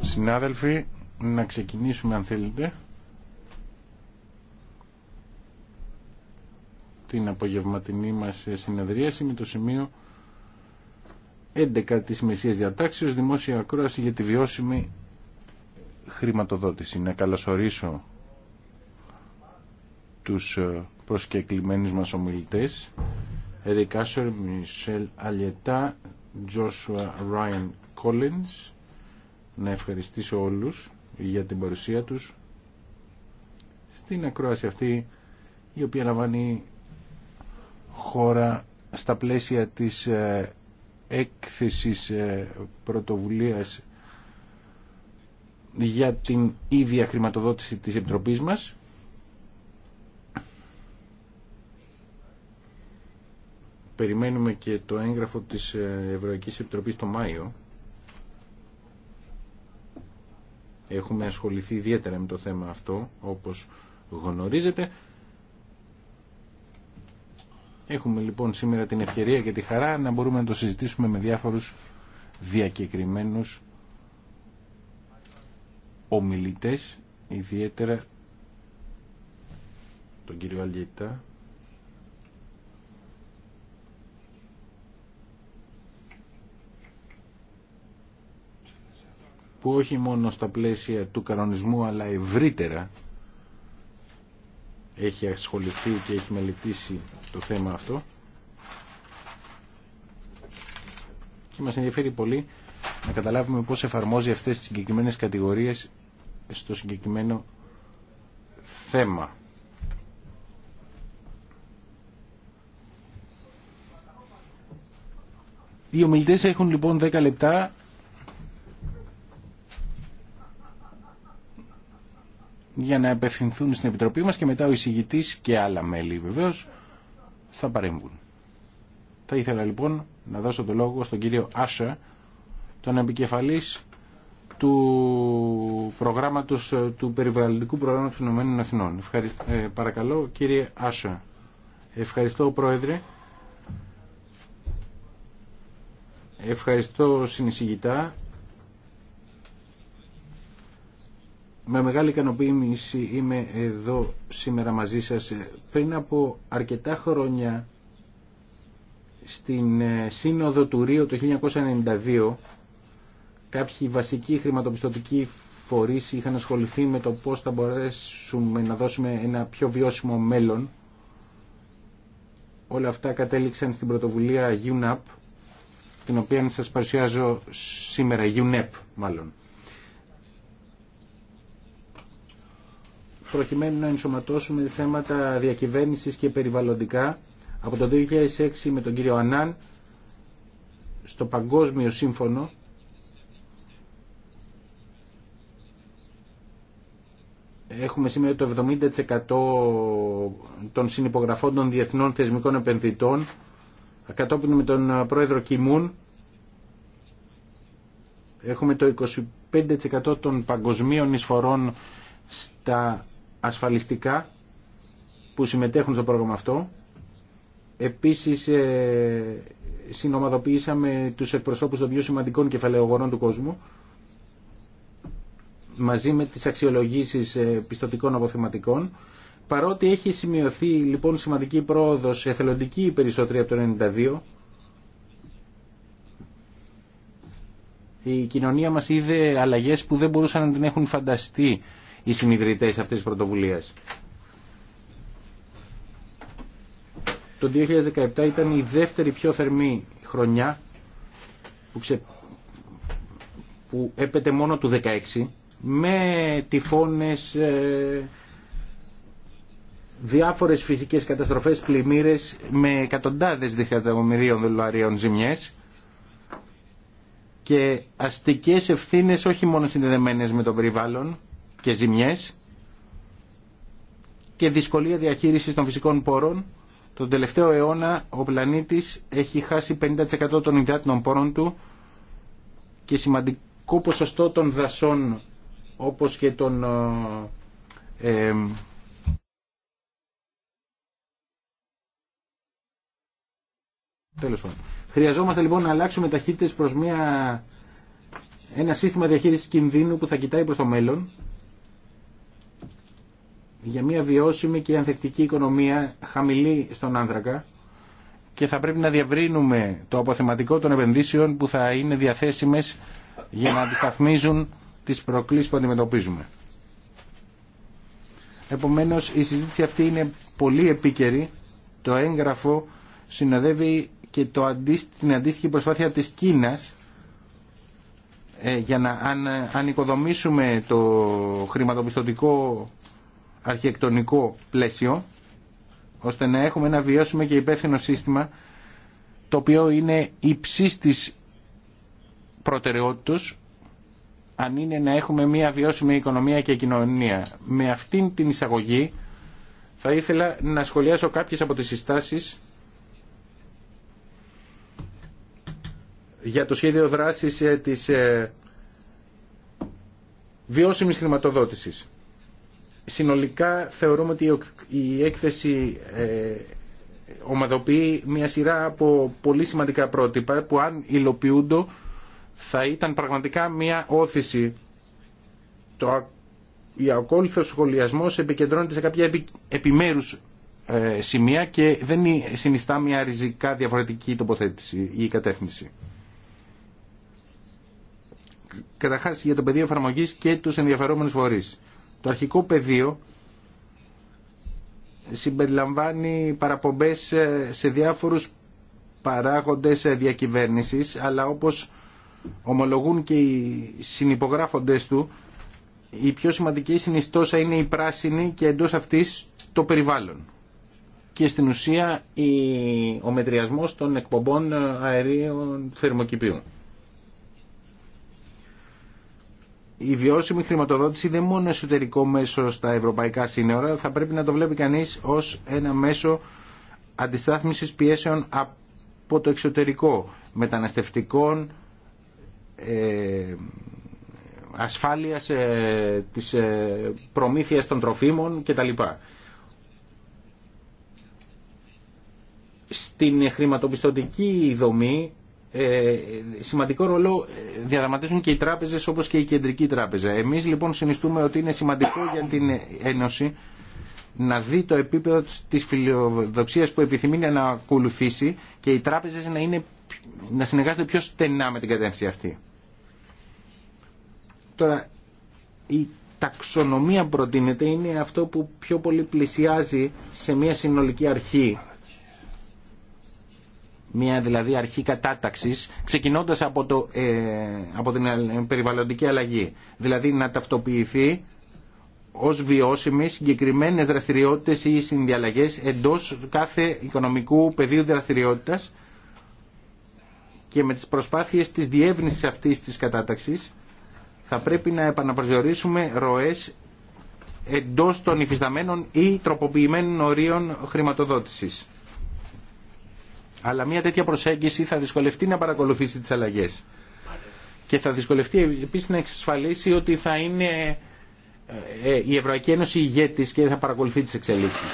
Συνάδελφοι, να ξεκινήσουμε αν θέλετε την απογευματινή μας συνεδρίαση με το σημείο 11 της Μεσσίας Διατάξεως Δημόσια Ακρόαση για τη βιώσιμη χρηματοδότηση. Να καλωσορίσω τους ε, προσκεκλημένους μας ομιλητές Ερικάσορ Μισελ Αλιετά Joshua Ryan Collins να ευχαριστήσω όλους για την παρουσία τους στην ακρόαση αυτή η οποία λαμβάνει χώρα στα πλαίσια της ε, έκθεσης ε, πρωτοβουλίας για την ίδια χρηματοδότηση της Επιτροπής μας περιμένουμε και το έγγραφο της ε, Ευρωπαϊκής Επιτροπής το Μάιο. Έχουμε ασχοληθεί ιδιαίτερα με το θέμα αυτό, όπως γνωρίζετε. Έχουμε λοιπόν σήμερα την ευκαιρία και τη χαρά να μπορούμε να το συζητήσουμε με διάφορους διακεκριμένους ομιλητές, ιδιαίτερα τον κύριο Αλγίτα, που όχι μόνο στα πλαίσια του κανονισμού αλλά ευρύτερα έχει ασχοληθεί και έχει μελετήσει το θέμα αυτό και μας ενδιαφέρει πολύ να καταλάβουμε πώς εφαρμόζει αυτές τις συγκεκριμένες κατηγορίες στο συγκεκριμένο θέμα. Οι ομιλητές έχουν λοιπόν 10 λεπτά για να απευθυνθούν στην Επιτροπή μας και μετά ο εισηγητής και άλλα μέλη βεβαίως θα παρέμβουν. Θα ήθελα λοιπόν να δώσω το λόγο στον κύριο Άσα, τον επικεφαλής του προγράμματος ε, του περιβαλλοντικού προγράμματος των Ηνωμένων Εθνών. Ε, παρακαλώ κύριε Άσα. Ευχαριστώ Πρόεδρε. Ευχαριστώ συνεισηγητά με μεγάλη ικανοποίηση είμαι εδώ σήμερα μαζί σας. Πριν από αρκετά χρόνια στην ε, Σύνοδο του Ρίο το 1992 κάποιοι βασικοί χρηματοπιστωτικοί φορείς είχαν ασχοληθεί με το πώς θα μπορέσουμε να δώσουμε ένα πιο βιώσιμο μέλλον. Όλα αυτά κατέληξαν στην πρωτοβουλία UNAP την οποία σας παρουσιάζω σήμερα, UNEP μάλλον. προκειμένου να ενσωματώσουμε θέματα διακυβέρνησης και περιβαλλοντικά από το 2006 με τον κύριο Ανάν στο Παγκόσμιο Σύμφωνο έχουμε σήμερα το 70% των συνυπογραφών των διεθνών θεσμικών επενδυτών κατόπιν με τον πρόεδρο Κιμούν έχουμε το 25% των παγκοσμίων εισφορών στα ασφαλιστικά που συμμετέχουν στο πρόγραμμα αυτό. Επίσης ε, συνομαδοποιήσαμε τους εκπροσώπους των πιο σημαντικών κεφαλαιογορών του κόσμου μαζί με τις αξιολογήσεις ε, πιστοτικών αποθεματικών. Παρότι έχει σημειωθεί λοιπόν σημαντική πρόοδος εθελοντική περισσότερη από το 1992, η κοινωνία μας είδε αλλαγές που δεν μπορούσαν να την έχουν φανταστεί οι συνειδητέ αυτή τη πρωτοβουλία. Το 2017 ήταν η δεύτερη πιο θερμή χρονιά που, ξε... που έπεται μόνο του 16 με τυφώνες, ε, διάφορες φυσικές καταστροφές, πλημμύρες με εκατοντάδες δισεκατομμυρίων δολαρίων ζημιές και αστικές ευθύνες όχι μόνο συνδεδεμένες με το περιβάλλον και ζημιές και δυσκολία διαχείρισης των φυσικών πόρων. Τον τελευταίο αιώνα ο πλανήτης έχει χάσει 50% των υδάτινων πόρων του και σημαντικό ποσοστό των δασών όπως και των ε, ε, Τέλος πάντων. Χρειαζόμαστε λοιπόν να αλλάξουμε ταχύτητες προς μια... ένα σύστημα διαχείρισης κινδύνου που θα κοιτάει προς το μέλλον για μια βιώσιμη και ανθεκτική οικονομία χαμηλή στον άνθρακα και θα πρέπει να διαβρύνουμε το αποθεματικό των επενδύσεων που θα είναι διαθέσιμες για να αντισταθμίζουν τις προκλήσεις που αντιμετωπίζουμε. Επομένως η συζήτηση αυτή είναι πολύ επίκαιρη. Το έγγραφο συνοδεύει και το, την αντίστοιχη προσπάθεια της Κίνας ε, για να αν, το χρηματοπιστωτικό αρχιεκτονικό πλαίσιο, ώστε να έχουμε ένα βιώσιμο και υπεύθυνο σύστημα, το οποίο είναι υψή της προτεραιότητας αν είναι να έχουμε μια βιώσιμη οικονομία και κοινωνία. Με αυτήν την εισαγωγή θα ήθελα να σχολιάσω κάποιες από τις συστάσεις για το σχέδιο δράσης ε, της ε, βιώσιμης χρηματοδότησης. Συνολικά θεωρούμε ότι η έκθεση ε, ομαδοποιεί μια σειρά από πολύ σημαντικά πρότυπα που αν υλοποιούντο θα ήταν πραγματικά μια όθηση. Το ακόλουθος σχολιασμός επικεντρώνεται σε κάποια επιμέρους ε, σημεία και δεν συνιστά μια ριζικά διαφορετική τοποθέτηση ή κατεύθυνση. Καταρχάς για το πεδίο εφαρμογή και τους ενδιαφερόμενους φορείς. Το αρχικό πεδίο συμπεριλαμβάνει παραπομπές ε, σε διάφορους παράγοντες ε, διακυβέρνησης, αλλά όπως ομολογούν και οι συνυπογράφοντες του, η πιο σημαντική συνιστόσα είναι η πράσινη και εντός αυτής το περιβάλλον. Και στην ουσία η, ο μετριασμός των εκπομπών ε, αερίων θερμοκηπίου. η βιώσιμη χρηματοδότηση δεν είναι μόνο εσωτερικό μέσο στα ευρωπαϊκά σύνορα, θα πρέπει να το βλέπει κανεί ως ένα μέσο αντιστάθμισης πιέσεων από το εξωτερικό, μεταναστευτικών, ε, ασφάλειας ε, της ε, προμήθειας των τροφίμων κτλ. Στην χρηματοπιστωτική δομή ε, σημαντικό ρόλο ε, διαδραματίζουν και οι τράπεζες όπως και η κεντρική τράπεζα. Εμείς λοιπόν συνιστούμε ότι είναι σημαντικό για την Ένωση να δει το επίπεδο της φιλοδοξίας που επιθυμεί να ακολουθήσει και οι τράπεζες να, είναι, να συνεργάζονται πιο στενά με την κατεύθυνση αυτή. Τώρα, η ταξονομία προτείνεται είναι αυτό που πιο πολύ πλησιάζει σε μια συνολική αρχή μια δηλαδή αρχή κατάταξης, ξεκινώντας από, το, ε, από την περιβαλλοντική αλλαγή. Δηλαδή να ταυτοποιηθεί ως βιώσιμη συγκεκριμένες δραστηριότητες ή συνδιαλλαγές εντός κάθε οικονομικού πεδίου δραστηριότητας και με τις προσπάθειες της διεύνησης αυτής της κατάταξης θα πρέπει να επαναπροσδιορίσουμε ροές εντός των υφισταμένων ή τροποποιημένων ορίων χρηματοδότησης. Αλλά μια τέτοια προσέγγιση θα δυσκολευτεί να παρακολουθήσει τις αλλαγές. Και θα δυσκολευτεί επίσης να εξασφαλίσει ότι θα είναι ε, ε, η Ευρωπαϊκή Ένωση ηγέτης και θα παρακολουθεί τις εξελίξεις.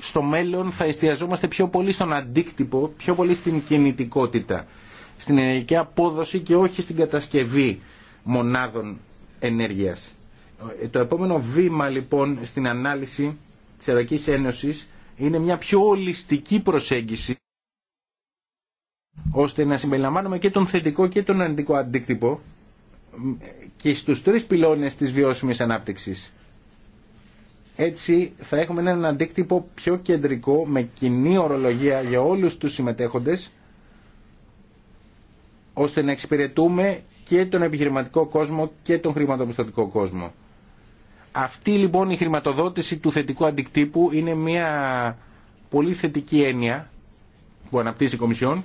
Στο μέλλον θα εστιαζόμαστε πιο πολύ στον αντίκτυπο, πιο πολύ στην κινητικότητα, στην ενεργειακή απόδοση και όχι στην κατασκευή μονάδων ενέργειας. Ε, το επόμενο βήμα λοιπόν στην ανάλυση της Ευρωπαϊκής Ένωσης είναι μια πιο ολιστική προσέγγιση ώστε να συμπεριλαμβάνουμε και τον θετικό και τον αρνητικό αντίκτυπο και στους τρεις πυλώνες της βιώσιμης ανάπτυξης. Έτσι θα έχουμε έναν αντίκτυπο πιο κεντρικό με κοινή ορολογία για όλους τους συμμετέχοντες ώστε να εξυπηρετούμε και τον επιχειρηματικό κόσμο και τον χρηματοπιστωτικό κόσμο. Αυτή λοιπόν η χρηματοδότηση του θετικού αντικτύπου είναι μια πολύ θετική έννοια που αναπτύσσει η Κομισιόν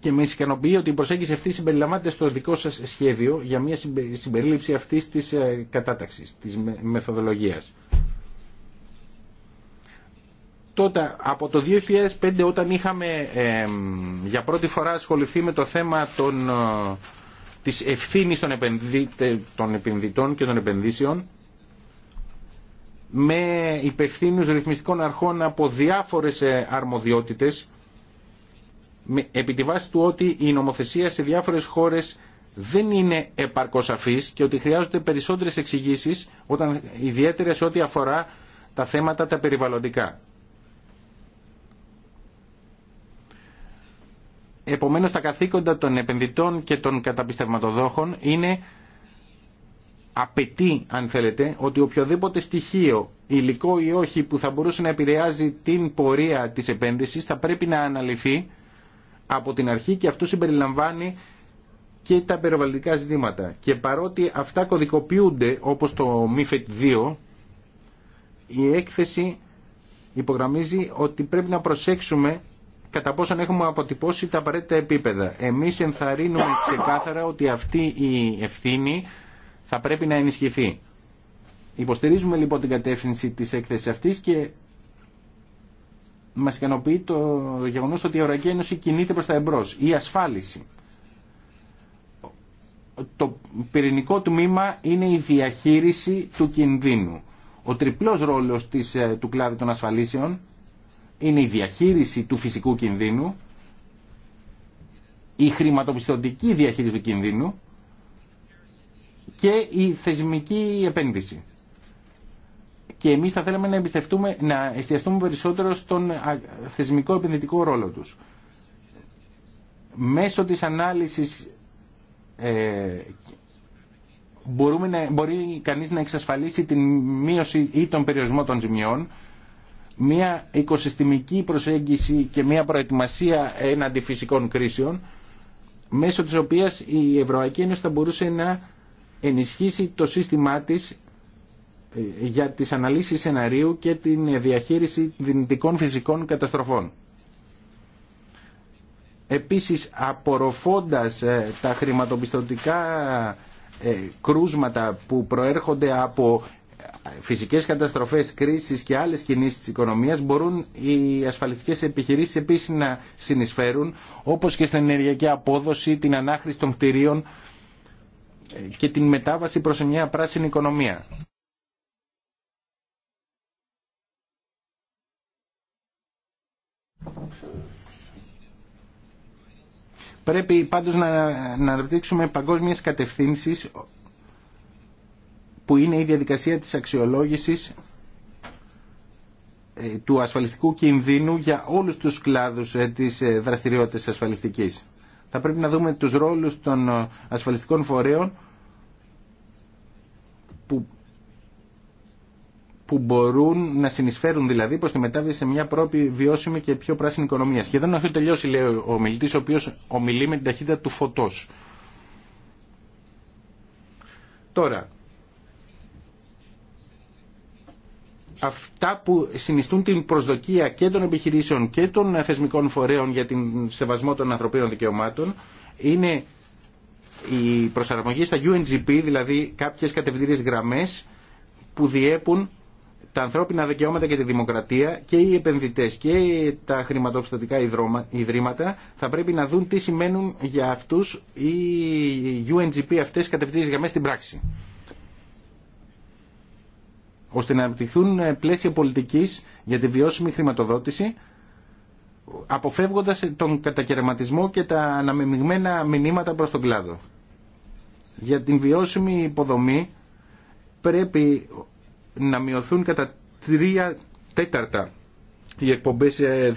και με ικανοποιεί ότι η προσέγγιση αυτή συμπεριλαμβάνεται στο δικό σας σχέδιο για μια συμπερίληψη αυτής της ε, κατάταξης, της μεθοδολογίας. Τότε, από το 2005 όταν είχαμε για πρώτη φορά ασχοληθεί με το θέμα των της ευθύνη των, επενδυτών και των επενδύσεων με υπευθύνους ρυθμιστικών αρχών από διάφορες ε, αρμοδιότητες επί τη βάση του ότι η νομοθεσία σε διάφορες χώρες δεν είναι επαρκώς αφής και ότι χρειάζονται περισσότερες εξηγήσει όταν ιδιαίτερα σε ό,τι αφορά τα θέματα τα περιβαλλοντικά. Επομένως τα καθήκοντα των επενδυτών και των καταπιστευματοδόχων είναι απαιτεί αν θέλετε ότι οποιοδήποτε στοιχείο υλικό ή όχι που θα μπορούσε να επηρεάζει την πορεία της επένδυσης θα πρέπει να αναλυθεί από την αρχή και αυτό συμπεριλαμβάνει και τα περιβαλλοντικά ζητήματα. Και παρότι αυτά κωδικοποιούνται όπως το MIFET 2 η έκθεση υπογραμμίζει ότι πρέπει να προσέξουμε κατά πόσον έχουμε αποτυπώσει τα απαραίτητα επίπεδα. Εμείς ενθαρρύνουμε ξεκάθαρα ότι αυτή η ευθύνη θα πρέπει να ενισχυθεί. Υποστηρίζουμε λοιπόν την κατεύθυνση της έκθεσης αυτής και μας ικανοποιεί το γεγονός ότι η Ευρωπαϊκή Ένωση κινείται προς τα εμπρός. Η ασφάλιση. Το πυρηνικό τμήμα είναι η διαχείριση του κινδύνου. Ο τριπλός ρόλος της, ε, του κλάδου των ασφαλίσεων είναι η διαχείριση του φυσικού κινδύνου, η χρηματοπιστωτική διαχείριση του κινδύνου και η θεσμική επένδυση. Και εμείς θα θέλαμε να, εμπιστευτούμε, να εστιαστούμε περισσότερο στον θεσμικό επενδυτικό ρόλο τους. Μέσω της ανάλυσης ε, μπορούμε να, μπορεί κανείς να εξασφαλίσει την μείωση ή τον περιορισμό των ζημιών μια οικοσυστημική προσέγγιση και μια προετοιμασία έναντι φυσικών κρίσεων μέσω της οποίας η Ευρωπαϊκή Ένωση θα μπορούσε να ενισχύσει το σύστημά της ε, για τις αναλύσεις σεναρίου και την διαχείριση δυνητικών φυσικών καταστροφών. Επίσης, απορροφώντας ε, τα χρηματοπιστωτικά ε, κρούσματα που προέρχονται από φυσικές καταστροφές, κρίσεις και άλλες κινήσεις της οικονομίας μπορούν οι ασφαλιστικές επιχειρήσεις επίσης να συνεισφέρουν όπως και στην ενεργειακή απόδοση, την ανάχρηση των κτηρίων και την μετάβαση προς μια πράσινη οικονομία. Πρέπει πάντως να, αναπτύξουμε παγκόσμιες κατευθύνσεις που είναι η διαδικασία της αξιολόγησης ε, του ασφαλιστικού κινδύνου για όλους τους κλάδους ε, της ε, δραστηριότητας ασφαλιστικής. Θα πρέπει να δούμε τους ρόλους των ασφαλιστικών φορέων που, που μπορούν να συνεισφέρουν δηλαδή προς τη μετάβηση σε μια πρώτη βιώσιμη και πιο πράσινη οικονομία. Σχεδόν έχω τελειώσει λέει ο μιλητής ο οποίος ομιλεί με την ταχύτητα του φωτός. Τώρα, αυτά που συνιστούν την προσδοκία και των επιχειρήσεων και των θεσμικών φορέων για την σεβασμό των ανθρωπίνων δικαιωμάτων είναι η προσαρμογή στα UNGP, δηλαδή κάποιες κατευθυντήριες γραμμές που διέπουν τα ανθρώπινα δικαιώματα και τη δημοκρατία και οι επενδυτές και τα χρηματοπιστωτικά ιδρύματα θα πρέπει να δουν τι σημαίνουν για αυτούς οι UNGP αυτές κατευθυντήριες γραμμές στην πράξη ώστε να αναπτυχθούν ε, πλαίσια πολιτικής για τη βιώσιμη χρηματοδότηση, αποφεύγοντας ε, τον κατακαιρματισμό και τα αναμειγμένα μηνύματα προς τον κλάδο. Για την βιώσιμη υποδομή πρέπει να μειωθούν κατά τρία τέταρτα οι εκπομπές ε,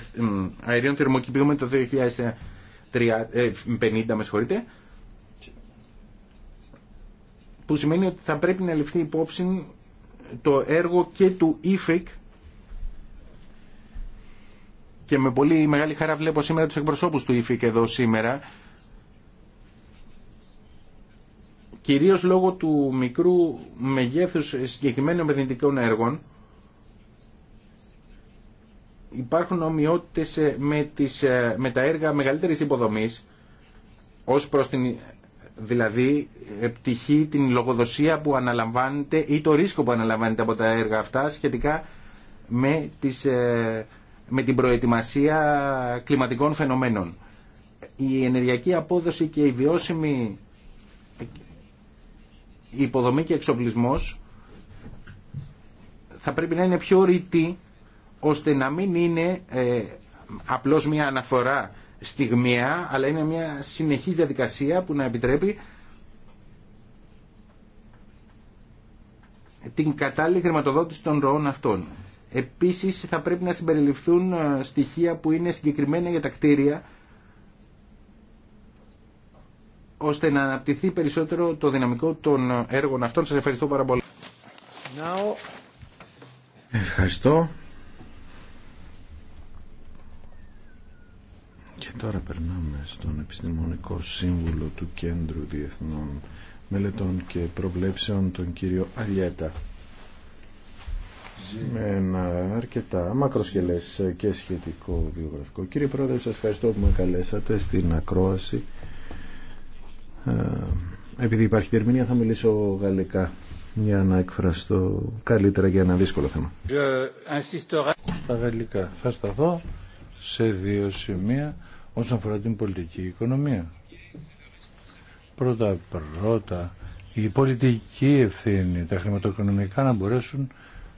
αερίων θερμοκηπίου με το 2050, με συγχωρείτε, που σημαίνει ότι θα πρέπει να ληφθεί υπόψη το έργο και του ΙΦΙΚ και με πολύ μεγάλη χαρά βλέπω σήμερα τους εκπροσώπους του ΙΦΙΚ εδώ σήμερα κυρίως λόγω του μικρού μεγέθους συγκεκριμένων επενδυτικών έργων υπάρχουν ομοιότητες ε, με, τις, ε, με τα έργα μεγαλύτερης υποδομής ως προς την δηλαδή πτυχή την λογοδοσία που αναλαμβάνεται ή το ρίσκο που αναλαμβάνεται από τα έργα αυτά σχετικά με, τις, ε, με την προετοιμασία κλιματικών φαινομένων. Η ενεργειακή απόδοση και η βιώσιμη υποδομή και εξοπλισμός θα πρέπει να είναι πιο ρητή ώστε να μην είναι ε, απλώς μια αναφορά στιγμιαία, αλλά είναι μια συνεχής διαδικασία που να επιτρέπει την κατάλληλη χρηματοδότηση των ροών αυτών. Επίσης θα πρέπει να συμπεριληφθούν ε, στοιχεία που είναι συγκεκριμένα για τα κτίρια ώστε να αναπτυχθεί περισσότερο το δυναμικό των έργων αυτών. Σας ευχαριστώ πάρα πολύ. Ευχαριστώ. Και τώρα περνάμε στον Επιστημονικό Σύμβουλο του Κέντρου Διεθνών Μελετών και Προβλέψεων, τον κύριο Αλιέτα. Με ένα αρκετά μακροσκελές και σχετικό βιογραφικό. Κύριε Πρόεδρε, σας ευχαριστώ που με καλέσατε στην ακρόαση. Ε, επειδή υπάρχει τερμηνία θα μιλήσω γαλλικά για να εκφραστώ καλύτερα για ένα δύσκολο θέμα. Ε, Στα γαλλικά θα σταθώ σε δύο σημεία όσον αφορά την πολιτική οικονομία. Πρώτα πρώτα η πολιτική ευθύνη, τα χρηματοοικονομικά να μπορέσουν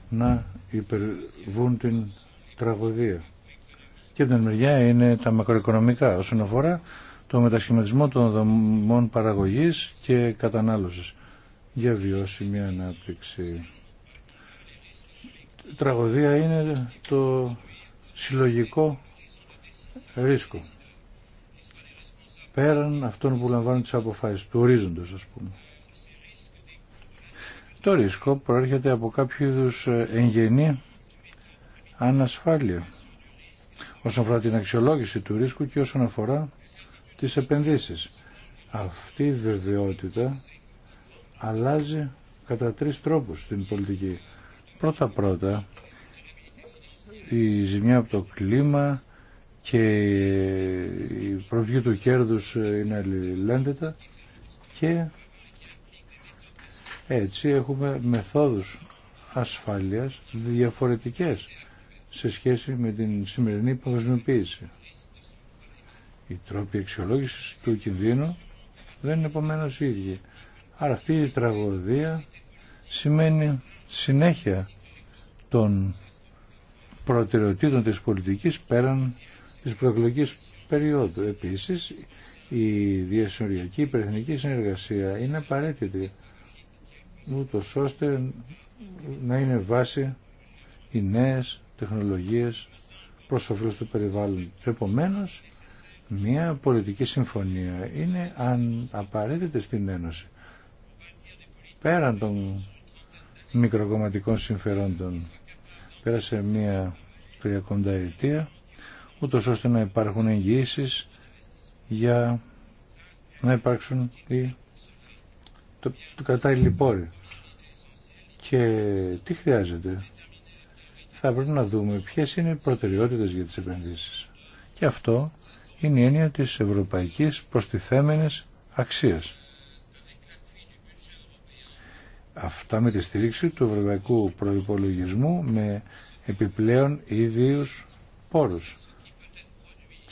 να υπερβούν την τραγωδία. Και από την μεριά είναι τα μακροοικονομικά όσον αφορά το μετασχηματισμό των δομών παραγωγής και κατανάλωσης για βιώσιμη ανάπτυξη. Τραγωδία είναι το συλλογικό ρίσκο πέραν αυτών που λαμβάνουν τις αποφάσεις του ορίζοντος ας πούμε. Το ρίσκο προέρχεται από κάποιο είδου ε, εγγενή ανασφάλεια όσον αφορά την αξιολόγηση του ρίσκου και όσον αφορά τις επενδύσεις. Αυτή η βεβαιότητα αλλάζει κατά τρεις τρόπους στην πολιτική. Πρώτα-πρώτα η ζημιά από το κλίμα, και η προβλή του κέρδους είναι αλληλένδετα και έτσι έχουμε μεθόδους ασφάλειας διαφορετικές σε σχέση με την σημερινή παγκοσμιοποίηση. Οι τρόποι αξιολόγηση του κινδύνου δεν είναι επομένω οι ίδιοι. Άρα αυτή η τραγωδία σημαίνει συνέχεια των προτεραιοτήτων της πολιτικής πέραν της προεκλογικής περίοδου. Επίσης, η διασυνοριακή υπερεθνική συνεργασία είναι απαραίτητη, ούτω ώστε να είναι βάση οι νέες τεχνολογίες προς του περιβάλλοντος. Επομένως, μια πολιτική συμφωνία είναι αν απαραίτητη στην Ένωση πέραν των μικροκομματικών συμφερόντων πέρασε μια τριακονταετία ούτως ώστε να υπάρχουν εγγύησει για να υπάρξουν οι, το, το κατάλληλοι λοιπόν πόροι. Και τι χρειάζεται. Θα πρέπει να δούμε ποιες είναι οι προτεραιότητες για τις επενδύσεις. Και αυτό είναι η έννοια της ευρωπαϊκής προστιθέμενης αξίας. Αυτά με τη στήριξη του ευρωπαϊκού προϋπολογισμού με επιπλέον ιδίους πόρους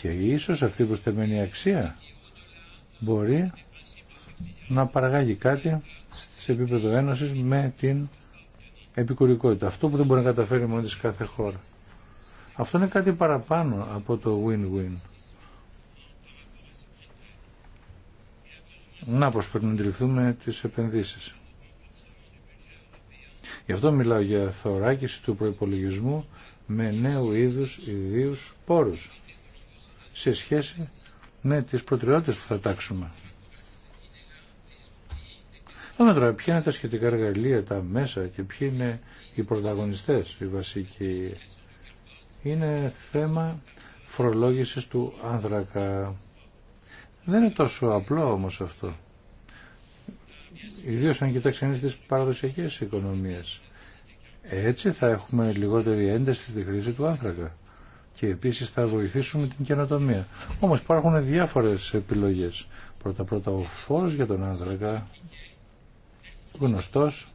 και ίσως αυτή που στεμένει αξία μπορεί να παραγάγει κάτι σε επίπεδο ένωσης με την επικουρικότητα. Αυτό που δεν μπορεί να καταφέρει μόνο της κάθε χώρα. Αυτό είναι κάτι παραπάνω από το win-win. Να πως πρέπει να αντιληφθούμε τις επενδύσεις. Γι' αυτό μιλάω για θωράκιση του προϋπολογισμού με νέου είδους ιδίους πόρους σε σχέση με τις προτεραιότητες που θα τάξουμε. Δούμε τώρα ποια είναι τα σχετικά εργαλεία, τα μέσα και ποιοι είναι οι πρωταγωνιστές, οι βασικοί. Είναι θέμα φορολόγησης του άνθρακα. Δεν είναι τόσο απλό όμως αυτό. Ιδίως αν κοιτάξει κανείς τις παραδοσιακές οικονομίες. Έτσι θα έχουμε λιγότερη ένταση στη χρήση του άνθρακα και επίσης θα βοηθήσουμε την καινοτομία. Όμως υπάρχουν διάφορες επιλογές. Πρώτα-πρώτα ο φως για τον άνθρακα, γνωστός,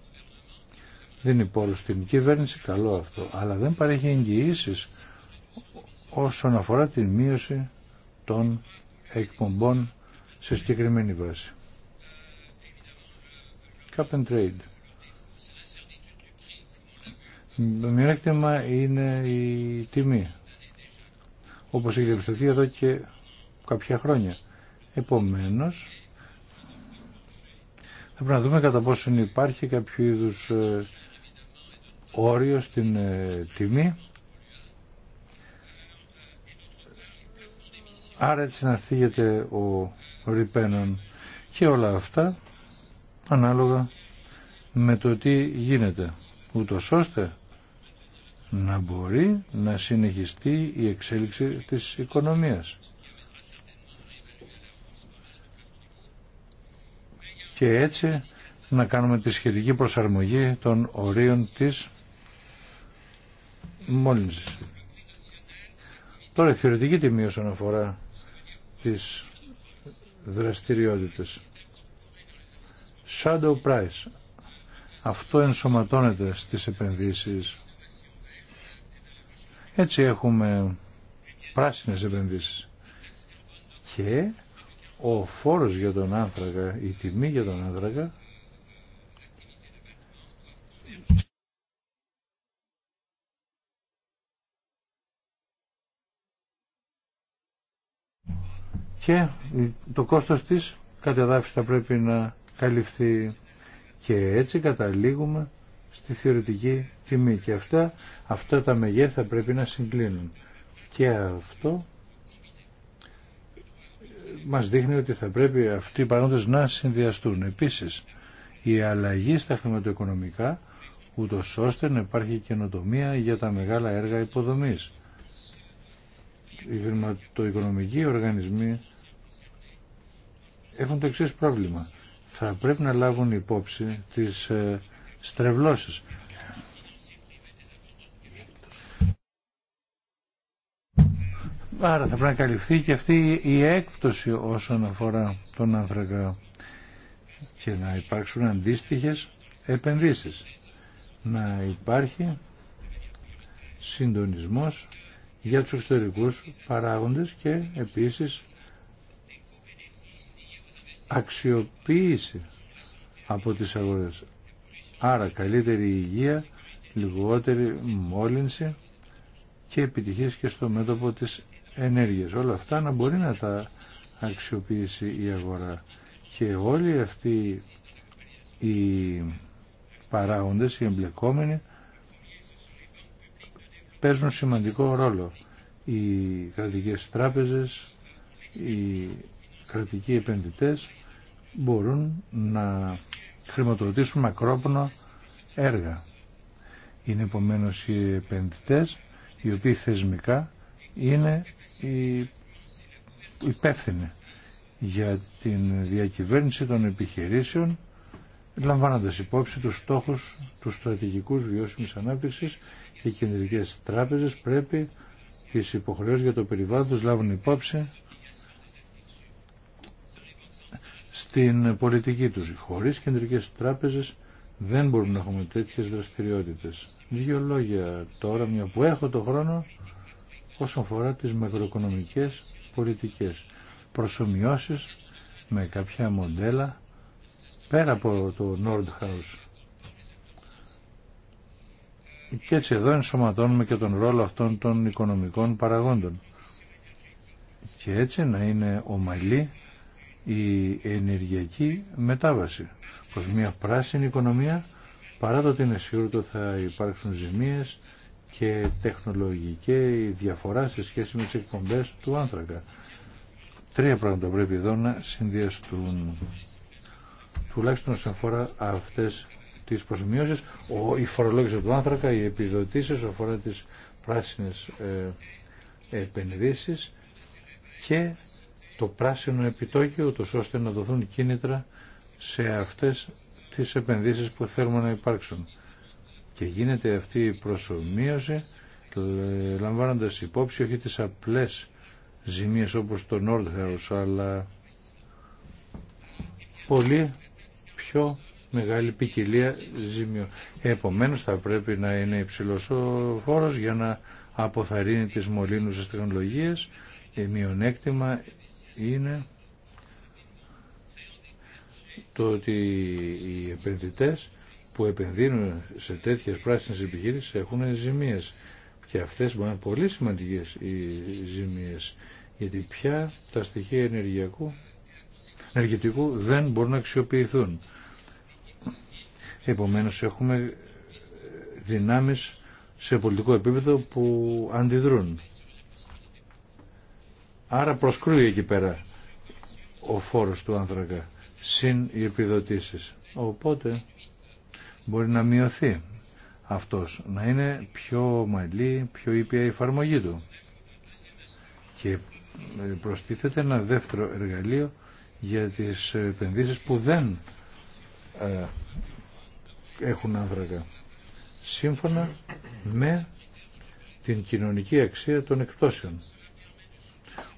δίνει πόλου στην κυβέρνηση, καλό αυτό. Αλλά δεν παρέχει εγγυήσει όσον αφορά την μείωση των εκπομπών σε συγκεκριμένη βάση. Cap and trade. Το μειονέκτημα είναι η τιμή όπως έχει διαπιστωθεί εδώ και κάποια χρόνια. Επομένως, θα πρέπει να δούμε κατά πόσον υπάρχει κάποιο είδους ε, όριο στην ε, τιμή. Άρα έτσι να φύγεται ο Ριπένων και όλα αυτά ανάλογα με το τι γίνεται. Ούτω ώστε να μπορεί να συνεχιστεί η εξέλιξη της οικονομίας. Και έτσι να κάνουμε τη σχετική προσαρμογή των ορίων της μόλυνσης. Τώρα η θεωρητική τιμή όσον αφορά τις δραστηριότητες. Shadow price. Αυτό ενσωματώνεται στις επενδύσεις έτσι έχουμε πράσινες επενδύσεις. Και ο φόρος για τον άνθρακα, η τιμή για τον άνθρακα και το κόστος της κατεδάφισης θα πρέπει να καλυφθεί και έτσι καταλήγουμε στη θεωρητική τιμή και αυτά, αυτά τα μεγέθη θα πρέπει να συγκλίνουν. Και αυτό μας δείχνει ότι θα πρέπει αυτοί οι παράγοντες να συνδυαστούν. Επίσης, η αλλαγή στα χρηματοοικονομικά, ούτω ώστε να υπάρχει καινοτομία για τα μεγάλα έργα υποδομής. Οι χρηματοοικονομικοί οργανισμοί έχουν το εξή πρόβλημα. Θα πρέπει να λάβουν υπόψη τις ε, στρεβλώσεις. Άρα θα πρέπει να καλυφθεί και αυτή η έκπτωση όσον αφορά τον άνθρακα και να υπάρξουν αντίστοιχες επενδύσεις. Να υπάρχει συντονισμός για τους εξωτερικούς παράγοντες και επίσης αξιοποίηση από τις αγορές. Άρα καλύτερη υγεία, λιγότερη μόλυνση και επιτυχίες και στο μέτωπο της ενέργειας. Όλα αυτά να μπορεί να τα αξιοποιήσει η αγορά. Και όλοι αυτοί οι παράγοντες, οι εμπλεκόμενοι, παίζουν σημαντικό ρόλο. Οι κρατικές τράπεζες, οι κρατικοί επενδυτές μπορούν να χρηματοδοτήσουν μακρόπνο έργα. Είναι επομένω οι επενδυτές οι οποίοι θεσμικά είναι οι υπεύθυνοι για την διακυβέρνηση των επιχειρήσεων λαμβάνοντας υπόψη τους στόχους του στρατηγικούς βιώσιμης ανάπτυξης και οι κεντρικές τράπεζες πρέπει τις υποχρεώσεις για το περιβάλλον τους λάβουν υπόψη στην πολιτική τους. Χωρίς κεντρικές τράπεζες δεν μπορούμε να έχουμε τέτοιες δραστηριότητες. Δύο λόγια τώρα, μια που έχω το χρόνο, όσον αφορά τις μακροοικονομικές πολιτικές. Προσωμιώσεις με κάποια μοντέλα πέρα από το Nordhaus. Και έτσι εδώ ενσωματώνουμε και τον ρόλο αυτών των οικονομικών παραγόντων. Και έτσι να είναι ομαλή η ενεργειακή μετάβαση προς μια πράσινη οικονομία παρά το ότι είναι σίγουρο θα υπάρξουν ζημίες και τεχνολογική διαφορά σε σχέση με τις εκπομπές του άνθρακα. Τρία πράγματα πρέπει εδώ να συνδυαστούν τουλάχιστον όσον αφορά αυτές τις προσημειώσεις η φορολόγηση του άνθρακα, οι επιδοτήσεις όσον αφορά τις πράσινες ε, και το πράσινο επιτόκιο, ούτως ώστε να δοθούν κίνητρα σε αυτές τις επενδύσεις που θέλουμε να υπάρξουν. Και γίνεται αυτή η προσωμείωση λαμβάνοντας υπόψη όχι τις απλές ζημίες όπως το North αλλά πολύ πιο μεγάλη ποικιλία ζημιών. Επομένως θα πρέπει να είναι υψηλός ο φόρος για να αποθαρρύνει τις μολύνουσες τεχνολογίες μειονέκτημα είναι το ότι οι επενδυτές που επενδύουν σε τέτοιες πράσινες επιχείρησεις έχουν ζημίες και αυτές μπορεί να είναι πολύ σημαντικές οι ζημίες γιατί πια τα στοιχεία ενεργειακού ενεργητικού δεν μπορούν να αξιοποιηθούν. Επομένως έχουμε δυνάμεις σε πολιτικό επίπεδο που αντιδρούν. Άρα προσκρούει εκεί πέρα ο φόρος του άνθρακα, συν οι επιδοτήσεις. Οπότε μπορεί να μειωθεί αυτός, να είναι πιο ομαλή, πιο ήπια η εφαρμογή του. Και ε, προστίθεται ένα δεύτερο εργαλείο για τις επενδύσεις που δεν ε, έχουν άνθρακα. Σύμφωνα με την κοινωνική αξία των εκπτώσεων.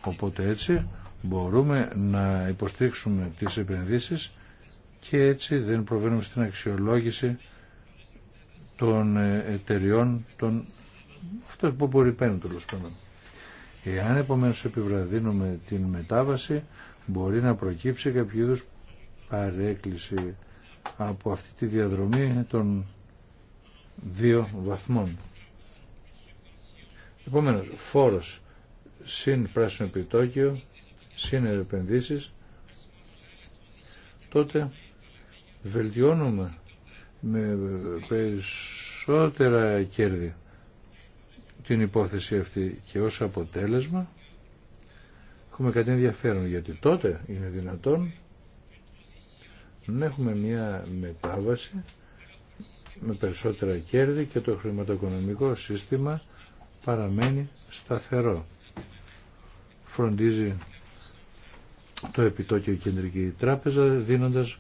Οπότε έτσι μπορούμε να υποστήξουμε τις επενδύσεις και έτσι δεν προβαίνουμε στην αξιολόγηση των εταιριών, των... αυτό που μπορεί παίρνει τέλο πάντων. Εάν επομένω επιβραδύνουμε την μετάβαση, μπορεί να προκύψει κάποιο είδου παρέκκληση από αυτή τη διαδρομή των δύο βαθμών. Επομένως, φόρος συν πράσινο επιτόκιο, συν επενδύσεις, τότε βελτιώνουμε με περισσότερα κέρδη την υπόθεση αυτή και ως αποτέλεσμα έχουμε κάτι ενδιαφέρον γιατί τότε είναι δυνατόν να έχουμε μια μετάβαση με περισσότερα κέρδη και το χρηματοοικονομικό σύστημα παραμένει σταθερό φροντίζει το επιτόκιο κεντρική τράπεζα δίνοντας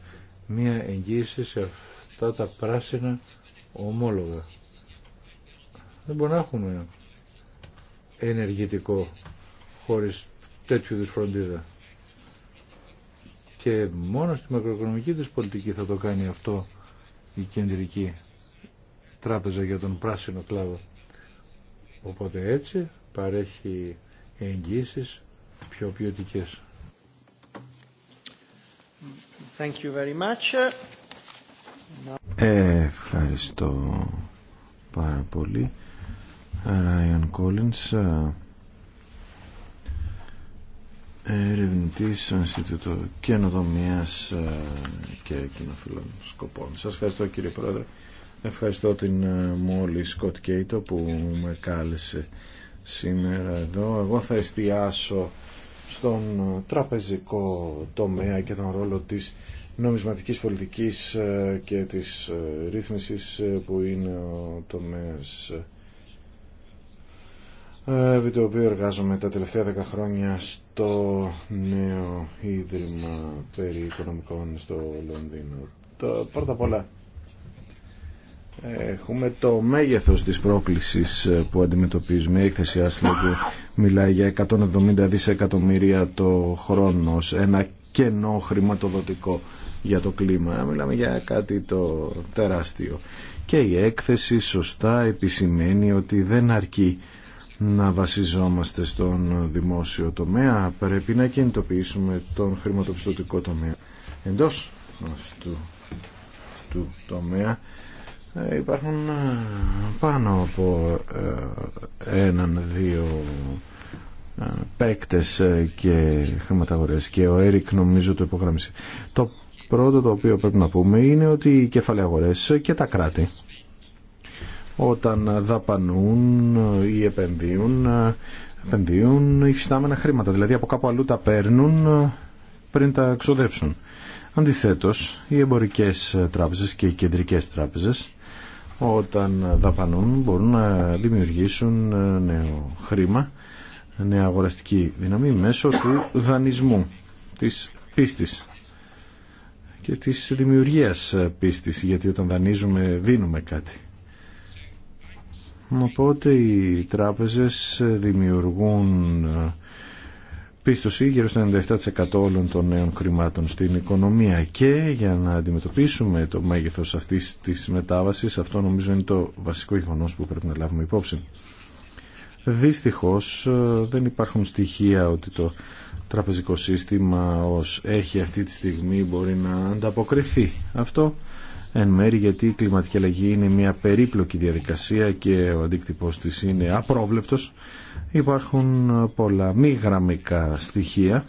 μία εγγύηση σε αυτά τα πράσινα ομόλογα. Δεν μπορούμε να έχουμε ενεργητικό χωρίς τέτοιου είδους φροντίδα. Και μόνο στη μακροοικονομική της πολιτική θα το κάνει αυτό η κεντρική τράπεζα για τον πράσινο κλάδο. Οπότε έτσι παρέχει εγγύσεις, πιο ποιοτικέ. ευχαριστώ πάρα πολύ. Ράιον Κόλλιν. Ε, ερευνητής στο Ινστιτούτο Καινοδομίας ε, και Κοινοφιλών Σκοπών. Σας ευχαριστώ κύριε Πρόεδρε. Ευχαριστώ την μόλι Σκοτ Κέιτο που με κάλεσε σήμερα εδώ. Εγώ θα εστιάσω στον τραπεζικό τομέα και τον ρόλο της νομισματικής πολιτικής ε, και της ε, ρύθμισης ε, που είναι ο τομέας επί το οποίο εργάζομαι τα τελευταία δέκα χρόνια στο νέο Ίδρυμα περί οικονομικών στο Λονδίνο. Πρώτα απ' όλα Έχουμε το μέγεθος της πρόκλησης ε, που αντιμετωπίζουμε. Η έκθεση Άσλογκου μιλάει για 170 δισεκατομμύρια το χρόνο, ένα κενό χρηματοδοτικό για το κλίμα. Μιλάμε για κάτι το τεράστιο. Και η έκθεση σωστά επισημαίνει ότι δεν αρκεί να βασιζόμαστε στον δημόσιο τομέα. Πρέπει να κινητοποιήσουμε τον χρηματοπιστωτικό τομέα. Εντός αυτού του τομέα ε, υπάρχουν ε, πάνω από ε, έναν δύο παίκτες και χρηματαγορές και ο Έρικ νομίζω το υπογράμμισε. Το πρώτο το οποίο πρέπει να πούμε είναι ότι οι κεφαλαιαγορές και τα κράτη όταν δαπανούν ή επενδύουν, επενδύουν υφιστάμενα χρήματα. Δηλαδή από κάπου αλλού τα παίρνουν πριν τα ξοδεύσουν. Αντιθέτως, οι εμπορικές τράπεζες και οι κεντρικές τράπεζες όταν δαπανούν μπορούν να δημιουργήσουν ε, νέο χρήμα, νέα αγοραστική δύναμη μέσω του δανεισμού, της πίστης και της δημιουργίας πίστης, γιατί όταν δανείζουμε δίνουμε κάτι. Οπότε οι τράπεζες δημιουργούν ε, πίστοση γύρω στο 97% όλων των νέων χρημάτων στην οικονομία και για να αντιμετωπίσουμε το μέγεθος αυτής της μετάβασης αυτό νομίζω είναι το βασικό γεγονό που πρέπει να λάβουμε υπόψη. Δυστυχώς ε, δεν υπάρχουν στοιχεία ότι το τραπεζικό σύστημα ως έχει αυτή τη στιγμή μπορεί να ανταποκριθεί. Αυτό εν μέρη γιατί η κλιματική αλλαγή είναι μια περίπλοκη διαδικασία και ο αντίκτυπος της είναι απρόβλεπτος Υπάρχουν πολλά μη γραμμικά στοιχεία.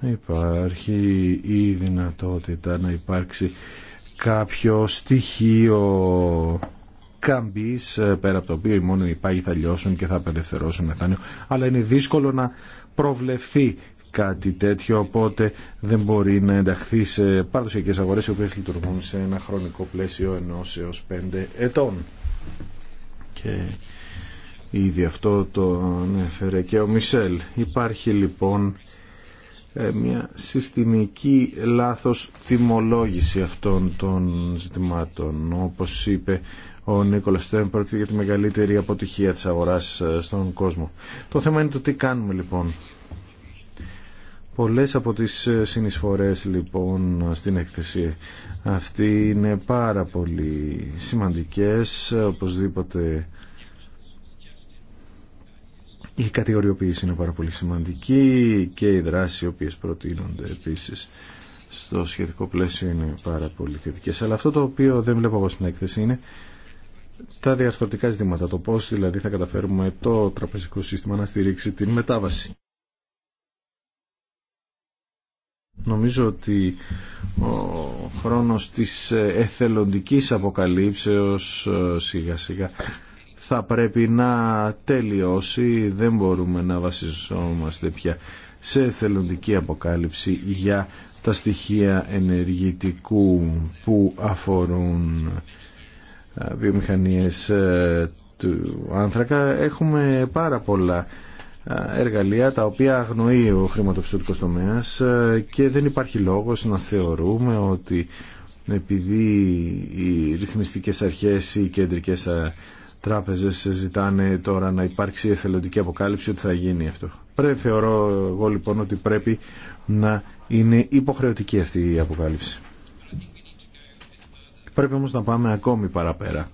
Υπάρχει η δυνατότητα να υπάρξει κάποιο στοιχείο καμπής ε, πέρα από το οποίο οι μόνοι υπάγοι θα λιώσουν και θα απελευθερώσουν μεθάνιο αλλά είναι δύσκολο να προβλεφθεί κάτι τέτοιο οπότε δεν μπορεί να ενταχθεί σε παραδοσιακές αγορές οι οποίες λειτουργούν σε ένα χρονικό πλαίσιο ενός έως πέντε ετών και Ήδη αυτό το έφερε και ο Μισελ. Υπάρχει λοιπόν ε, μια συστημική λάθος τιμολόγηση αυτών των ζητημάτων. Όπως είπε ο Νίκολας Στέν για τη μεγαλύτερη αποτυχία της αγοράς ε, στον κόσμο. Το θέμα είναι το τι κάνουμε λοιπόν. Πολλές από τις ε, συνεισφορές λοιπόν στην έκθεση αυτή είναι πάρα πολύ σημαντικές, οπωσδήποτε η κατηγοριοποίηση είναι πάρα πολύ σημαντική και οι δράσεις οι οποίες προτείνονται επίσης στο σχετικό πλαίσιο είναι πάρα πολύ θετικέ. Αλλά αυτό το οποίο δεν βλέπω εγώ στην έκθεση είναι τα διαρθρωτικά ζητήματα. Το πώς δηλαδή θα καταφέρουμε το τραπεζικό σύστημα να στηρίξει την μετάβαση. Νομίζω ότι ο χρόνος της εθελοντικής αποκαλύψεως ε, σιγά σιγά θα πρέπει να τελειώσει, δεν μπορούμε να βασιζόμαστε πια σε θελοντική αποκάλυψη για τα στοιχεία ενεργητικού που αφορούν ε, βιομηχανίες ε, του άνθρακα. Έχουμε πάρα πολλά ε, εργαλεία τα οποία αγνοεί ο χρηματοπιστωτικός τομέας και δεν υπάρχει λόγος να θεωρούμε ότι επειδή οι ρυθμιστικές αρχές ή οι κεντρικές τράπεζες ζητάνε τώρα να υπάρξει εθελοντική αποκάλυψη ότι θα γίνει αυτό. Πρέπει, θεωρώ εγώ λοιπόν ότι πρέπει να είναι υποχρεωτική αυτή η αποκάλυψη. Πρέπει όμως να πάμε ακόμη παραπέρα.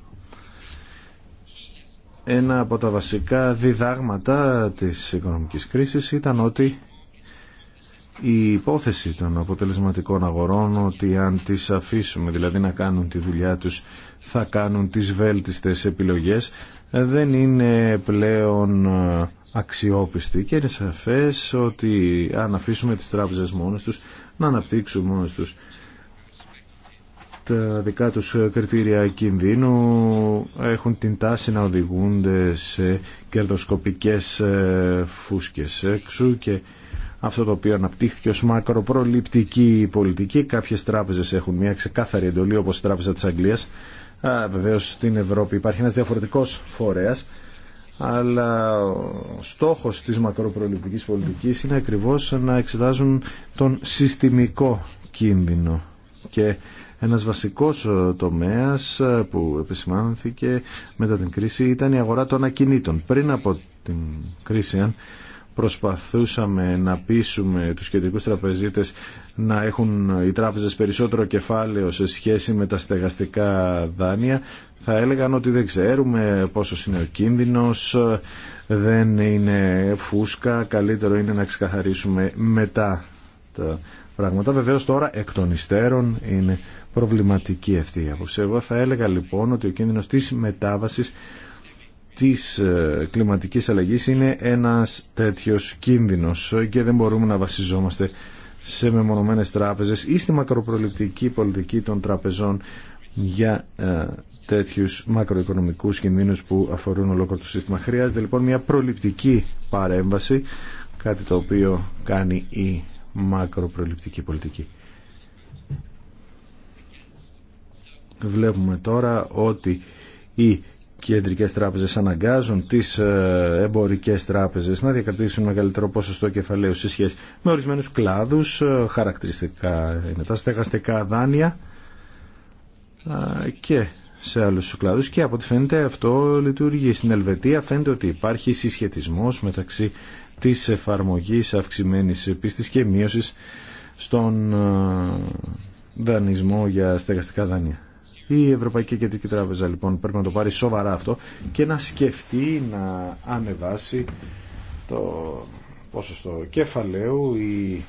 Ένα από τα βασικά διδάγματα της οικονομικής κρίσης ήταν ότι η υπόθεση των αποτελεσματικών αγορών ότι αν τις αφήσουμε δηλαδή να κάνουν τη δουλειά τους θα κάνουν τις βέλτιστες επιλογές δεν είναι πλέον ε, αξιόπιστοι και είναι σαφές ότι αν αφήσουμε τις τράπεζες μόνες τους να αναπτύξουν μόνες τους τα δικά τους κριτήρια κινδύνου έχουν την τάση να οδηγούνται σε κερδοσκοπικές ε, φούσκες έξω και αυτό το οποίο αναπτύχθηκε ως μακροπροληπτική πολιτική κάποιες τράπεζες έχουν μια ξεκάθαρη εντολή όπως η Τράπεζα της Αγγλίας Βεβαίω στην Ευρώπη υπάρχει ένα διαφορετικό φορέας, αλλά ο στόχος της μακροπροληπτική πολιτικής είναι ακριβώς να εξετάζουν τον συστημικό κίνδυνο. Και ένας βασικός τομέας που επισημάνθηκε μετά την κρίση ήταν η αγορά των ακινήτων. Πριν από την κρίση, αν προσπαθούσαμε να πείσουμε τους κεντρικούς τραπεζίτες να έχουν οι τράπεζες περισσότερο κεφάλαιο σε σχέση με τα στεγαστικά δάνεια θα έλεγαν ότι δεν ξέρουμε πόσο είναι ο κίνδυνος, δεν είναι φούσκα, καλύτερο είναι να ξεκαθαρίσουμε μετά τα πράγματα. Βεβαίως τώρα εκ των υστέρων είναι προβληματική αυτή η άποψη. Εγώ θα έλεγα λοιπόν ότι ο κίνδυνος της μετάβασης της ε, κλιματικής αλλαγής είναι ένας τέτοιος κίνδυνος και δεν μπορούμε να βασιζόμαστε σε μεμονωμένες τράπεζες ή στη μακροπροληπτική πολιτική των τραπεζών για ε, τέτοιους μακροοικονομικούς κινδύνους που αφορούν ολόκληρο το σύστημα. Χρειάζεται λοιπόν μια προληπτική παρέμβαση, κάτι το οποίο κάνει η μακροπροληπτική πολιτική. Βλέπουμε τώρα ότι η κεντρικές τράπεζες αναγκάζουν τις ε, εμπορικές τράπεζες να διακρατήσουν μεγαλύτερο ποσοστό κεφαλαίου σε σχέση με ορισμένους κλάδους, ε, χαρακτηριστικά είναι τα στεγαστικά δάνεια και σε άλλους κλάδους και από ό,τι φαίνεται αυτό λειτουργεί. Στην Ελβετία φαίνεται ότι υπάρχει συσχετισμός μεταξύ της εφαρμογής αυξημένης πίστης και μείωσης στον ε, δανεισμό για στεγαστικά δάνεια. Η Ευρωπαϊκή Κεντρική Τράπεζα λοιπόν πρέπει να το πάρει σοβαρά αυτό και να σκεφτεί να ανεβάσει το στο κεφαλαίου ή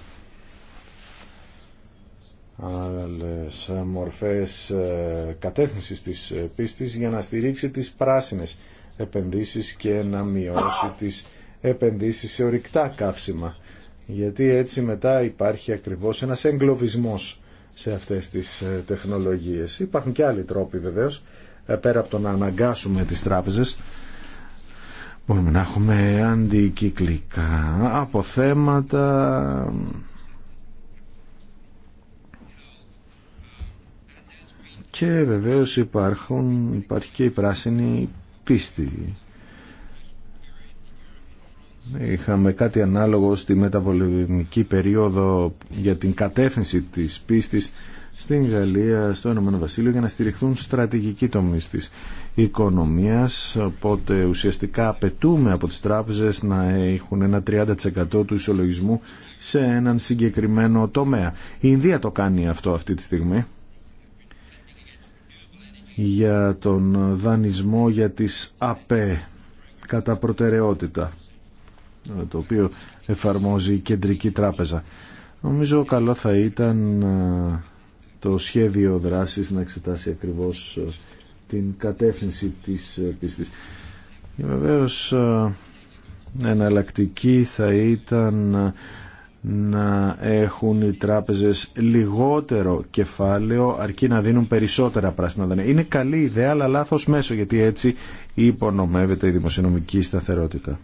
άλλες μορφές ε, κατεύθυνσης της ε, πίστης για να στηρίξει τις πράσινες επενδύσεις και να μειώσει τις επενδύσεις σε ορυκτά καύσιμα. Γιατί έτσι μετά υπάρχει ακριβώς ένας εγκλωβισμός σε αυτές τις ε, τεχνολογίες. Υπάρχουν και άλλοι τρόποι βεβαίως, ε, πέρα από το να αναγκάσουμε τις τράπεζες. Μπορούμε να έχουμε αντικυκλικά αποθέματα, Και βεβαίως υπάρχουν, υπάρχει και η πράσινη πίστη Είχαμε κάτι ανάλογο στη μεταβολημική περίοδο για την κατεύθυνση της πίστης στην Γαλλία, στο Ηνωμένο Βασίλειο για να στηριχθούν στρατηγικοί τομείς της οικονομίας οπότε ουσιαστικά απαιτούμε από τις τράπεζες να έχουν ένα 30% του ισολογισμού σε έναν συγκεκριμένο τομέα. Η Ινδία το κάνει αυτό αυτή τη στιγμή για τον δανεισμό για τις ΑΠΕ κατά προτεραιότητα το οποίο εφαρμόζει η Κεντρική Τράπεζα. Νομίζω καλό θα ήταν ε, το σχέδιο δράσης να εξετάσει ακριβώς ε, την κατεύθυνση της ε, πίστης. Βεβαίως εναλλακτική θα ήταν να έχουν οι τράπεζες λιγότερο κεφάλαιο αρκεί να δίνουν περισσότερα πράσινα δανεία. Είναι καλή ιδέα αλλά λάθος μέσο γιατί έτσι υπονομεύεται η δημοσιονομική σταθερότητα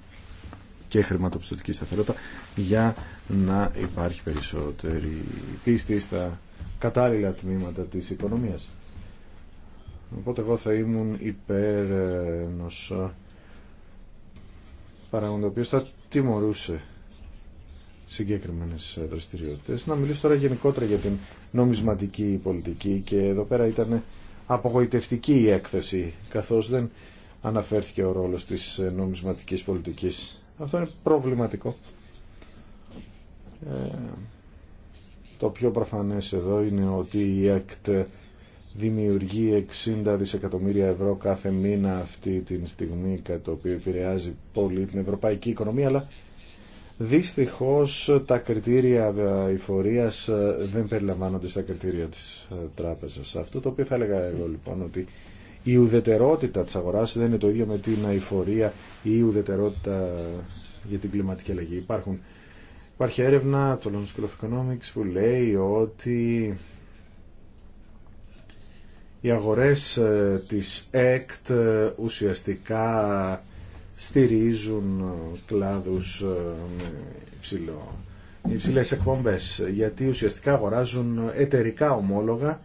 και χρηματοπιστωτική σταθερότητα για να υπάρχει περισσότερη πίστη στα κατάλληλα τμήματα της οικονομίας. Οπότε εγώ θα ήμουν υπέρ ενός παράγοντα ο θα τιμωρούσε συγκεκριμένες δραστηριότητες. Να μιλήσω τώρα γενικότερα για την νομισματική πολιτική και εδώ πέρα ήταν απογοητευτική η έκθεση καθώς δεν αναφέρθηκε ο ρόλος της νομισματικής πολιτικής αυτό είναι προβληματικό. Ε, το πιο προφανές εδώ είναι ότι η ΕΚΤ δημιουργεί 60 δισεκατομμύρια ευρώ κάθε μήνα αυτή τη στιγμή, κατά το οποίο επηρεάζει πολύ την ευρωπαϊκή οικονομία, αλλά δυστυχώς τα κριτήρια εφορίας δεν περιλαμβάνονται στα κριτήρια της ε, τράπεζας. Αυτό το οποίο θα έλεγα εγώ λοιπόν, ότι η ουδετερότητα της αγοράς δεν είναι το ίδιο με την αηφορία ή η ουδετερότητα για την κλιματική αλλαγή. Υπάρχουν, υπάρχει έρευνα το London School of Economics που λέει ότι οι αγορές ε, της ΕΚΤ ε, ουσιαστικά στηρίζουν ε, κλάδους με υψηλό, υψηλές εκπομπές γιατί ουσιαστικά αγοράζουν εταιρικά ομόλογα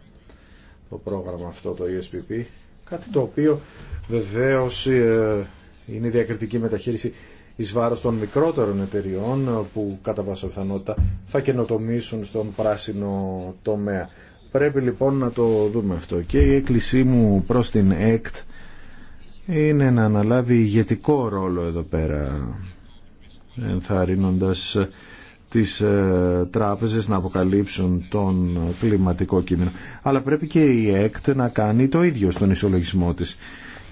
το πρόγραμμα αυτό το ESPP Κάτι το οποίο βεβαίως ε, είναι διακριτική μεταχείριση ει βάρο των μικρότερων εταιριών ε, που κατά πάσα πιθανότητα θα καινοτομήσουν στον πράσινο τομέα. Πρέπει λοιπόν να το δούμε αυτό. Και η έκκλησή μου προ την ΕΚΤ είναι να αναλάβει ηγετικό ρόλο εδώ πέρα ενθαρρύνοντας τις ε, τράπεζες να αποκαλύψουν τον κλιματικό κίνδυνο. Αλλά πρέπει και η ΕΚΤ να κάνει το ίδιο στον ισολογισμό της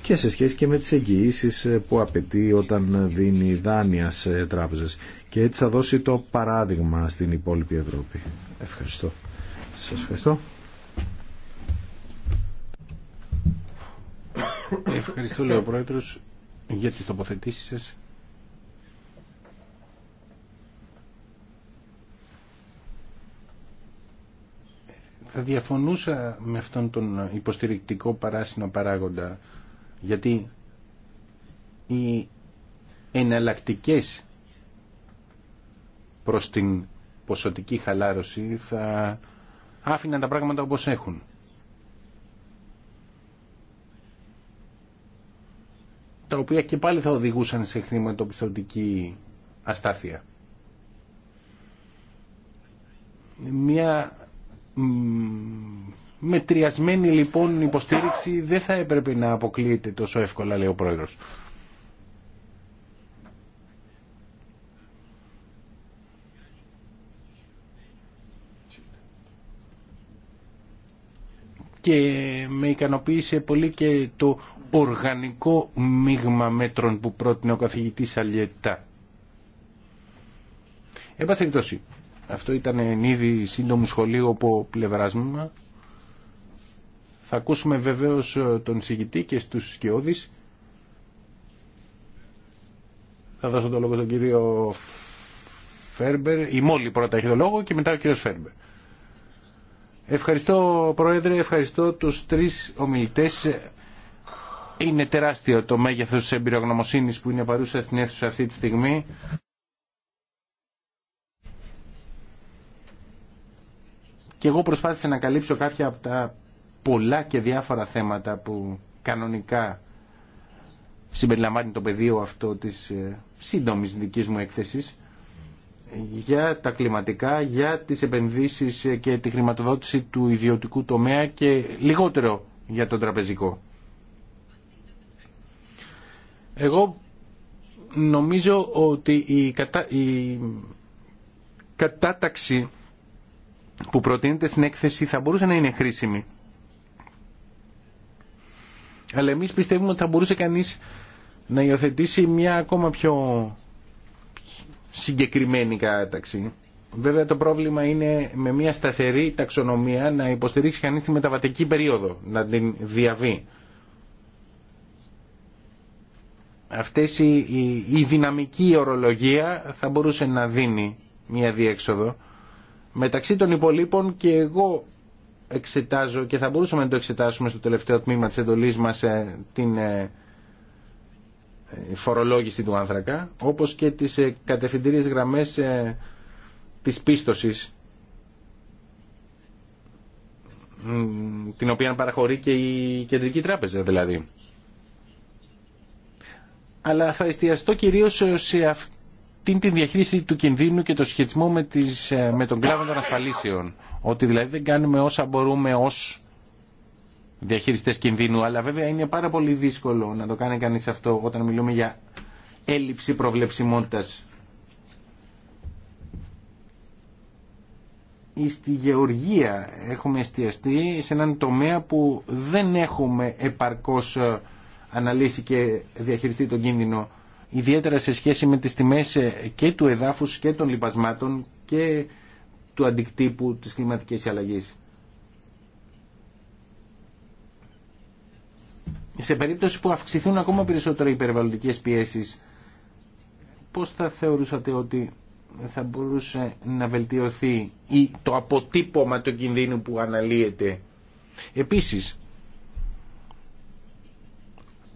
και σε σχέση και με τις εγγυήσει ε, που απαιτεί όταν δίνει δάνεια σε τράπεζες. Και έτσι θα δώσει το παράδειγμα στην υπόλοιπη Ευρώπη. Ευχαριστώ. Σας ευχαριστώ. Ευχαριστώ, λέει ο Πρόεδρος, για τις τοποθετήσεις σας. θα διαφωνούσα με αυτόν τον υποστηρικτικό παράσινο παράγοντα γιατί οι εναλλακτικέ προς την ποσοτική χαλάρωση θα άφηναν τα πράγματα όπως έχουν. Τα οποία και πάλι θα οδηγούσαν σε χρηματοπιστωτική αστάθεια. Μια μετριασμένη λοιπόν υποστήριξη δεν θα έπρεπε να αποκλείεται τόσο εύκολα, λέει ο πρόεδρος. και με ικανοποίησε πολύ και το οργανικό μείγμα μέτρων που πρότεινε ο καθηγητής Αλιετά. Εν αυτό ήταν εν είδη σύντομου σχολείου από πλευρά. μου. Θα ακούσουμε βεβαίως ε, τον συγκητή και στους σκιώδη. Θα δώσω το λόγο στον κύριο Φέρμπερ. Η Μόλι πρώτα έχει το λόγο και μετά ο κύριος Φέρμπερ. Ευχαριστώ Πρόεδρε, ευχαριστώ τους τρεις ομιλητές. Είναι τεράστιο το μέγεθος της εμπειρογνωμοσύνης που είναι παρούσα στην αίθουσα αυτή τη στιγμή. Και εγώ προσπάθησα να καλύψω κάποια από τα πολλά και διάφορα θέματα που κανονικά συμπεριλαμβάνει το πεδίο αυτό της ε, σύντομης δικής μου έκθεσης για τα κλιματικά, για τις επενδύσεις ε, και τη χρηματοδότηση του ιδιωτικού τομέα και λιγότερο για το τραπεζικό. Εγώ νομίζω ότι η, η κατάταξη που προτείνεται στην έκθεση θα μπορούσε να είναι χρήσιμη. Αλλά εμείς πιστεύουμε ότι θα μπορούσε κανείς να υιοθετήσει μια ακόμα πιο συγκεκριμένη κατάξη. Βέβαια το πρόβλημα είναι με μια σταθερή ταξονομία να υποστηρίξει κανείς τη μεταβατική περίοδο, να την διαβεί. Αυτές η δυναμική ορολογία θα μπορούσε να δίνει μια διέξοδο. Μεταξύ των υπολείπων και εγώ εξετάζω και θα μπορούσαμε να το εξετάσουμε στο τελευταίο τμήμα της εντολής μας ε, την ε, ε, φορολόγηση του άνθρακα όπως και τις κατευθυντήριες γραμμές της πίστοσης την οποία παραχωρεί και η Κεντρική Τράπεζα δηλαδή. Αλλά θα εστιαστώ κυρίως σε αυτό την, την διαχείριση του κινδύνου και το σχετισμό με, τις, ε, με τον κλάδο των ασφαλίσεων. Ότι δηλαδή δεν κάνουμε όσα μπορούμε ως διαχειριστές κινδύνου, αλλά βέβαια είναι πάρα πολύ δύσκολο να το κάνει κανείς αυτό όταν μιλούμε για έλλειψη προβλεψιμότητας. Στη γεωργία έχουμε εστιαστεί σε έναν τομέα που δεν έχουμε επαρκώς ε, αναλύσει και διαχειριστεί τον κίνδυνο ιδιαίτερα σε σχέση με τις τιμές ε, και του εδάφους και των λιπασμάτων και του αντικτύπου της κλιματικής αλλαγής. Σε περίπτωση που αυξηθούν ακόμα περισσότερο οι περιβαλλοντικές πιέσεις, πώς θα θεωρούσατε ότι θα μπορούσε να βελτιωθεί ή το αποτύπωμα του κινδύνου που αναλύεται. Επίσης,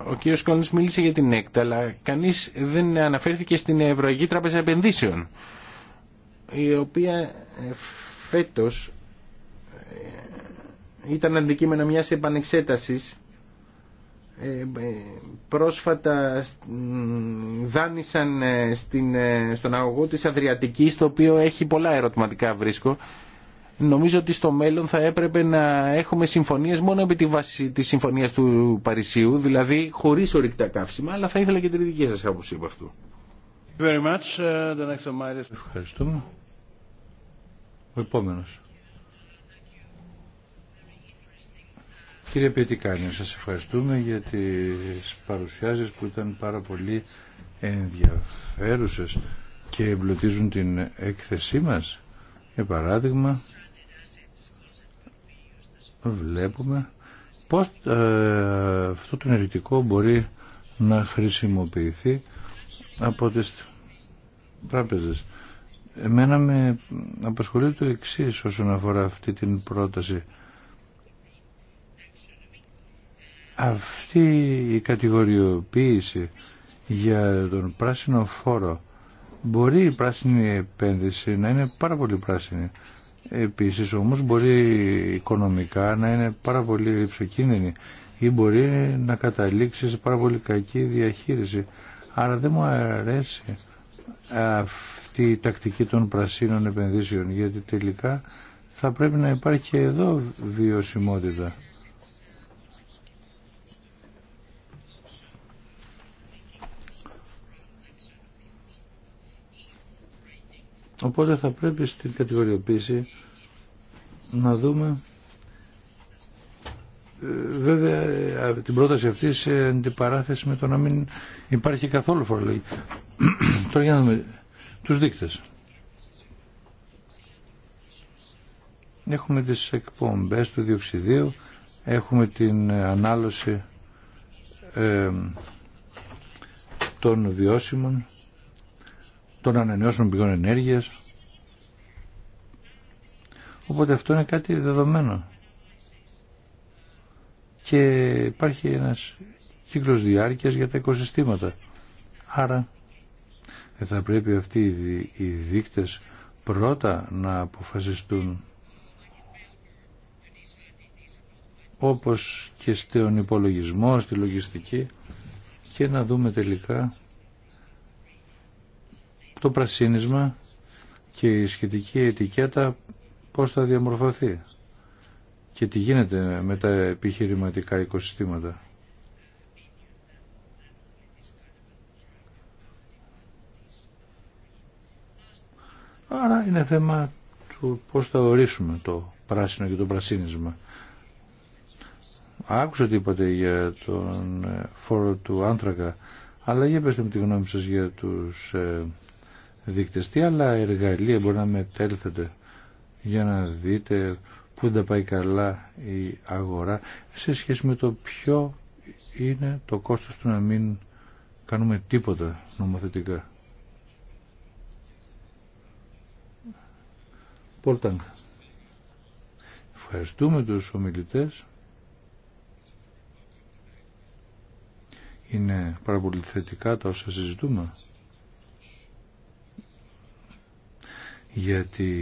ο κ. Κόλλινς μίλησε για την ΕΚΤ, αλλά κανείς δεν αναφέρθηκε στην Ευρωπαϊκή Τράπεζα Επενδύσεων, η οποία ε, φέτος ε, ήταν αντικείμενο μιας επανεξέτασης ε, πρόσφατα δάνεισαν στην, στον αγωγό της Αδριατικής το οποίο έχει πολλά ερωτηματικά βρίσκω Νομίζω ότι στο μέλλον θα έπρεπε να έχουμε συμφωνίε μόνο επί τη βάση τη συμφωνία του Παρισίου, δηλαδή χωρίς ορυκτά καύσιμα, αλλά θα ήθελα και τη δική σα άποψη από αυτού. Uh, ευχαριστούμε. Ο επόμενος. Κύριε Πιετικάνη, σας ευχαριστούμε για τις παρουσιάσεις που ήταν πάρα πολύ ενδιαφέρουσες και εμπλουτίζουν την έκθεσή μας. Για παράδειγμα, βλέπουμε πώς ε, αυτό το ενεργητικό μπορεί να χρησιμοποιηθεί από τις τράπεζες. Εμένα με απασχολεί το εξή όσον αφορά αυτή την πρόταση. Αυτή η κατηγοριοποίηση για τον πράσινο φόρο μπορεί η πράσινη επένδυση να είναι πάρα πολύ πράσινη Επίσης όμως μπορεί οικονομικά να είναι πάρα πολύ υψοκίνδυνη ή μπορεί να καταλήξει σε πάρα πολύ κακή διαχείριση. Άρα δεν μου αρέσει αυτή η τακτική των πρασίνων επενδύσεων γιατί τελικά θα πρέπει να υπάρχει και εδώ βιωσιμότητα. Οπότε θα πρέπει στην κατηγοριοποίηση να δούμε ε, βέβαια ε, την πρόταση αυτή σε αντιπαράθεση με το να μην υπάρχει καθόλου φορολογική. Τώρα για να δούμε τους δείκτες. Έχουμε τις εκπομπές του διοξιδίου, έχουμε την ανάλωση ε, των βιώσιμων των ανανεώσιμων πηγών ενέργειας. Οπότε αυτό είναι κάτι δεδομένο. Και υπάρχει ένας κύκλος διάρκειας για τα οικοσυστήματα. Άρα θα πρέπει αυτοί οι δείκτες πρώτα να αποφασιστούν όπως και στον υπολογισμό, στη λογιστική και να δούμε τελικά το πρασίνισμα και η σχετική ετικέτα πώς θα διαμορφωθεί και τι γίνεται με τα επιχειρηματικά οικοσυστήματα. Άρα είναι θέμα του πώς θα ορίσουμε το πράσινο και το πρασίνισμα. Άκουσα τι είπατε για τον ε, φόρο του άνθρακα, αλλά για πέστε μου τη γνώμη σας για τους ε, δείκτες. Τι άλλα εργαλεία μπορεί να μετέλθετε για να δείτε πού δεν πάει καλά η αγορά σε σχέση με το ποιο είναι το κόστος του να μην κάνουμε τίποτα νομοθετικά. Πολτάνκα. Ευχαριστούμε τους ομιλητές. Είναι πάρα πολύ θετικά τα όσα συζητούμε. γιατί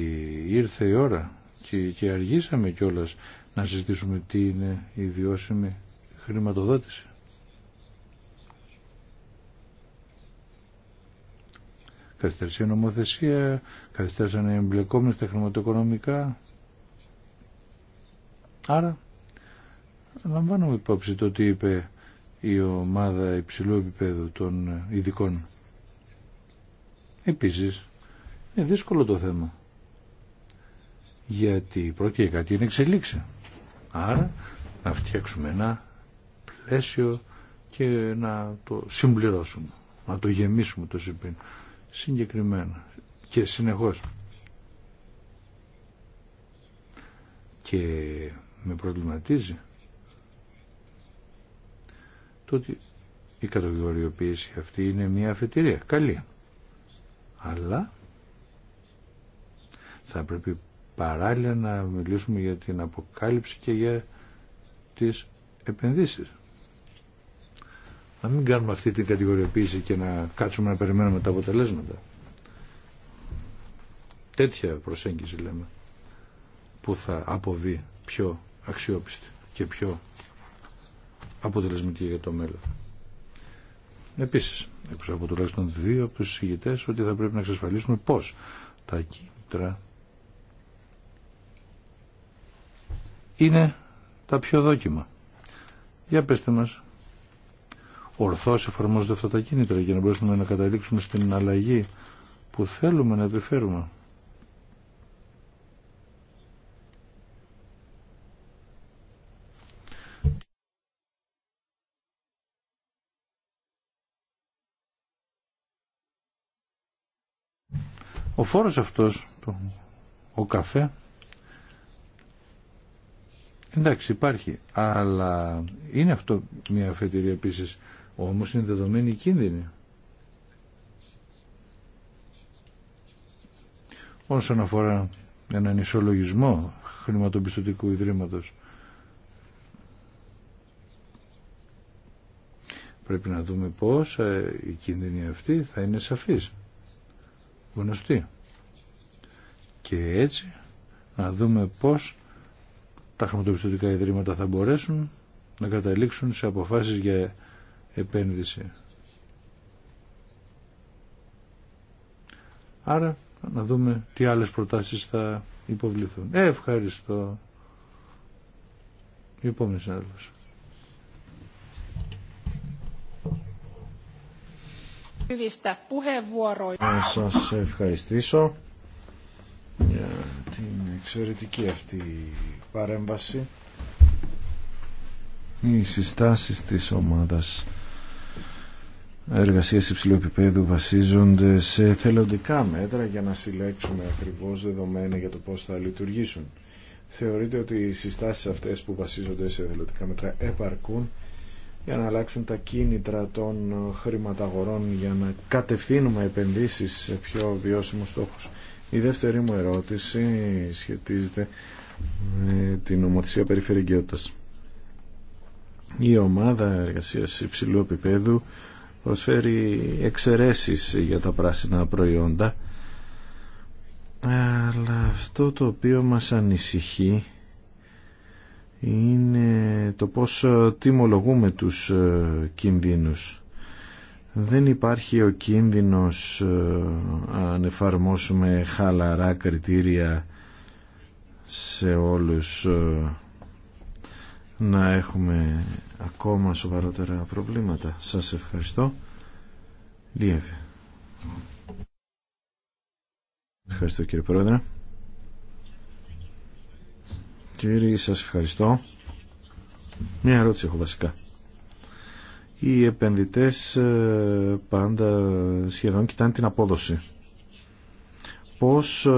ήρθε η ώρα και, και αργήσαμε κιόλας να συζητήσουμε τι είναι η βιώσιμη χρηματοδότηση. Καθυστέρησε η νομοθεσία, καθυστέρησαν οι εμπλεκόμενοι στα χρηματοοικονομικά. Άρα, λαμβάνουμε υπόψη το τι είπε η ομάδα υψηλού επίπεδου των ειδικών. Επίσης, είναι δύσκολο το θέμα. Γιατί πρόκειται πρώτη κάτι είναι εξελίξη. Άρα να φτιάξουμε ένα πλαίσιο και να το συμπληρώσουμε. Να το γεμίσουμε το ΣΥΠΗΝ. Συγκεκριμένα και συνεχώς. Και με προβληματίζει το ότι η κατηγοριοποίηση αυτή είναι μια αφετηρία. Καλή. Αλλά θα πρέπει παράλληλα να μιλήσουμε για την αποκάλυψη και για τις επενδύσεις. Να μην κάνουμε αυτή την κατηγοριοποίηση και να κάτσουμε να περιμένουμε τα αποτελέσματα. Τέτοια προσέγγιση λέμε που θα αποβεί πιο αξιόπιστη και πιο αποτελεσματική για το μέλλον. Επίσης, άκουσα από τουλάχιστον δύο από τους ότι θα πρέπει να εξασφαλίσουμε πώς τα κίνητρα είναι τα πιο δόκιμα. Για πέστε μας, ορθώς εφαρμόζονται αυτά τα κίνητρα για να μπορέσουμε να καταλήξουμε στην αλλαγή που θέλουμε να επιφέρουμε. Ο φόρος αυτός, ο καφέ, Εντάξει, υπάρχει, αλλά είναι αυτό μια αφετηρία επίση. Όμω είναι δεδομένη η κίνδυνη. Όσον αφορά έναν ισολογισμό χρηματοπιστωτικού ιδρύματος πρέπει να δούμε πώς ε, η κίνδυνη αυτή θα είναι σαφής γνωστή και έτσι να δούμε πώς τα χρηματοπιστωτικά ιδρύματα θα μπορέσουν να καταλήξουν σε αποφάσεις για επένδυση. Άρα να δούμε τι άλλες προτάσεις θα υποβληθούν. Ε, ευχαριστώ. Η επόμενη συνάδελφος. σας ευχαριστήσω εξαιρετική αυτή η παρέμβαση. Οι συστάσεις της ομάδας εργασίες υψηλού επίπεδου βασίζονται σε θελοντικά μέτρα για να συλλέξουμε ακριβώς δεδομένα για το πώς θα λειτουργήσουν. Θεωρείται ότι οι συστάσεις αυτές που βασίζονται σε θελοντικά μέτρα επαρκούν για να αλλάξουν τα κίνητρα των χρηματαγορών για να κατευθύνουμε επενδύσεις σε πιο βιώσιμους στόχους. Η δεύτερη μου ερώτηση σχετίζεται με την ομοθεσία περιφερειγκαιότητας. Η ομάδα εργασίας υψηλού επίπεδου προσφέρει εξαιρέσεις για τα πράσινα προϊόντα αλλά αυτό το οποίο μας ανησυχεί είναι το πώς τιμολογούμε τους ε, κινδύνους δεν υπάρχει ο κίνδυνος ε, αν εφαρμόσουμε χαλαρά κριτήρια σε όλους ε, να έχουμε ακόμα σοβαρότερα προβλήματα. Σας ευχαριστώ. Λίευε. Ευχαριστώ κύριε Πρόεδρε. Κύριοι, σας ευχαριστώ. Μια ερώτηση έχω βασικά οι επενδυτές ε, πάντα σχεδόν κοιτάνε την απόδοση. Πώς ε,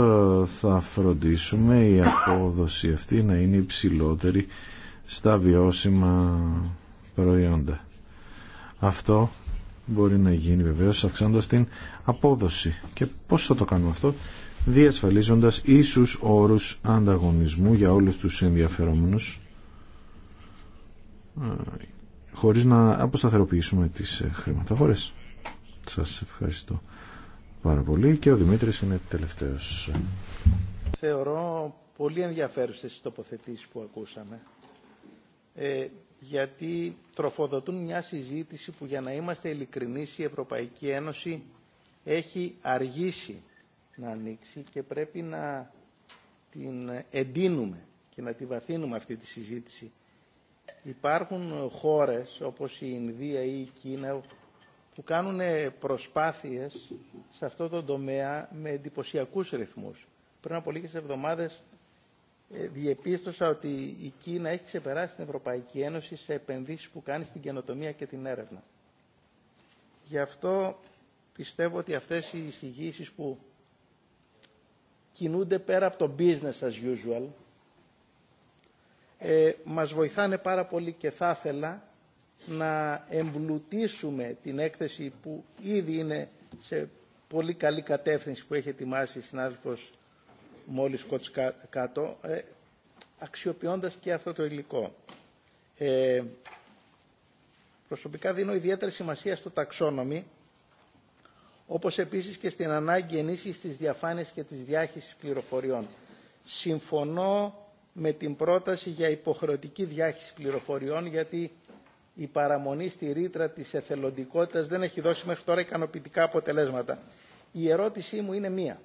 θα φροντίσουμε η απόδοση αυτή να είναι υψηλότερη στα βιώσιμα προϊόντα. Αυτό μπορεί να γίνει βεβαίως αυξάνοντας την απόδοση. Και πώς θα το κάνουμε αυτό διασφαλίζοντας ίσους όρους ανταγωνισμού για όλους τους ενδιαφερόμενους ε, χωρίς να αποσταθεροποιήσουμε τις ε, χρηματοφόρες. Σας ευχαριστώ πάρα πολύ και ο Δημήτρης είναι τελευταίος. Θεωρώ πολύ ενδιαφέρουσες τις τοποθετήσεις που ακούσαμε ε, γιατί τροφοδοτούν μια συζήτηση που για να είμαστε ειλικρινείς η Ευρωπαϊκή Ένωση έχει αργήσει να ανοίξει και πρέπει να την εντείνουμε και να τη βαθύνουμε αυτή τη συζήτηση υπάρχουν χώρες όπως η Ινδία ή η Κίνα που κάνουν προσπάθειες σε αυτό το τομέα με εντυπωσιακού ρυθμούς. Πριν από λίγες εβδομάδες ε, διεπίστωσα ότι η Κίνα έχει ξεπεράσει την Ευρωπαϊκή Ένωση σε επενδύσεις που κάνει στην καινοτομία και την έρευνα. Γι' αυτό πιστεύω ότι αυτές οι εισηγήσει που κινούνται πέρα από το business as usual ε, μας βοηθάνε πάρα πολύ και θα ήθελα να εμπλουτίσουμε την έκθεση που ήδη είναι σε πολύ καλή κατεύθυνση που έχει ετοιμάσει η συνάδελφος μόλις κότς κάτω, ε, αξιοποιώντας και αυτό το υλικό. Ε, προσωπικά δίνω ιδιαίτερη σημασία στο ταξόνομι, όπως επίσης και στην ανάγκη ενίσχυσης της διαφάνειας και της διάχυσης πληροφοριών. Συμφωνώ με την πρόταση για υποχρεωτική διάχυση πληροφοριών γιατί η παραμονή στη ρήτρα της εθελοντικότητας δεν έχει δώσει μέχρι τώρα ικανοποιητικά αποτελέσματα. Η ερώτησή μου είναι μία.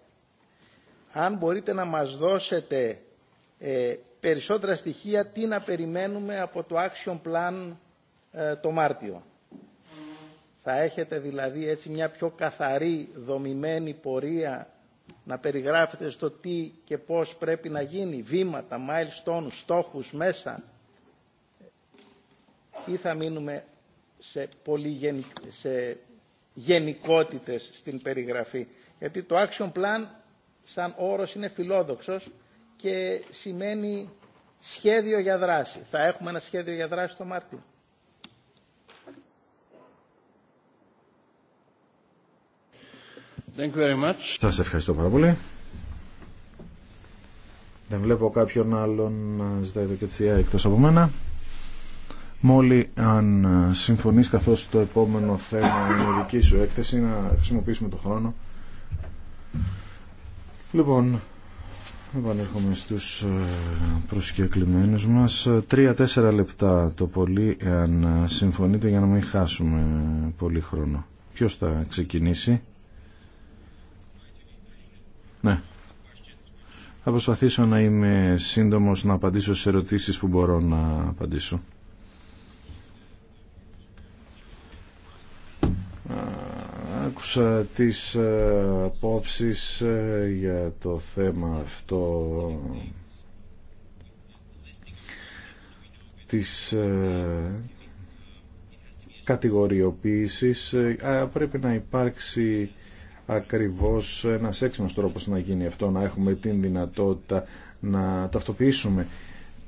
Αν μπορείτε να μας δώσετε ε, περισσότερα στοιχεία, τι να περιμένουμε από το Action Plan ε, το Μάρτιο. Θα έχετε δηλαδή έτσι μια πιο καθαρή δομημένη πορεία να περιγράφεται στο τι και πώς πρέπει να γίνει, βήματα, milestone, στόχους μέσα ή θα μείνουμε σε, πολύ γενικότητες στην περιγραφή. Γιατί το action plan σαν όρος είναι φιλόδοξος και σημαίνει σχέδιο για δράση. Θα έχουμε ένα σχέδιο για δράση το Μάρτιο. Thank Σας ευχαριστώ πάρα πολύ. Δεν βλέπω κάποιον άλλον να ζητάει το κετσιά εκτός από μένα. Μόλι αν συμφωνείς καθώς το επόμενο θέμα είναι δική σου έκθεση να χρησιμοποιήσουμε το χρόνο. Λοιπόν, επανέρχομαι λοιπόν, στους ε, προσκεκλημένους μας. Τρία-τέσσερα λεπτά το πολύ, αν συμφωνείτε, για να μην χάσουμε πολύ χρόνο. Ποιος θα ξεκινήσει. Ναι. Θα προσπαθήσω να είμαι σύντομος να απαντήσω σε ερωτήσεις που μπορώ να απαντήσω. Άκουσα τις ε, απόψεις ε, για το θέμα αυτό της ε, κατηγοριοποίησης. Πρέπει να υπάρξει ακριβώς ένας έξυπνος τρόπος να γίνει αυτό, να έχουμε την δυνατότητα να ταυτοποιήσουμε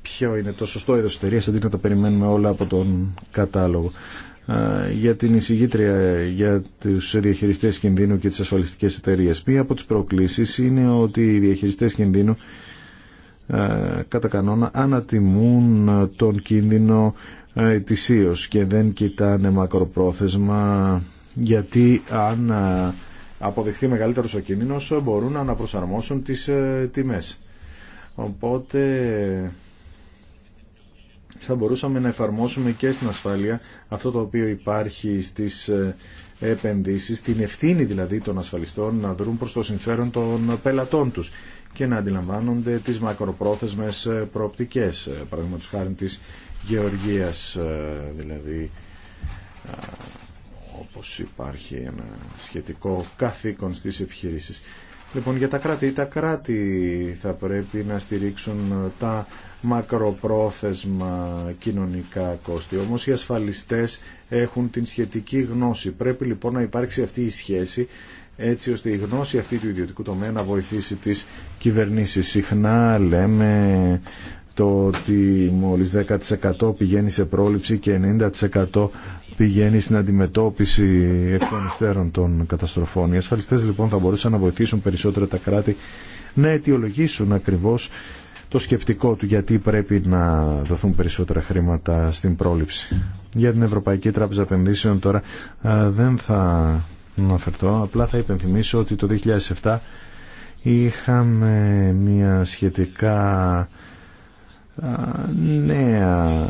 ποιο είναι το σωστό είδος εταιρεία αντί να τα περιμένουμε όλα από τον κατάλογο. Για την εισηγήτρια για τους διαχειριστές κινδύνου και τις ασφαλιστικές εταιρείε. μία από τις προκλήσεις είναι ότι οι διαχειριστές κινδύνου κατά κανόνα ανατιμούν τον κίνδυνο ετησίως και δεν κοιτάνε μακροπρόθεσμα γιατί αν αποδειχθεί μεγαλύτερος ο κίνδυνος μπορούν να αναπροσαρμόσουν τις ε, τιμές. Οπότε θα μπορούσαμε να εφαρμόσουμε και στην ασφάλεια αυτό το οποίο υπάρχει στις ε, επενδύσεις, την ευθύνη δηλαδή των ασφαλιστών να δρουν προς το συμφέρον των πελατών τους και να αντιλαμβάνονται τις μακροπρόθεσμες ε, προοπτικές, παραδείγματος χάρη της γεωργίας δηλαδή όπως υπάρχει ένα σχετικό καθήκον στις επιχειρήσεις. Λοιπόν, για τα κράτη, τα κράτη θα πρέπει να στηρίξουν τα μακροπρόθεσμα κοινωνικά κόστη. Όμως οι ασφαλιστές έχουν την σχετική γνώση. Πρέπει λοιπόν να υπάρξει αυτή η σχέση έτσι ώστε η γνώση αυτή του ιδιωτικού τομέα να βοηθήσει τις κυβερνήσεις. Συχνά λέμε το ότι μόλις 10% πηγαίνει σε πρόληψη και 90% πηγαίνει στην αντιμετώπιση εκ των υστέρων των καταστροφών. Οι ασφαλιστές λοιπόν θα μπορούσαν να βοηθήσουν περισσότερο τα κράτη να αιτιολογήσουν ακριβώς το σκεπτικό του γιατί πρέπει να δοθούν περισσότερα χρήματα στην πρόληψη. Για την Ευρωπαϊκή Τράπεζα Επενδύσεων τώρα δεν θα αναφερθώ, απλά θα υπενθυμίσω ότι το 2007 είχαμε μια σχετικά νέα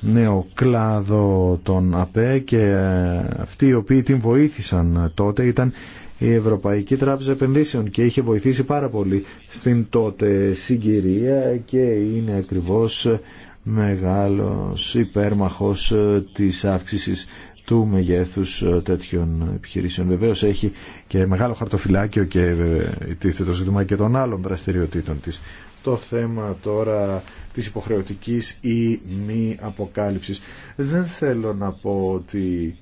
νέο κλάδο των ΑΠΕ και ε, αυτοί οι οποίοι την βοήθησαν τότε ήταν η Ευρωπαϊκή Τράπεζα Επενδύσεων και είχε βοηθήσει πάρα πολύ στην τότε συγκυρία και είναι ακριβώς μεγάλος υπέρμαχος ε, της αύξησης του μεγέθους ε, τέτοιων επιχειρήσεων. Βεβαίως έχει και μεγάλο χαρτοφυλάκιο και τίθεται το ζήτημα και των άλλων δραστηριοτήτων της το θέμα τώρα της υποχρεωτικής ή μη αποκάλυψης. Δεν θέλω να πω ότι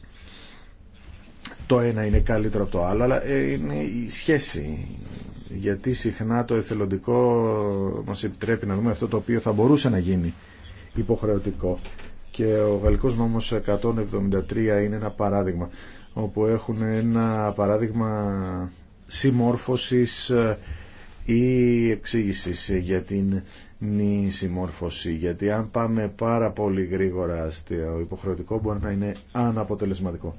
το ένα είναι καλύτερο από το άλλο, αλλά ε, είναι η σχέση. Γιατί συχνά το εθελοντικό μας επιτρέπει να δούμε αυτό το οποίο θα μπορούσε να γίνει υποχρεωτικό. Και ο γαλλικός νόμος 173 είναι ένα παράδειγμα, όπου έχουν ένα παράδειγμα συμμόρφωσης ε, ή εξήγηση για την μη συμμόρφωση. Γιατί αν πάμε πάρα πολύ γρήγορα στο υποχρεωτικό μπορεί να είναι αναποτελεσματικό.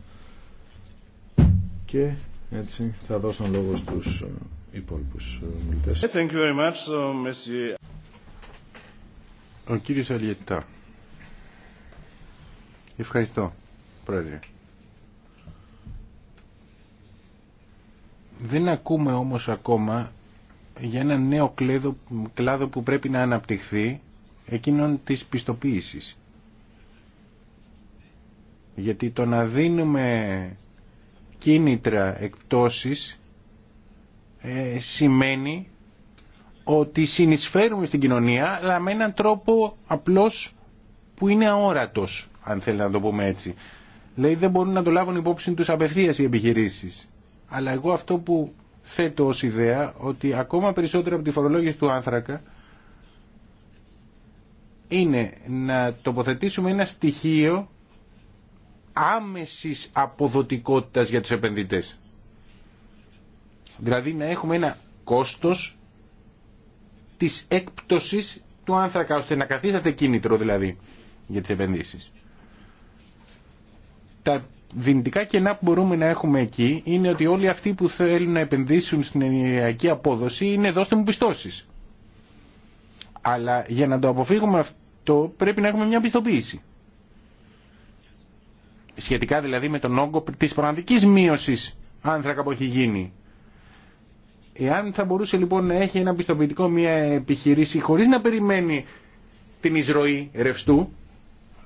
Και έτσι θα δώσω τον λόγο στους ε, υπόλοιπους ε, μιλητές. Thank you very much, uh, so, Ο κύριος Αλιετά. Ευχαριστώ, Πρόεδρε. Δεν ακούμε όμως ακόμα για ένα νέο κλάδο που πρέπει να αναπτυχθεί, εκείνον της πιστοποίησης. Γιατί το να δίνουμε κίνητρα εκπτώσεις ε, σημαίνει ότι συνεισφέρουμε στην κοινωνία, αλλά με έναν τρόπο απλώς που είναι αόρατος, αν θέλετε να το πούμε έτσι. Δηλαδή δεν μπορούν να το λάβουν υπόψη τους απευθείας οι επιχειρήσεις. Αλλά εγώ αυτό που θέτω ως ιδέα ότι ακόμα περισσότερο από τη φορολόγηση του άνθρακα είναι να τοποθετήσουμε ένα στοιχείο άμεσης αποδοτικότητας για τους επενδυτές. Δηλαδή να έχουμε ένα κόστος της έκπτωσης του άνθρακα, ώστε να καθίσταται κίνητρο δηλαδή για τις επενδύσεις. Τα δυνητικά κενά που μπορούμε να έχουμε εκεί είναι ότι όλοι αυτοί που θέλουν να επενδύσουν στην ενεργειακή απόδοση είναι δώστε μου πιστώσει. Αλλά για να το αποφύγουμε αυτό πρέπει να έχουμε μια πιστοποίηση. Σχετικά δηλαδή με τον όγκο της πραγματικής μείωσης άνθρακα που έχει γίνει. Εάν θα μπορούσε λοιπόν να έχει ένα πιστοποιητικό μια επιχειρήση χωρίς να περιμένει την εισρωή ρευστού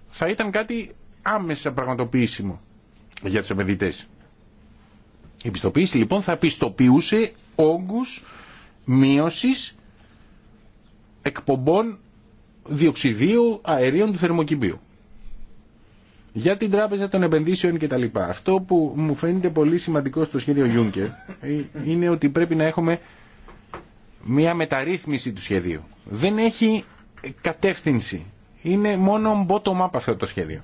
θα ήταν κάτι άμεσα πραγματοποιήσιμο για τους επενδυτές. Η πιστοποίηση λοιπόν θα πιστοποιούσε όγκους μείωσης εκπομπών διοξιδίου αερίων του θερμοκηπίου. Για την τράπεζα των επενδύσεων λοιπά Αυτό που μου φαίνεται πολύ σημαντικό στο σχέδιο Juncker είναι ότι πρέπει να έχουμε μια μεταρρύθμιση του σχεδίου. Δεν έχει κατεύθυνση. Είναι μόνο bottom-up αυτό το σχέδιο.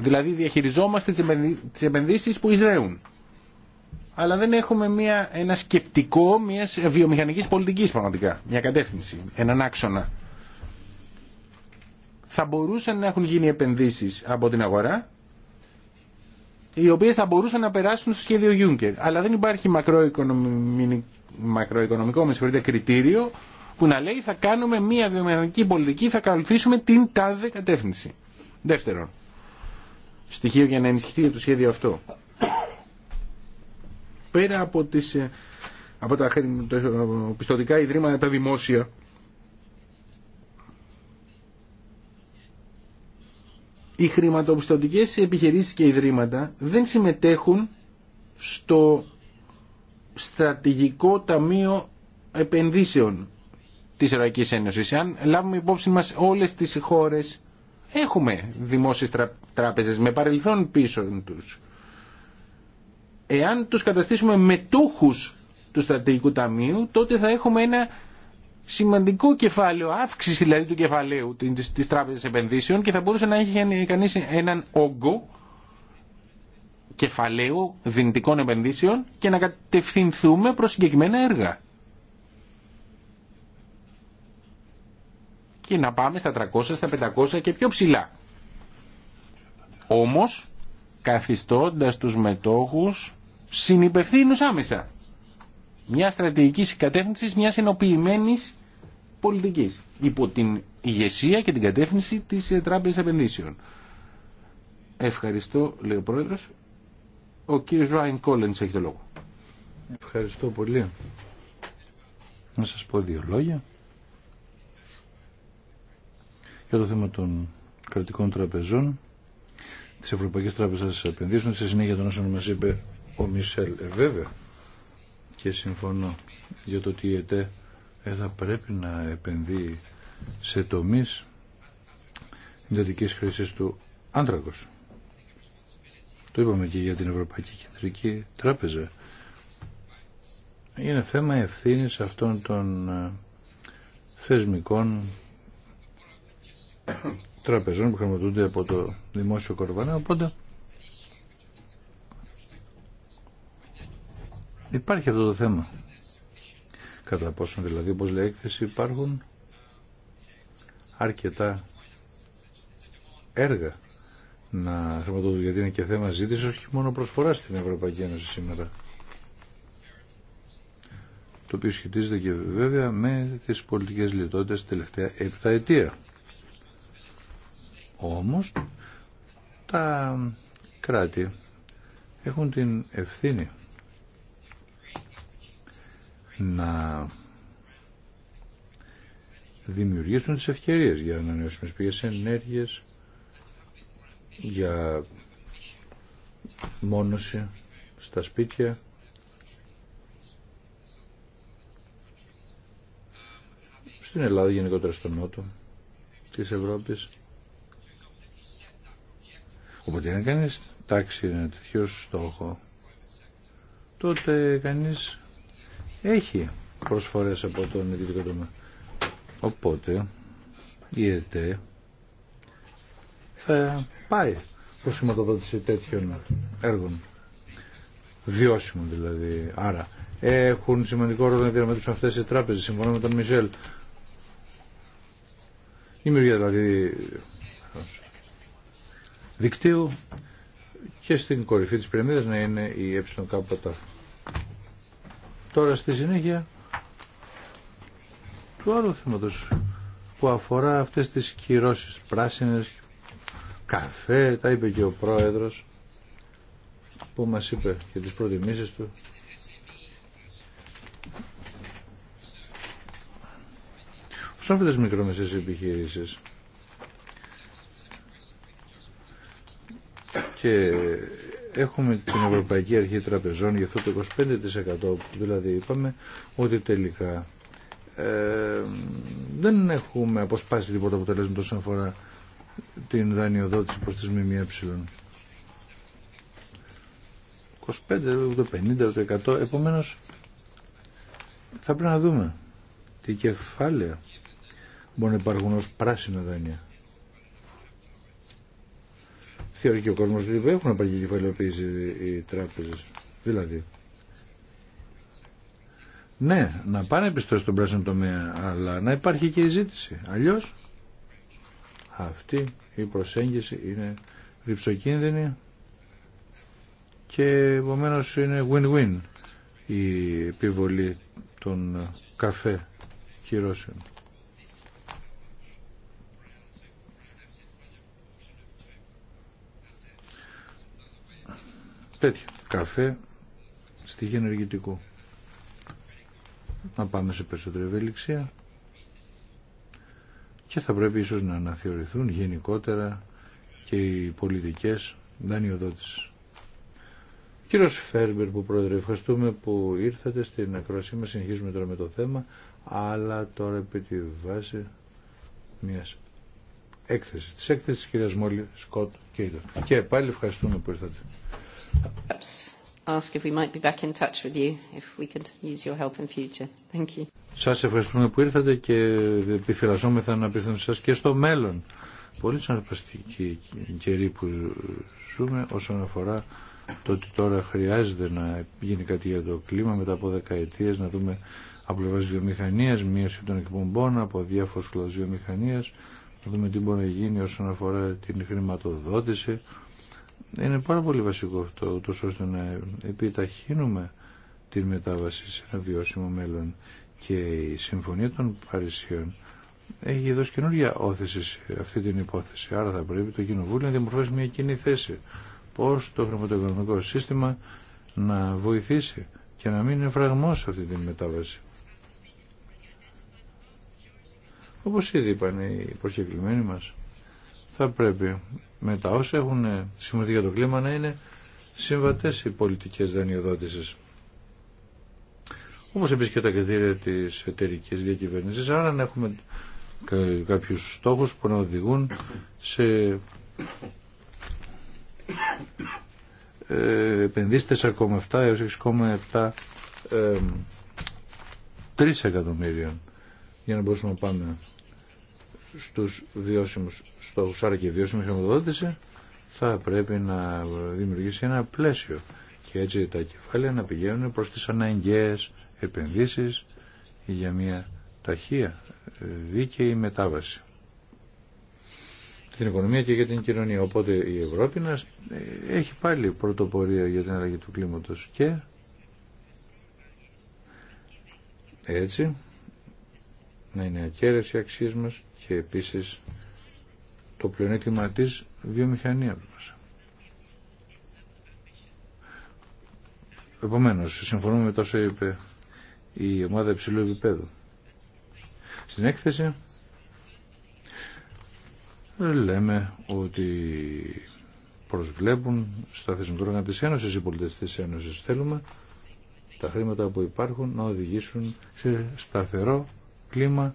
Δηλαδή διαχειριζόμαστε τις επενδύσεις που εισραίουν. Αλλά δεν έχουμε μια, ένα σκεπτικό μιας βιομηχανικής πολιτικής πραγματικά. Μια κατεύθυνση, έναν άξονα. Θα μπορούσαν να έχουν γίνει επενδύσεις από την αγορά οι οποίες θα μπορούσαν να περάσουν στο σχέδιο Juncker. Αλλά δεν υπάρχει μακροοικονομικό, με κριτήριο που να λέει θα κάνουμε μια βιομηχανική πολιτική, θα καλυφθήσουμε την τάδε κατεύθυνση. Δεύτερον, στοιχείο για να ενισχυθεί το σχέδιο αυτό. Πέρα από, τις, ε, από τα ε, πιστοτικά ιδρύματα, τα δημόσια, οι χρηματοπιστωτικές επιχειρήσεις και ιδρύματα δεν συμμετέχουν στο στρατηγικό ταμείο επενδύσεων της Ευρωπαϊκής Ένωσης. Αν λάβουμε υπόψη μας όλες τις χώρες Έχουμε δημόσιες τράπεζες με παρελθόν πίσω τους. Εάν τους καταστήσουμε μετούχους του στρατηγικού ταμείου, τότε θα έχουμε ένα σημαντικό κεφάλαιο, αύξηση δηλαδή του κεφαλαίου της τράπεζας επενδύσεων και θα μπορούσε να έχει κανείς έναν όγκο κεφαλαίου δυνητικών επενδύσεων και να κατευθυνθούμε προς συγκεκριμένα έργα. και να πάμε στα 300, στα 500 και πιο ψηλά. Όμως, καθιστώντας τους μετόχους συνυπευθύνους άμεσα. Μια στρατηγική κατεύθυνση μια ενοποιημένη πολιτική. Υπό την ηγεσία και την κατεύθυνση τη Τράπεζα Επενδύσεων. Ευχαριστώ, λέει ο πρόεδρο. Ο κύριο Ράιν Κόλλεν έχει το λόγο. Ευχαριστώ πολύ. Να σα πω δύο λόγια για το θέμα των κρατικών τραπεζών της Ευρωπαϊκής Τράπεζας Επενδύσεων σε συνέχεια των όσων μα είπε ο Μισελ ε, βέβαια και συμφωνώ για το ότι η ΕΤΕ ε, θα πρέπει να επενδύει σε τομής ιδιωτική χρήσης του άντρακο. Το είπαμε και για την Ευρωπαϊκή Κεντρική Τράπεζα. Είναι θέμα ευθύνης αυτών των ε, θεσμικών τραπεζών που χρηματοδοτούνται από το δημόσιο κορβανά, οπότε υπάρχει αυτό το θέμα. Κατά πόσο δηλαδή, όπως λέει έκθεση, υπάρχουν αρκετά έργα να χρηματοδοτούν, γιατί είναι και θέμα ζήτηση, όχι μόνο προσφορά στην Ευρωπαϊκή Ένωση σήμερα. Το οποίο σχετίζεται και βέβαια με τις πολιτικές λιτότητες τελευταία επτά ετία. Όμως τα κράτη έχουν την ευθύνη να δημιουργήσουν τις ευκαιρίες για ανανεώσιμες πηγές ενέργειες για μόνωση στα σπίτια. Στην Ελλάδα γενικότερα στο νότο της Ευρώπης Οπότε αν κανείς τάξει ένα τέτοιο στόχο, τότε κανείς έχει προσφορές από τον ειδικό τομέα. Οπότε η ΕΤΕ θα πάει προς χρηματοδότηση τέτοιων έργων. Βιώσιμο δηλαδή. Άρα έχουν σημαντικό ρόλο να διαμετρήσουν αυτές οι τράπεζες. Συμφωνώ με τον Μιζέλ. Δημιουργία δηλαδή δικτύου και στην κορυφή της πυραμίδας να είναι η ΕΚ. Τώρα στη συνέχεια του άλλου θέματος που αφορά αυτές τις κυρώσεις πράσινες, καφέ, τα είπε και ο πρόεδρος που μας είπε και τις προτιμήσεις του. Όσον αφορά τις μικρομεσαίες επιχειρήσεις, και έχουμε την Ευρωπαϊκή Αρχή Τραπεζών για αυτό το 25% δηλαδή είπαμε ότι τελικά ε, δεν έχουμε αποσπάσει τίποτα αποτελέσματα όσον αφορά την δανειοδότηση προς τις ΜΜΕ. 25, ούτε 50, ούτε 100. Επομένως, θα πρέπει να δούμε τι κεφάλαια μπορεί να υπάρχουν ως πράσινα δάνεια θεωρεί και ο κόσμος ότι έχουν απαραίτητη κεφαλαιοποίηση οι τράπεζες. Δηλαδή, ναι, να πάνε επιστώσει στον πράσινο τομέα, αλλά να υπάρχει και η ζήτηση. Αλλιώς, αυτή η προσέγγιση είναι ρηψοκίνδυνη και επομένω είναι win-win η επιβολή των καφέ κυρώσεων. τέτοιο καφέ στοιχεία ενεργητικού. Να πάμε σε περισσότερη ευελιξία και θα πρέπει ίσως να αναθεωρηθούν γενικότερα και οι πολιτικές δανειοδότηση. Κύριο Φέρμπερ που πρόεδρε, ευχαριστούμε που ήρθατε στην ακρόασή μας, συνεχίζουμε τώρα με το θέμα, αλλά τώρα επί τη βάση μιας έκθεσης, της έκθεσης της κυρίας Μόλι Σκοτ Κέιτον. Και πάλι ευχαριστούμε που ήρθατε. Perhaps ask if we might be back in touch with you if we could use your help in future. Thank you. Σας ευχαριστούμε που ήρθατε και επιφυλασσόμεθα να πείθουμε σας και στο μέλλον. Πολύ συναρπαστική καιρή που ζούμε όσον αφορά το ότι τώρα χρειάζεται να γίνει κάτι για το κλίμα μετά από δεκαετίες να δούμε από λεβάς βιομηχανίας, μείωση των εκπομπών από διάφορες βιομηχανίες, βιομηχανίας, να δούμε τι μπορεί να γίνει όσον αφορά την χρηματοδότηση, είναι πάρα πολύ βασικό αυτό, ούτως ώστε να επιταχύνουμε την μετάβαση σε ένα βιώσιμο μέλλον και η Συμφωνία των Παρισιών έχει δώσει καινούργια όθηση σε αυτή την υπόθεση. Άρα θα πρέπει το Κοινοβούλιο να διαμορφώσει μια κοινή θέση. Πώς το χρηματοοικονομικό σύστημα να βοηθήσει και να μην εφραγμόσει αυτή την μετάβαση. Όπως ήδη είπαν οι προσκεκλημένοι μας, θα πρέπει με τα όσα έχουν ε, συμμετεί για το κλίμα να είναι συμβατές οι πολιτικές δανειοδότησες. Όπως επίσης και τα κριτήρια της εταιρική διακυβέρνησης, άρα να έχουμε κάποιους στόχους που να οδηγούν σε ε, επενδύσεις 4,7 έως 6,7 3 ε, εκατομμύριων για να μπορούμε να πάμε στους βιώσιμού, στο Άρα και η βιώσιμη χρηματοδότηση θα πρέπει να δημιουργήσει ένα πλαίσιο και έτσι τα κεφάλαια να πηγαίνουν προς τις αναγκαίες επενδύσεις για μια ταχεία δίκαιη μετάβαση την οικονομία και για την κοινωνία. Οπότε η Ευρώπη να έχει πάλι πρωτοπορία για την αλλαγή του κλίματος και έτσι να είναι ακαίρεση οι αξίες μας και επίσης το πλεονέκτημα της βιομηχανία μας. Επομένως, συμφωνούμε με τόσο είπε η ομάδα υψηλού επίπεδου. Στην έκθεση λέμε ότι προσβλέπουν στα θεσμικά όργανα της Ένωσης οι πολίτες της Ένωσης. Θέλουμε τα χρήματα που υπάρχουν να οδηγήσουν σε σταθερό κλίμα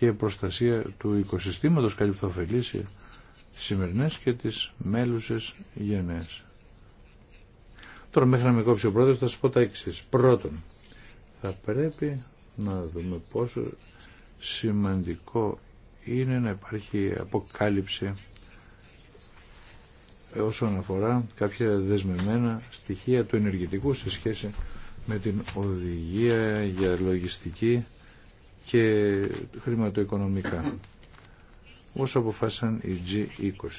και προστασία του οικοσυστήματος που θα ωφελήσει σημερινές και τις μέλουσες γενναίες. Τώρα μέχρι να με κόψει ο πρόεδρος θα σας πω τα Πρώτον, θα πρέπει να δούμε πόσο σημαντικό είναι να υπάρχει αποκάλυψη όσον αφορά κάποια δεσμευμένα στοιχεία του ενεργητικού σε σχέση με την οδηγία για λογιστική και χρηματοοικονομικά. Όσο αποφάσισαν οι G20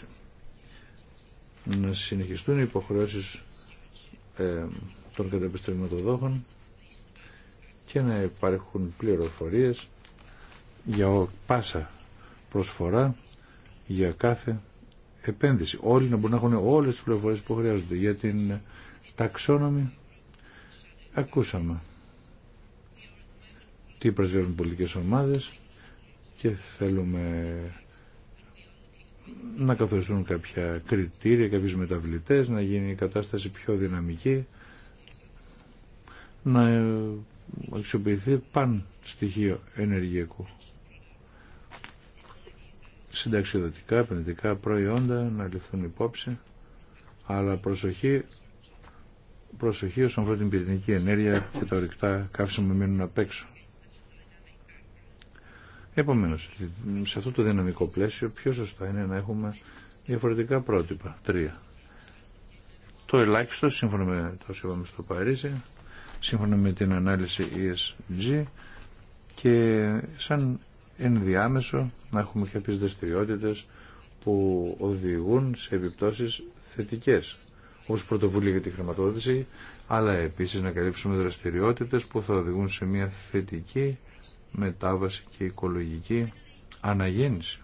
να συνεχιστούν οι υποχρεώσεις ε, των καταπιστευματοδόχων και να υπάρχουν πληροφορίες για πάσα προσφορά για κάθε επένδυση. Όλοι να μπορούν να έχουν όλες τις πληροφορίες που χρειάζονται για την ταξόνομη. Ακούσαμε τι προσφέρουν πολιτικές ομάδες και θέλουμε να καθοριστούν κάποια κριτήρια, κάποιους μεταβλητές, να γίνει η κατάσταση πιο δυναμική, να αξιοποιηθεί παν στοιχείο ενεργειακού. Συνταξιοδοτικά, επενδυτικά προϊόντα να ληφθούν υπόψη, αλλά προσοχή, προσοχή όσον αφορά την πυρηνική ενέργεια και τα ορυκτά καύσιμα μείνουν απ' έξω. Επομένω, σε αυτό το δυναμικό πλαίσιο πιο σωστά είναι να έχουμε διαφορετικά πρότυπα, τρία. Το ελάχιστο, σύμφωνα με το όσο είπαμε στο Παρίσι, σύμφωνα με την ανάλυση ESG και σαν ενδιάμεσο να έχουμε κάποιες δραστηριότητε που οδηγούν σε επιπτώσεις θετικές όπως πρωτοβουλία για τη χρηματοδότηση αλλά επίσης να καλύψουμε δραστηριότητες που θα οδηγούν σε μια θετική μετάβαση και οικολογική αναγέννηση.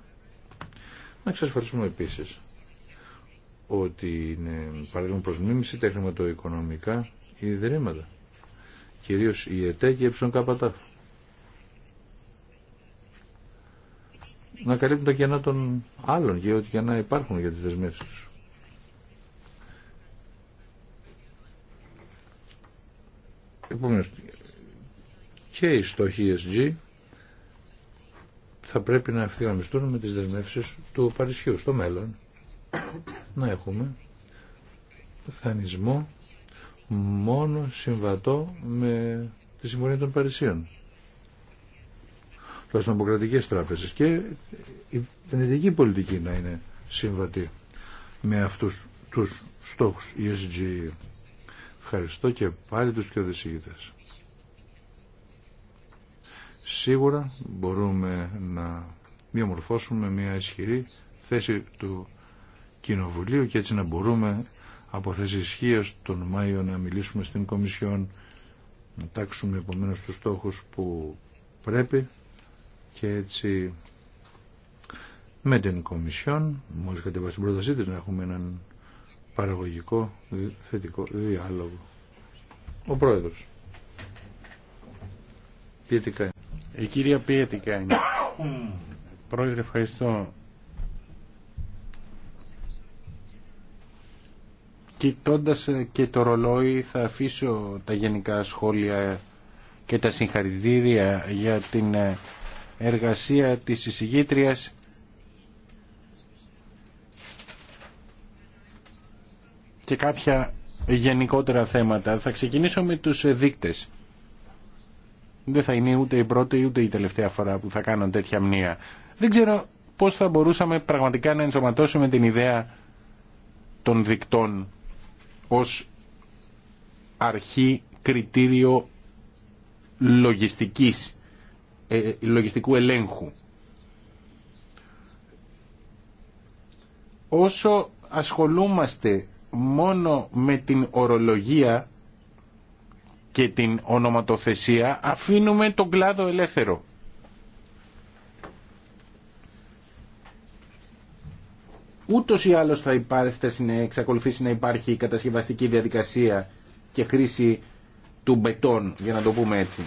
Να εξασφαλίσουμε επίσης ότι είναι παραδείγμα προς μίμηση τα χρηματοοικονομικά ιδρύματα, κυρίως η ΕΤΕ και η κάπατα. Να καλύπτουν τα κενά των άλλων και ό,τι να υπάρχουν για τις δεσμεύσεις τους. Επομένως, και οι στόχοι ESG θα πρέπει να ευθυγραμμιστούν με τις δεσμεύσεις του Παρισιού στο μέλλον. Να έχουμε δανεισμό μόνο συμβατό με τη Συμφωνία των Παρισίων. Προς νομοκρατικές τράπεζες και η πενετική πολιτική να είναι συμβατή με αυτούς τους στόχους ESG. Ευχαριστώ και πάλι τους και οδησίγητες σίγουρα μπορούμε να διαμορφώσουμε μια ισχυρή θέση του Κοινοβουλίου και έτσι να μπορούμε από θέση ισχύω τον Μάιο να μιλήσουμε στην Κομισιόν, να τάξουμε επομένω τους στόχους που πρέπει και έτσι με την Κομισιόν, μόλι κατεβάσει την πρότασή τη να έχουμε έναν παραγωγικό θετικό διάλογο. Ο Πρόεδρος. Ποιητικά η κυρία τι κάνει. Πρόεδρε, ευχαριστώ. Κοιτώντας ε, και το ρολόι θα αφήσω τα γενικά σχόλια και τα συγχαρητήρια για την ε, εργασία της εισηγήτριας και κάποια γενικότερα θέματα. Θα ξεκινήσω με τους ε, δείκτες. Δεν θα είναι ούτε η πρώτη ούτε η τελευταία φορά που θα κάνω τέτοια μνήα. Δεν ξέρω πώς θα μπορούσαμε πραγματικά να ενσωματώσουμε την ιδέα των δικτών ως αρχή κριτήριο λογιστικής, ε, λογιστικού ελέγχου. Όσο ασχολούμαστε μόνο με την ορολογία και την ονοματοθεσία αφήνουμε τον κλάδο ελεύθερο. Ούτως ή άλλως θα, υπάρχει, θα εξακολουθήσει να υπάρχει κατασκευαστική διαδικασία και χρήση του μπετόν, για να το πούμε έτσι.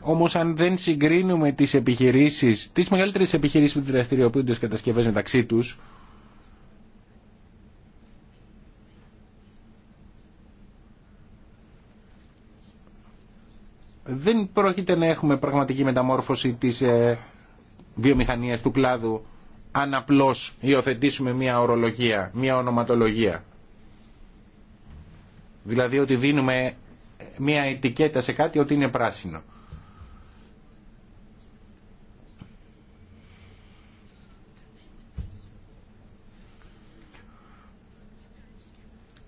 Όμως αν δεν συγκρίνουμε τις επιχειρήσεις, τις μεγαλύτερες επιχειρήσεις που δραστηριοποιούνται στις κατασκευές μεταξύ τους, δεν πρόκειται να έχουμε πραγματική μεταμόρφωση της ε, βιομηχανίας του κλάδου αν απλώς υιοθετήσουμε μια ορολογία, μια ονοματολογία. Δηλαδή ότι δίνουμε μια ετικέτα σε κάτι ότι είναι πράσινο.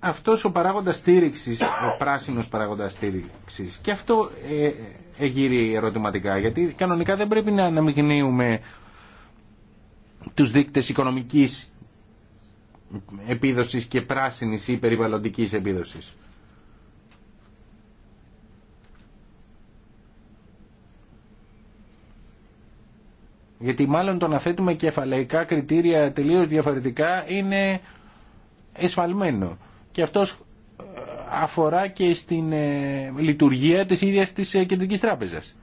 αυτός ο παράγοντας στήριξης, ο πράσινος παράγοντας στήριξης και αυτό ε, εγείρει ερωτηματικά γιατί κανονικά δεν πρέπει να αναμειγνύουμε τους δείκτες οικονομικής επίδοσης και πράσινης ή περιβαλλοντικής επίδοσης. Γιατί μάλλον το να θέτουμε κεφαλαϊκά κριτήρια τελείως διαφορετικά είναι εσφαλμένο και αυτό ε, αφορά και στην ε, λειτουργία της ίδιας της ε, Κεντρικής Τράπεζας.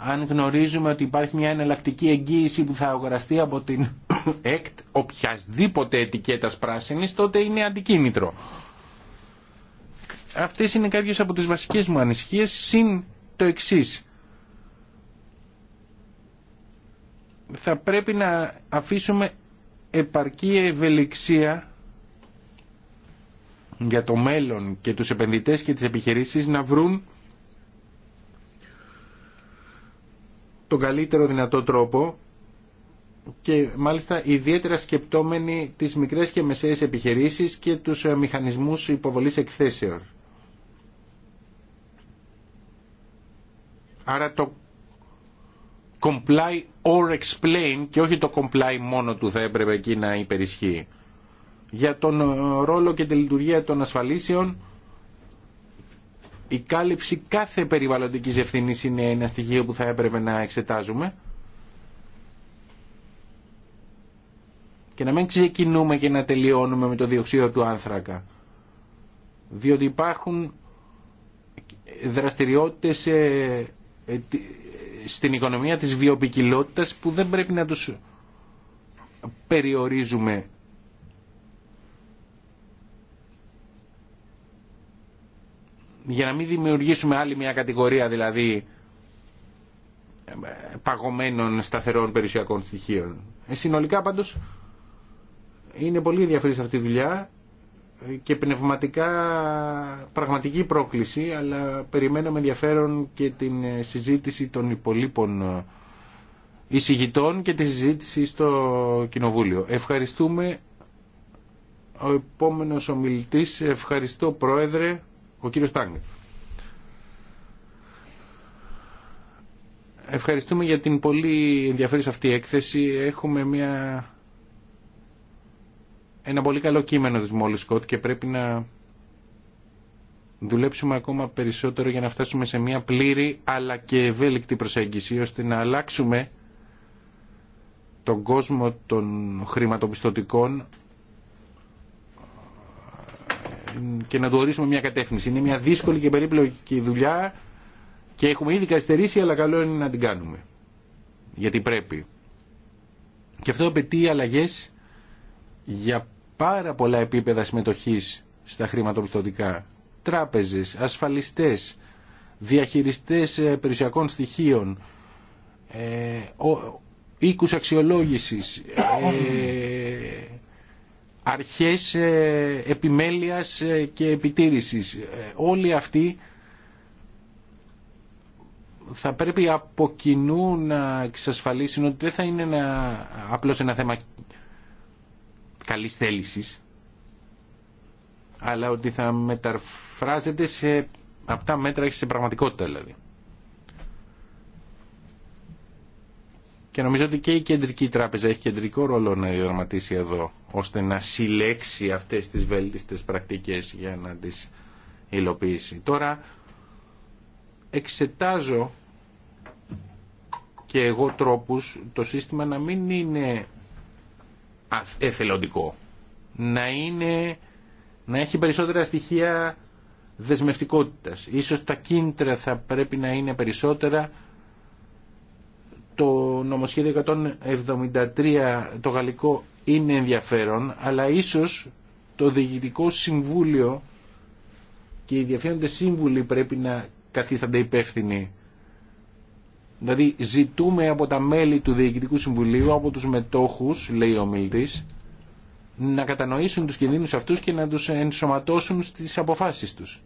Αν γνωρίζουμε ότι υπάρχει μια εναλλακτική εγγύηση που θα αγοραστεί από την ΕΚΤ οποιασδήποτε ετικέτας πράσινης, τότε είναι αντικίνητρο. Αυτές είναι κάποιες από τις βασικές μου ανησυχίες, συν το εξής. θα πρέπει να αφήσουμε επαρκή ευελιξία για το μέλλον και τους επενδυτές και τις επιχειρήσεις να βρουν τον καλύτερο δυνατό τρόπο και μάλιστα ιδιαίτερα σκεπτόμενοι τις μικρές και μεσαίες επιχειρήσεις και τους ε, μηχανισμούς υποβολής εκθέσεων. Άρα το comply or explain και όχι το comply μόνο του θα έπρεπε εκεί να υπερισχύει. Για τον ε, ρόλο και τη λειτουργία των ασφαλίσεων η κάλυψη κάθε περιβαλλοντικής ευθύνη είναι ένα στοιχείο που θα έπρεπε να εξετάζουμε και να μην ξεκινούμε και να τελειώνουμε με το διοξείδιο του άνθρακα διότι υπάρχουν δραστηριότητες ε, ε, στην οικονομία της βιοπικιλότητας που δεν πρέπει να τους περιορίζουμε για να μην δημιουργήσουμε άλλη μια κατηγορία δηλαδή ε, παγωμένων σταθερών περιουσιακών στοιχείων. Ε, συνολικά πάντως είναι πολύ ενδιαφέρουσα αυτή η δουλειά και πνευματικά πραγματική πρόκληση, αλλά περιμένω με ενδιαφέρον και την συζήτηση των υπολείπων ε, εισηγητών και τη συζήτηση στο Κοινοβούλιο. Ευχαριστούμε ο επόμενος ομιλητής. Ευχαριστώ Πρόεδρε, ο κύριος Στάγνη. Ευχαριστούμε για την πολύ ενδιαφέρουσα αυτή έκθεση. Έχουμε μια ένα πολύ καλό κείμενο της Μόλις Σκότ και πρέπει να δουλέψουμε ακόμα περισσότερο για να φτάσουμε σε μια πλήρη αλλά και ευέλικτη προσέγγιση ώστε να αλλάξουμε τον κόσμο των χρηματοπιστωτικών ε, και να του ορίσουμε μια κατεύθυνση. Είναι μια δύσκολη και περίπλοκη δουλειά και έχουμε ήδη καθυστερήσει αλλά καλό είναι να την κάνουμε. Γιατί πρέπει. Και αυτό απαιτεί αλλαγές για πάρα πολλά επίπεδα συμμετοχής στα χρηματοπιστωτικά. Τράπεζες, ασφαλιστές, διαχειριστές ε, περιουσιακών στοιχείων, ε, ο, οίκους αξιολόγησης, ε, αρχές ε, επιμέλειας και επιτήρησης. Όλοι αυτοί θα πρέπει από κοινού να εξασφαλίσουν ότι δεν θα είναι ένα, απλώς ένα θέμα καλής θέλησης αλλά ότι θα μεταφράζεται σε αυτά μέτρα σε πραγματικότητα δηλαδή. Και νομίζω ότι και η Κεντρική Τράπεζα έχει κεντρικό ρόλο να διαδραματίσει εδώ, ώστε να συλλέξει αυτές τις βέλτιστες πρακτικές για να τις υλοποιήσει. Τώρα εξετάζω και εγώ τρόπους το σύστημα να μην είναι εθελοντικό. Να είναι, να έχει περισσότερα στοιχεία δεσμευτικότητας. Ίσως τα κίνητρα θα πρέπει να είναι περισσότερα το νομοσχέδιο 173 το γαλλικό είναι ενδιαφέρον αλλά ίσως το διοικητικό συμβούλιο και οι ενδιαφέροντες σύμβουλοι πρέπει να καθίστανται υπεύθυνοι Δηλαδή ζητούμε από τα μέλη του Διοικητικού Συμβουλίου, από τους μετόχους, λέει ο μιλτής, να κατανοήσουν τους κινδύνους αυτούς και να τους ενσωματώσουν στις αποφάσεις τους.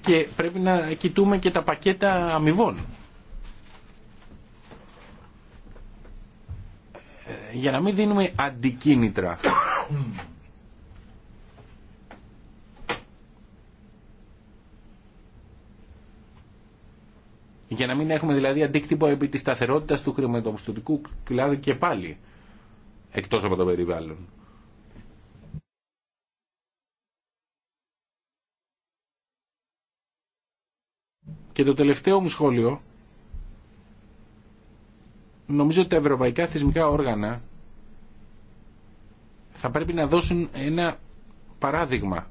Και πρέπει να κοιτούμε και τα πακέτα αμοιβών. Ε, για να μην δίνουμε αντικίνητρα Για να μην έχουμε δηλαδή αντίκτυπο επί της σταθερότητας του χρηματοπιστωτικού κλάδου και πάλι εκτός από το περιβάλλον. Και το τελευταίο μου σχόλιο, νομίζω ότι τα ευρωπαϊκά θεσμικά όργανα θα πρέπει να δώσουν ένα παράδειγμα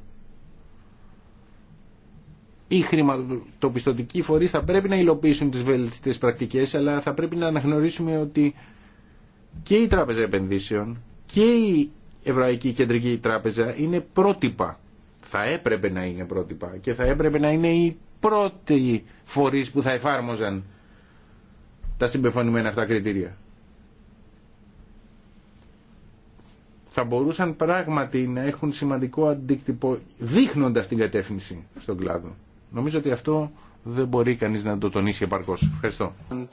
οι χρηματοπιστωτικοί φορείς θα πρέπει να υλοποιήσουν τις βελτιστές πρακτικές αλλά θα πρέπει να αναγνωρίσουμε ότι και η Τράπεζα Επενδύσεων και η Ευρωπαϊκή Κεντρική Τράπεζα είναι πρότυπα. Θα έπρεπε να είναι πρότυπα και θα έπρεπε να είναι οι πρώτοι φορείς που θα εφάρμοζαν τα συμπεφωνημένα αυτά κριτήρια. θα μπορούσαν πράγματι να έχουν σημαντικό αντίκτυπο δείχνοντας την κατεύθυνση στον κλάδο. Νομίζω ότι αυτό δεν μπορεί κανείς να το τονίσει επαρκώς. Ευχαριστώ. Uh,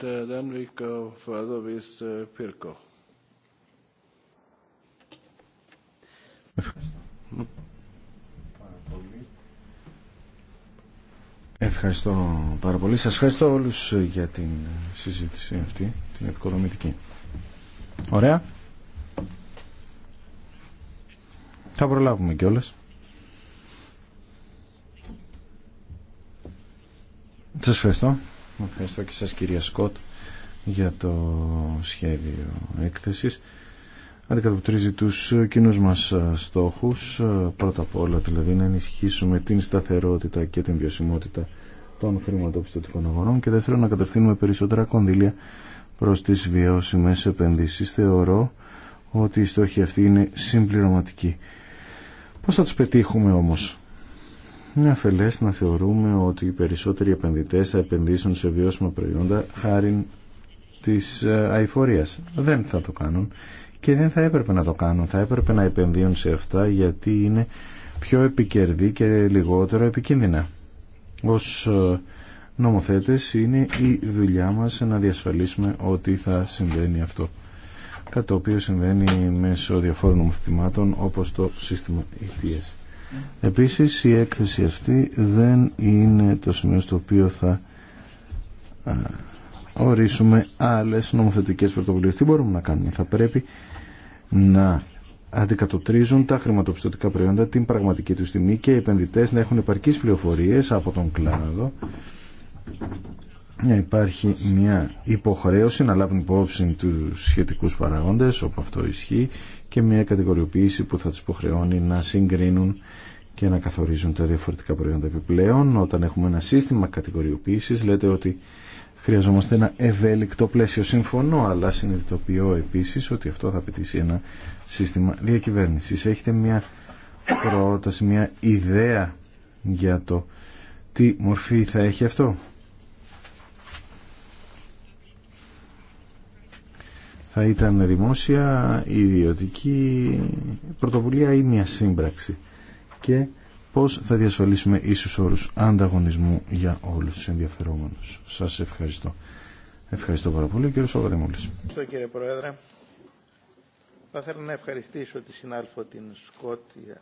uh, ευχαριστώ πάρα πολύ. Σας ευχαριστώ όλους για την συζήτηση αυτή, την επικοδομητική. Ωραία. Θα προλάβουμε κιόλας. Σα ευχαριστώ. Ευχαριστώ και σας κυρία Σκότ για το σχέδιο έκθεσης. Αντικατοπτρίζει τους κοινού μας ε, στόχους. Ε, πρώτα απ' όλα δηλαδή να ενισχύσουμε την σταθερότητα και την βιωσιμότητα των χρηματοπιστωτικών αγορών και δεύτερον να κατευθύνουμε περισσότερα κονδύλια προς τις βιώσιμε επενδύσει. Θεωρώ ότι η στόχη αυτή είναι συμπληρωματική. Πώς θα τους πετύχουμε όμως. Είναι αφελέ να θεωρούμε ότι οι περισσότεροι επενδυτέ θα επενδύσουν σε βιώσιμα προϊόντα χάρη της ε, αηφορία. Δεν θα το κάνουν και δεν θα έπρεπε να το κάνουν. Θα έπρεπε να επενδύουν σε αυτά γιατί είναι πιο επικερδή και λιγότερο επικίνδυνα. Ως ε, νομοθέτες είναι η δουλειά μας να διασφαλίσουμε ότι θα συμβαίνει αυτό κατά το οποίο συμβαίνει μέσω διαφόρων νομοθετημάτων όπω το σύστημα ETS. Ε Επίσης η έκθεση αυτή δεν είναι το σημείο στο οποίο θα ορίσουμε άλλες νομοθετικές πρωτοβουλίες. Τι μπορούμε να κάνουμε. Θα πρέπει να αντικατοπτρίζουν τα χρηματοπιστωτικά προϊόντα την πραγματική του τιμή και οι επενδυτές να έχουν επαρκείς πληροφορίες από τον κλάδο ε, υπάρχει μια υποχρέωση να λάβουν υπόψη του σχετικούς παραγόντες όπου αυτό ισχύει και μια κατηγοριοποίηση που θα τους υποχρεώνει να συγκρίνουν και να καθορίζουν τα διαφορετικά προϊόντα επιπλέον. Όταν έχουμε ένα σύστημα κατηγοριοποίησης λέτε ότι χρειαζόμαστε ένα ευέλικτο πλαίσιο συμφωνώ αλλά συνειδητοποιώ επίσης ότι αυτό θα απαιτήσει ένα σύστημα διακυβέρνησης. Έχετε μια πρόταση, μια ιδέα για το τι μορφή θα έχει αυτό. θα ήταν δημόσια, ιδιωτική πρωτοβουλία ή μια σύμπραξη και πώς θα διασφαλίσουμε ίσους όρους ανταγωνισμού για όλους τους ενδιαφερόμενους. Σας ευχαριστώ. Ευχαριστώ πάρα πολύ, κύριε Σοβαρεμούλης. Ευχαριστώ κύριε Πρόεδρε. Θα ήθελα να ευχαριστήσω τη συνάδελφο την Σκότια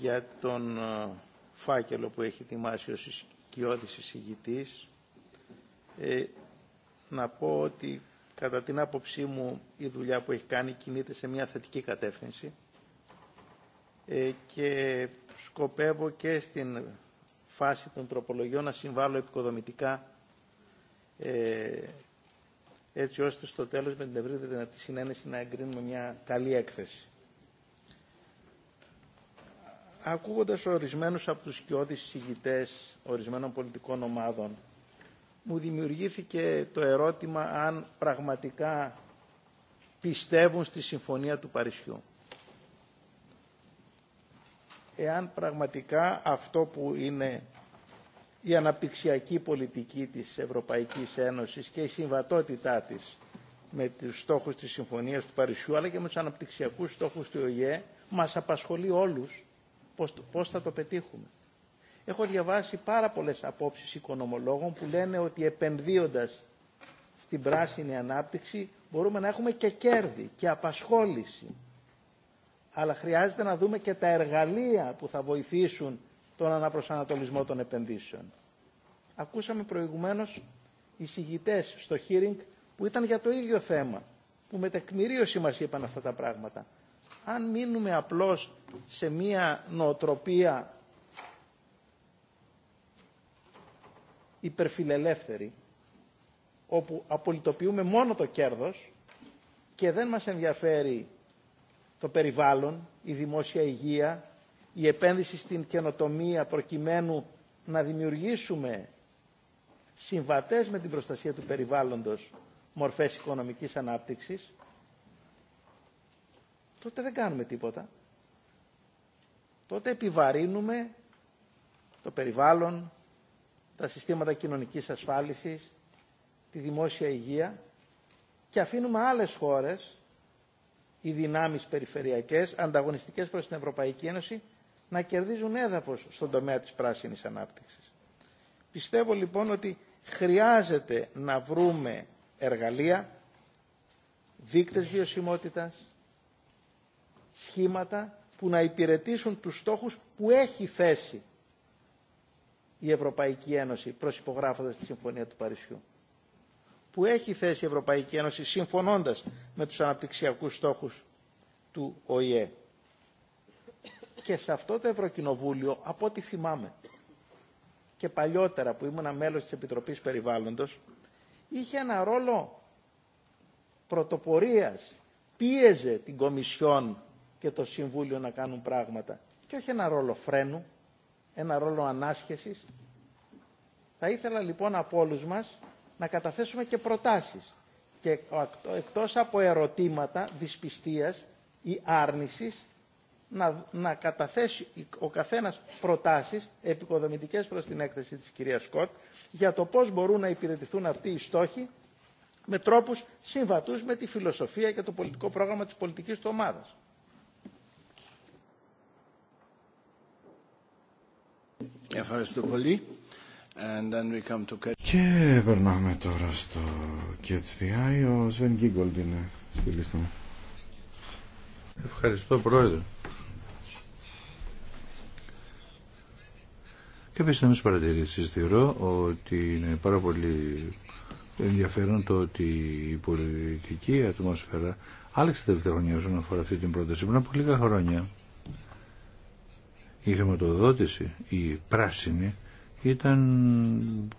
για τον ε, φάκελο που έχει ετοιμάσει ως οικειώδης εισηγητής. Ε, να πω ότι Κατά την άποψή μου η δουλειά που έχει κάνει κινείται σε μια θετική κατεύθυνση ε, και σκοπεύω και στην φάση των τροπολογιών να συμβάλλω επικοδομητικά ε, έτσι ώστε στο τέλος με την ευρύτερη δυνατή συνένεση να εγκρίνουμε μια καλή έκθεση. Ακούγοντας ορισμένους από τους σκιώδεις συγητές ορισμένων πολιτικών ομάδων μου δημιουργήθηκε το ερώτημα αν πραγματικά πιστεύουν στη Συμφωνία του Παρισιού. Εάν πραγματικά αυτό που είναι η αναπτυξιακή πολιτική της Ευρωπαϊκής Ένωσης και η συμβατότητά της με τους στόχους της Συμφωνίας του Παρισιού αλλά και με τους αναπτυξιακούς στόχους του ΟΗΕ μας απασχολεί όλους πώς, θα το πετύχουμε. Έχω διαβάσει πάρα πολλές απόψεις οικονομολόγων που λένε ότι επενδύοντας στην πράσινη ανάπτυξη μπορούμε να έχουμε και κέρδη και απασχόληση. Αλλά χρειάζεται να δούμε και τα εργαλεία που θα βοηθήσουν τον αναπροσανατολισμό των επενδύσεων. Ακούσαμε προηγουμένως εισηγητές στο hearing που ήταν για το ίδιο θέμα, που με τεκμηρίωση μας είπαν αυτά τα πράγματα. Αν μείνουμε απλώς σε μία νοοτροπία υπερφιλελεύθερη, όπου απολυτοποιούμε μόνο το κέρδος και δεν μας ενδιαφέρει το περιβάλλον, η δημόσια υγεία, η επένδυση στην καινοτομία προκειμένου να δημιουργήσουμε συμβατές με την προστασία του περιβάλλοντος μορφές οικονομικής ανάπτυξης, τότε δεν κάνουμε τίποτα. Τότε επιβαρύνουμε το περιβάλλον, τα συστήματα κοινωνικής ασφάλισης, τη δημόσια υγεία και αφήνουμε άλλες χώρες, οι δυνάμεις περιφερειακές, ανταγωνιστικές προς την Ευρωπαϊκή Ένωση, να κερδίζουν έδαφος στον τομέα της πράσινης ανάπτυξης. Πιστεύω λοιπόν ότι χρειάζεται να βρούμε εργαλεία, δείκτες βιωσιμότητας, σχήματα που να υπηρετήσουν τους στόχους που έχει θέσει η Ευρωπαϊκή Ένωση προσυπογράφοντας τη Συμφωνία του Παρισιού. Που έχει θέσει η Ευρωπαϊκή Ένωση συμφωνώντας με τους αναπτυξιακούς στόχους του ΟΗΕ. Και σε αυτό το Ευρωκοινοβούλιο, από ό,τι θυμάμαι, και παλιότερα που ήμουν μέλος της Επιτροπής Περιβάλλοντος, είχε ένα ρόλο πρωτοπορίας. Πίεζε την Κομισιόν και το Συμβούλιο να κάνουν πράγματα. Και όχι ένα ρόλο φρένου, ένα ρόλο ανάσχεσης. Θα ήθελα λοιπόν από όλους μας να καταθέσουμε και προτάσεις και εκτός από ερωτήματα δυσπιστίας ή άρνησης να, να καταθέσει ο καθένας προτάσεις επικοδομητικές προς την έκθεση της κυρίας Σκοτ για το πώς μπορούν να υπηρετηθούν αυτοί οι στόχοι με τρόπους συμβατούς με τη φιλοσοφία και το πολιτικό πρόγραμμα της πολιτικής του ομάδας. Ευχαριστώ πολύ. Και περνάμε τώρα στο KHDI. Ο Σβεν Γκίγκολντ είναι στη λίστα μου. Ευχαριστώ πρόεδρε. Και επίση να μην παρατηρήσεις θεωρώ ότι είναι πάρα πολύ ενδιαφέρον το ότι η πολιτική ατμόσφαιρα άλλαξε τα τελευταία χρόνια όσον αφορά αυτή την πρόταση. Πριν από λίγα χρόνια η χρηματοδότηση, η πράσινη, ήταν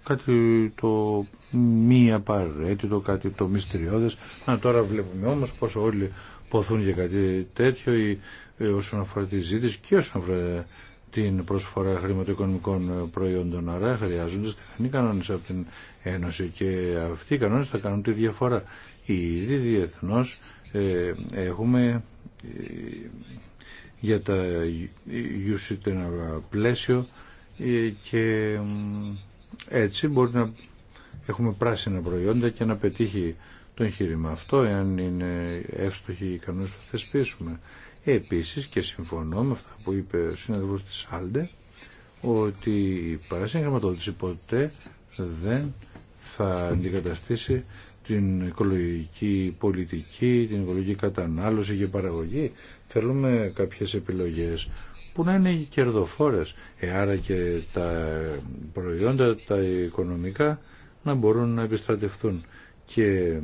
κάτι το μη απαραίτητο, κάτι το μυστηριώδες. Να τώρα βλέπουμε όμως πως όλοι ποθούν για κάτι τέτοιο ή, ε, όσον αφορά τη ζήτηση και όσον αφορά την προσφορά χρηματοοικονομικών προϊόντων. Άρα χρειάζονται στεχνοί κανόνες από την Ένωση και αυτοί οι κανόνες θα κάνουν τη διαφορά. Ήδη διεθνώς ε, έχουμε ε, για τα UCIT ένα πλαίσιο ε, και έτσι μπορεί να έχουμε πράσινα προϊόντα και να πετύχει το εγχείρημα αυτό εάν είναι εύστοχοι οι κανόνες που θεσπίσουμε. Επίσης και συμφωνώ με αυτά που είπε ο συναδελφός της Άλντε ότι η πράσινη χρηματοδότηση ποτέ δεν θα αντικαταστήσει την οικολογική πολιτική, την οικολογική κατανάλωση και παραγωγή Θέλουμε κάποιες επιλογές που να είναι κερδοφόρες. Ε, άρα και τα προϊόντα, τα οικονομικά να μπορούν να επιστρατευτούν. Και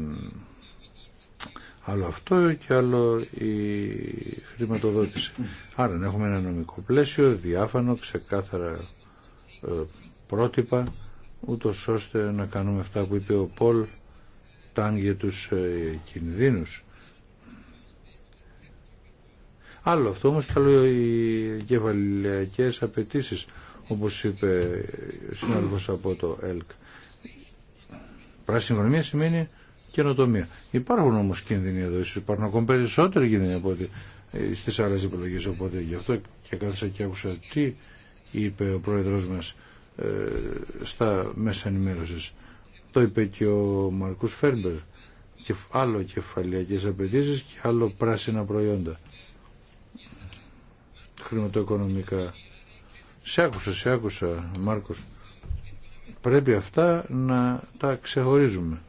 άλλο αυτό και άλλο η χρηματοδότηση. Άρα να έχουμε ένα νομικό πλαίσιο, διάφανο, ξεκάθαρα ε, πρότυπα, ούτω ώστε να κάνουμε αυτά που είπε ο Πολ, τάν για τους ε, κινδύνους Άλλο αυτό όμως και άλλο οι κεφαλαιακές απαιτήσει, όπως είπε ο συνάδελφος από το ΕΛΚ. Πράσινη οικονομία σημαίνει καινοτομία. Υπάρχουν όμως κίνδυνοι εδώ, ίσως υπάρχουν ακόμη περισσότεροι κίνδυνοι από ότι ε, στις άλλες επιλογές. Οπότε γι' αυτό και κάθισα και άκουσα τι είπε ο πρόεδρος μας ε, στα μέσα ενημέρωσης. Το είπε και ο Μαρκούς Φέρμπερ. Και άλλο κεφαλιακές απαιτήσει και άλλο πράσινα προϊόντα χρηματοοικονομικά. Σε άκουσα, σε άκουσα, Μάρκος. Πρέπει αυτά να τα ξεχωρίζουμε.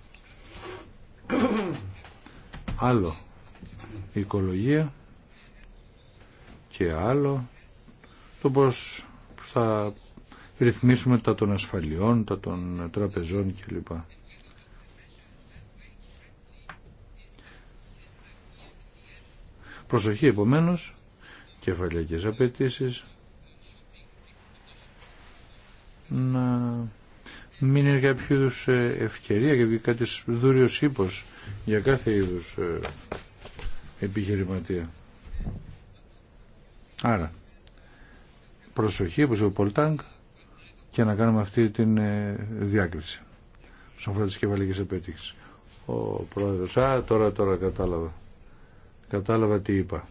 Άλλο η οικολογία και άλλο το πώς θα ρυθμίσουμε τα των ασφαλιών, τα των τραπεζών κλπ. Προσοχή επομένως κεφαλιακές απαιτήσει να μην είναι κάποιο είδου ε, ευκαιρία και κάτι δούριο ύπος για κάθε είδου ε, επιχειρηματία. Άρα, προσοχή, όπως είπε ο Πολτάνκ, και να κάνουμε αυτή την ε, διάκριση. Στον αφορά τις κεφαλικές απαιτήσεις. Ο πρόεδρος, α, τώρα, τώρα κατάλαβα. Κατάλαβα τι είπα.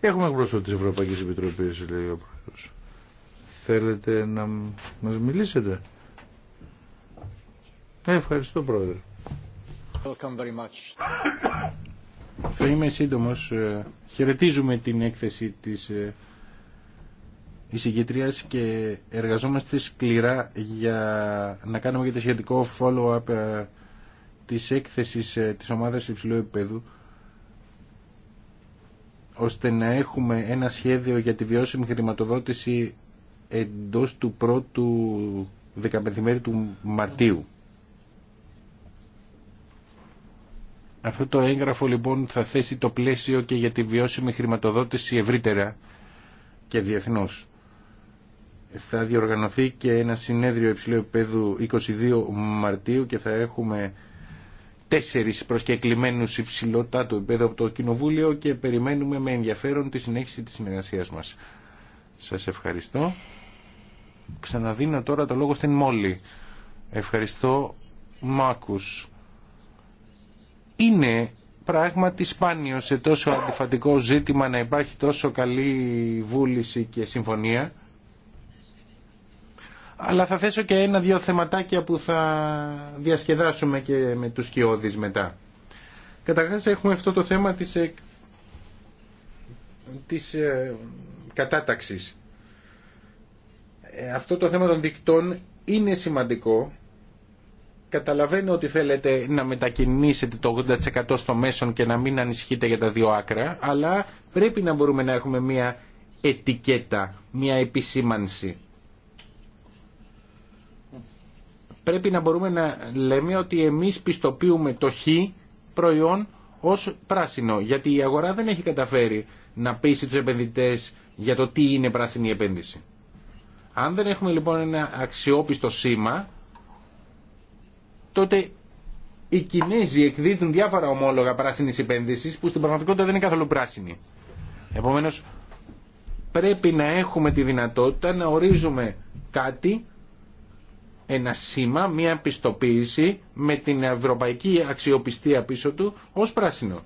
Έχουμε εκπρόσωπο τη Ευρωπαϊκή Επιτροπή, λέει ο Πρόεδρος. Θέλετε να μας μιλήσετε. Ε, ευχαριστώ, Πρόεδρε. Welcome very much. Θα είμαι σύντομο. Ε, χαιρετίζουμε την έκθεση της ε, εισηγητρία και εργαζόμαστε σκληρά για να κάνουμε και το σχετικό follow-up της έκθεσης της ομάδας υψηλού επίπεδου ώστε να έχουμε ένα σχέδιο για τη βιώσιμη χρηματοδότηση εντός του πρώτου δεκαπενθημέρι του Μαρτίου. Αυτό το έγγραφο λοιπόν θα θέσει το πλαίσιο και για τη βιώσιμη χρηματοδότηση ευρύτερα και διεθνώς. Θα διοργανωθεί και ένα συνέδριο υψηλού 22 Μαρτίου και θα έχουμε τέσσερις προσκεκλημένους υψηλότητα του επίπεδο από το Κοινοβούλιο και περιμένουμε με ενδιαφέρον τη συνέχιση της συνεργασίας μας. Σας ευχαριστώ. Ξαναδίνω τώρα το λόγο στην Μόλη. Ευχαριστώ Μάκους. Είναι πράγματι σπάνιο σε τόσο αντιφατικό ζήτημα να υπάρχει τόσο καλή βούληση και συμφωνία αλλά θα θέσω και ένα-δύο θεματάκια που θα διασκεδάσουμε και με τους σκιώδεις μετά. Καταρχάς έχουμε αυτό το θέμα της, ε, της ε, κατάταξης. Ε, αυτό το θέμα των δικτών είναι σημαντικό. Καταλαβαίνω ότι θέλετε να μετακινήσετε το 80% στο μέσον και να μην ανησυχείτε για τα δύο άκρα, αλλά πρέπει να μπορούμε να έχουμε μια ετικέτα, μια επισήμανση πρέπει να μπορούμε να λέμε ότι εμείς πιστοποιούμε το χ προϊόν ως πράσινο, γιατί η αγορά δεν έχει καταφέρει να πείσει τους επενδυτές για το τι είναι πράσινη επένδυση. Αν δεν έχουμε λοιπόν ένα αξιόπιστο σήμα, τότε οι Κινέζοι εκδίδουν διάφορα ομόλογα πράσινη επένδυση που στην πραγματικότητα δεν είναι καθόλου πράσινη. Επομένω, πρέπει να έχουμε τη δυνατότητα να ορίζουμε κάτι ένα σήμα, μια πιστοποίηση με την ευρωπαϊκή αξιοπιστία πίσω του ως πράσινο.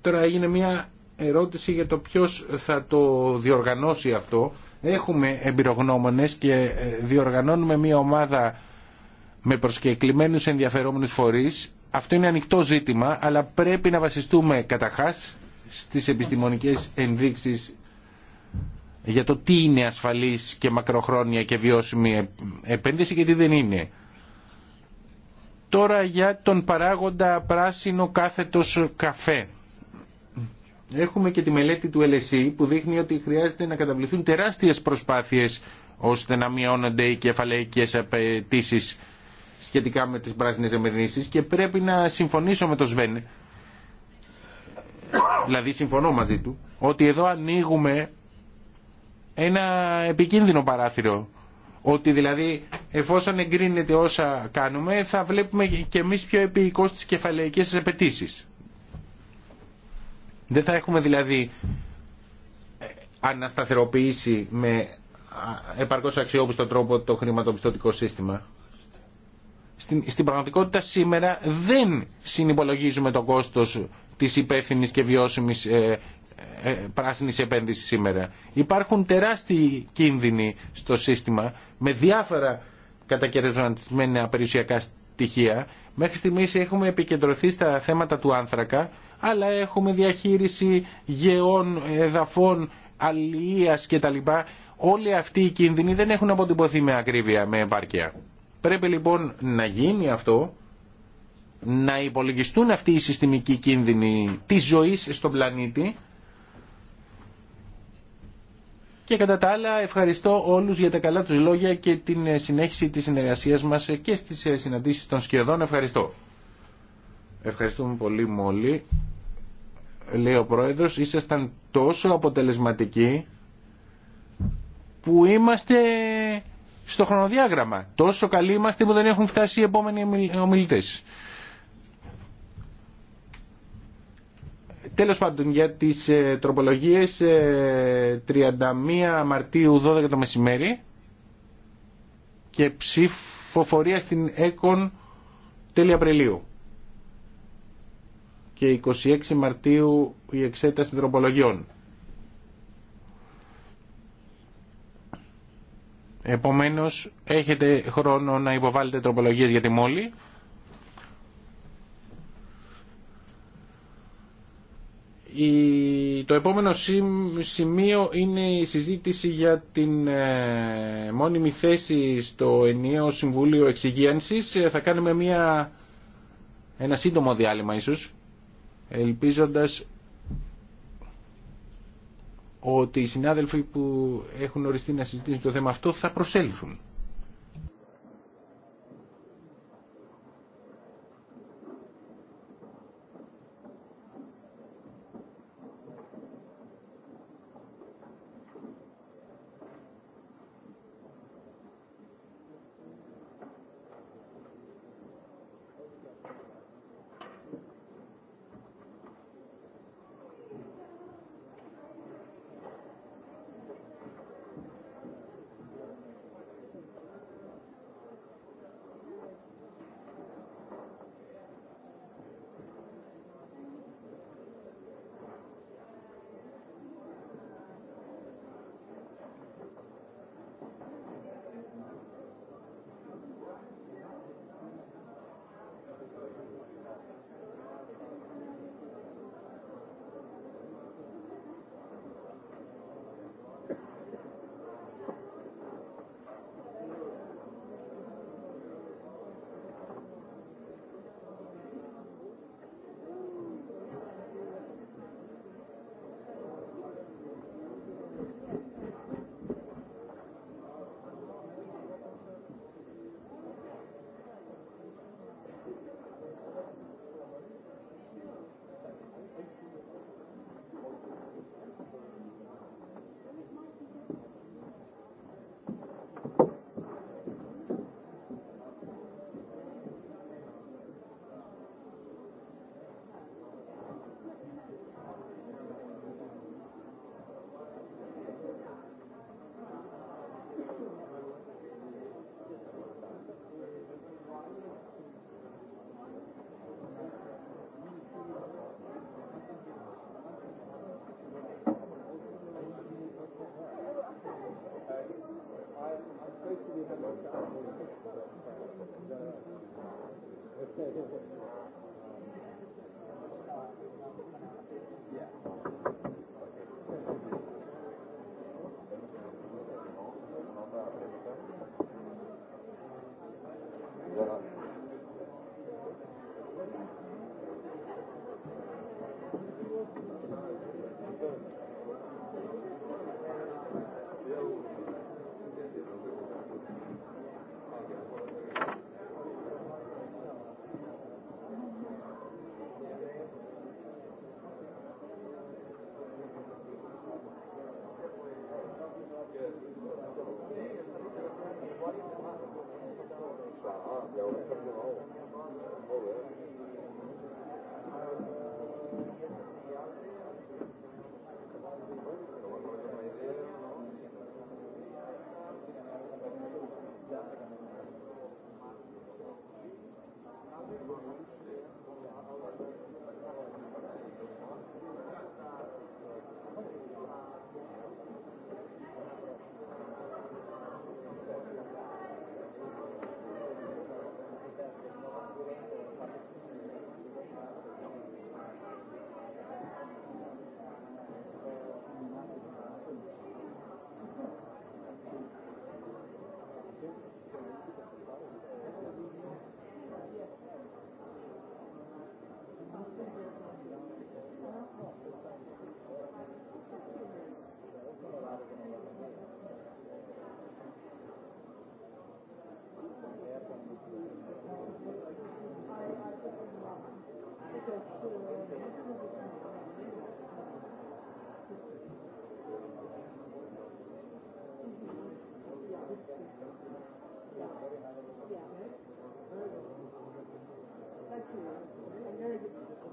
Τώρα έγινε μια ερώτηση για το ποιος θα το διοργανώσει αυτό. Έχουμε εμπειρογνώμονες και ε, διοργανώνουμε μια ομάδα με προσκεκλημένους ενδιαφερόμενους φορείς. Αυτό είναι ανοιχτό ζήτημα, αλλά πρέπει να βασιστούμε καταρχάς στις επιστημονικές ενδείξεις για το τι είναι ασφαλής και μακροχρόνια και βιώσιμη επένδυση και τι δεν είναι. Τώρα για τον παράγοντα πράσινο κάθετος καφέ. Έχουμε και τη μελέτη του LSE που δείχνει ότι χρειάζεται να καταβληθούν τεράστιες προσπάθειες ώστε να μειώνονται οι κεφαλαϊκές απαιτήσει σχετικά με τις πράσινες εμερνήσεις και πρέπει να συμφωνήσω με τον Σβέν, δηλαδή συμφωνώ μαζί του, ότι εδώ ανοίγουμε ένα επικίνδυνο παράθυρο. Ότι δηλαδή εφόσον εγκρίνεται όσα κάνουμε θα βλέπουμε και εμείς πιο επίοικο στις κεφαλαϊκές απαιτήσει. Δεν θα έχουμε δηλαδή ε, ανασταθεροποιήσει με επαρκώς αξιόπιστο τρόπο το χρηματοπιστωτικό σύστημα. Στην, στην πραγματικότητα σήμερα δεν συνυπολογίζουμε το κόστος της υπεύθυνη και βιώσιμης ε, ε, πράσινης επένδυσης σήμερα. Υπάρχουν τεράστιοι κίνδυνοι στο σύστημα με διάφορα κατακαιρματισμένα περιουσιακά στοιχεία. Μέχρι στιγμής έχουμε επικεντρωθεί στα θέματα του άνθρακα, αλλά έχουμε διαχείριση γεών, εδαφών, αλληλείας κτλ. Όλοι αυτοί οι κίνδυνοι δεν έχουν αποτυπωθεί με ακρίβεια, με επάρκεια. Πρέπει λοιπόν να γίνει αυτό, να υπολογιστούν αυτοί οι συστημικοί κίνδυνοι της ζωής στον πλανήτη και κατά τα άλλα ευχαριστώ όλους για τα καλά τους λόγια και την ε, συνέχιση της συνεργασίας μας ε, και στις ε, συναντήσεις των σχεδόν. Ευχαριστώ. Ευχαριστούμε πολύ Μόλι. Λέει ο Πρόεδρος, ήσασταν τόσο αποτελεσματικοί που είμαστε στο χρονοδιάγραμμα. Τόσο καλοί είμαστε που δεν έχουν φτάσει οι επόμενοι ομιλητές. Τέλος πάντων, για τις ε, τροπολογίες 31 ε, Μαρτίου 12 το μεσημέρι και ψηφοφορία στην ΕΚΟΝ τέλη Απριλίου και 26 Μαρτίου η εξέταση τροπολογιών. Επομένως, έχετε χρόνο να υποβάλλετε τροπολογίες για τη μόλη. Το επόμενο σημείο είναι η συζήτηση για την ε, μόνιμη θέση στο ενιαίο Συμβούλιο Εξυγίανσης. Ε, θα κάνουμε μια, ένα σύντομο διάλειμμα ίσως, ελπίζοντας ότι οι συνάδελφοι που έχουν οριστεί να συζητήσουν το θέμα αυτό θα προσέλθουν.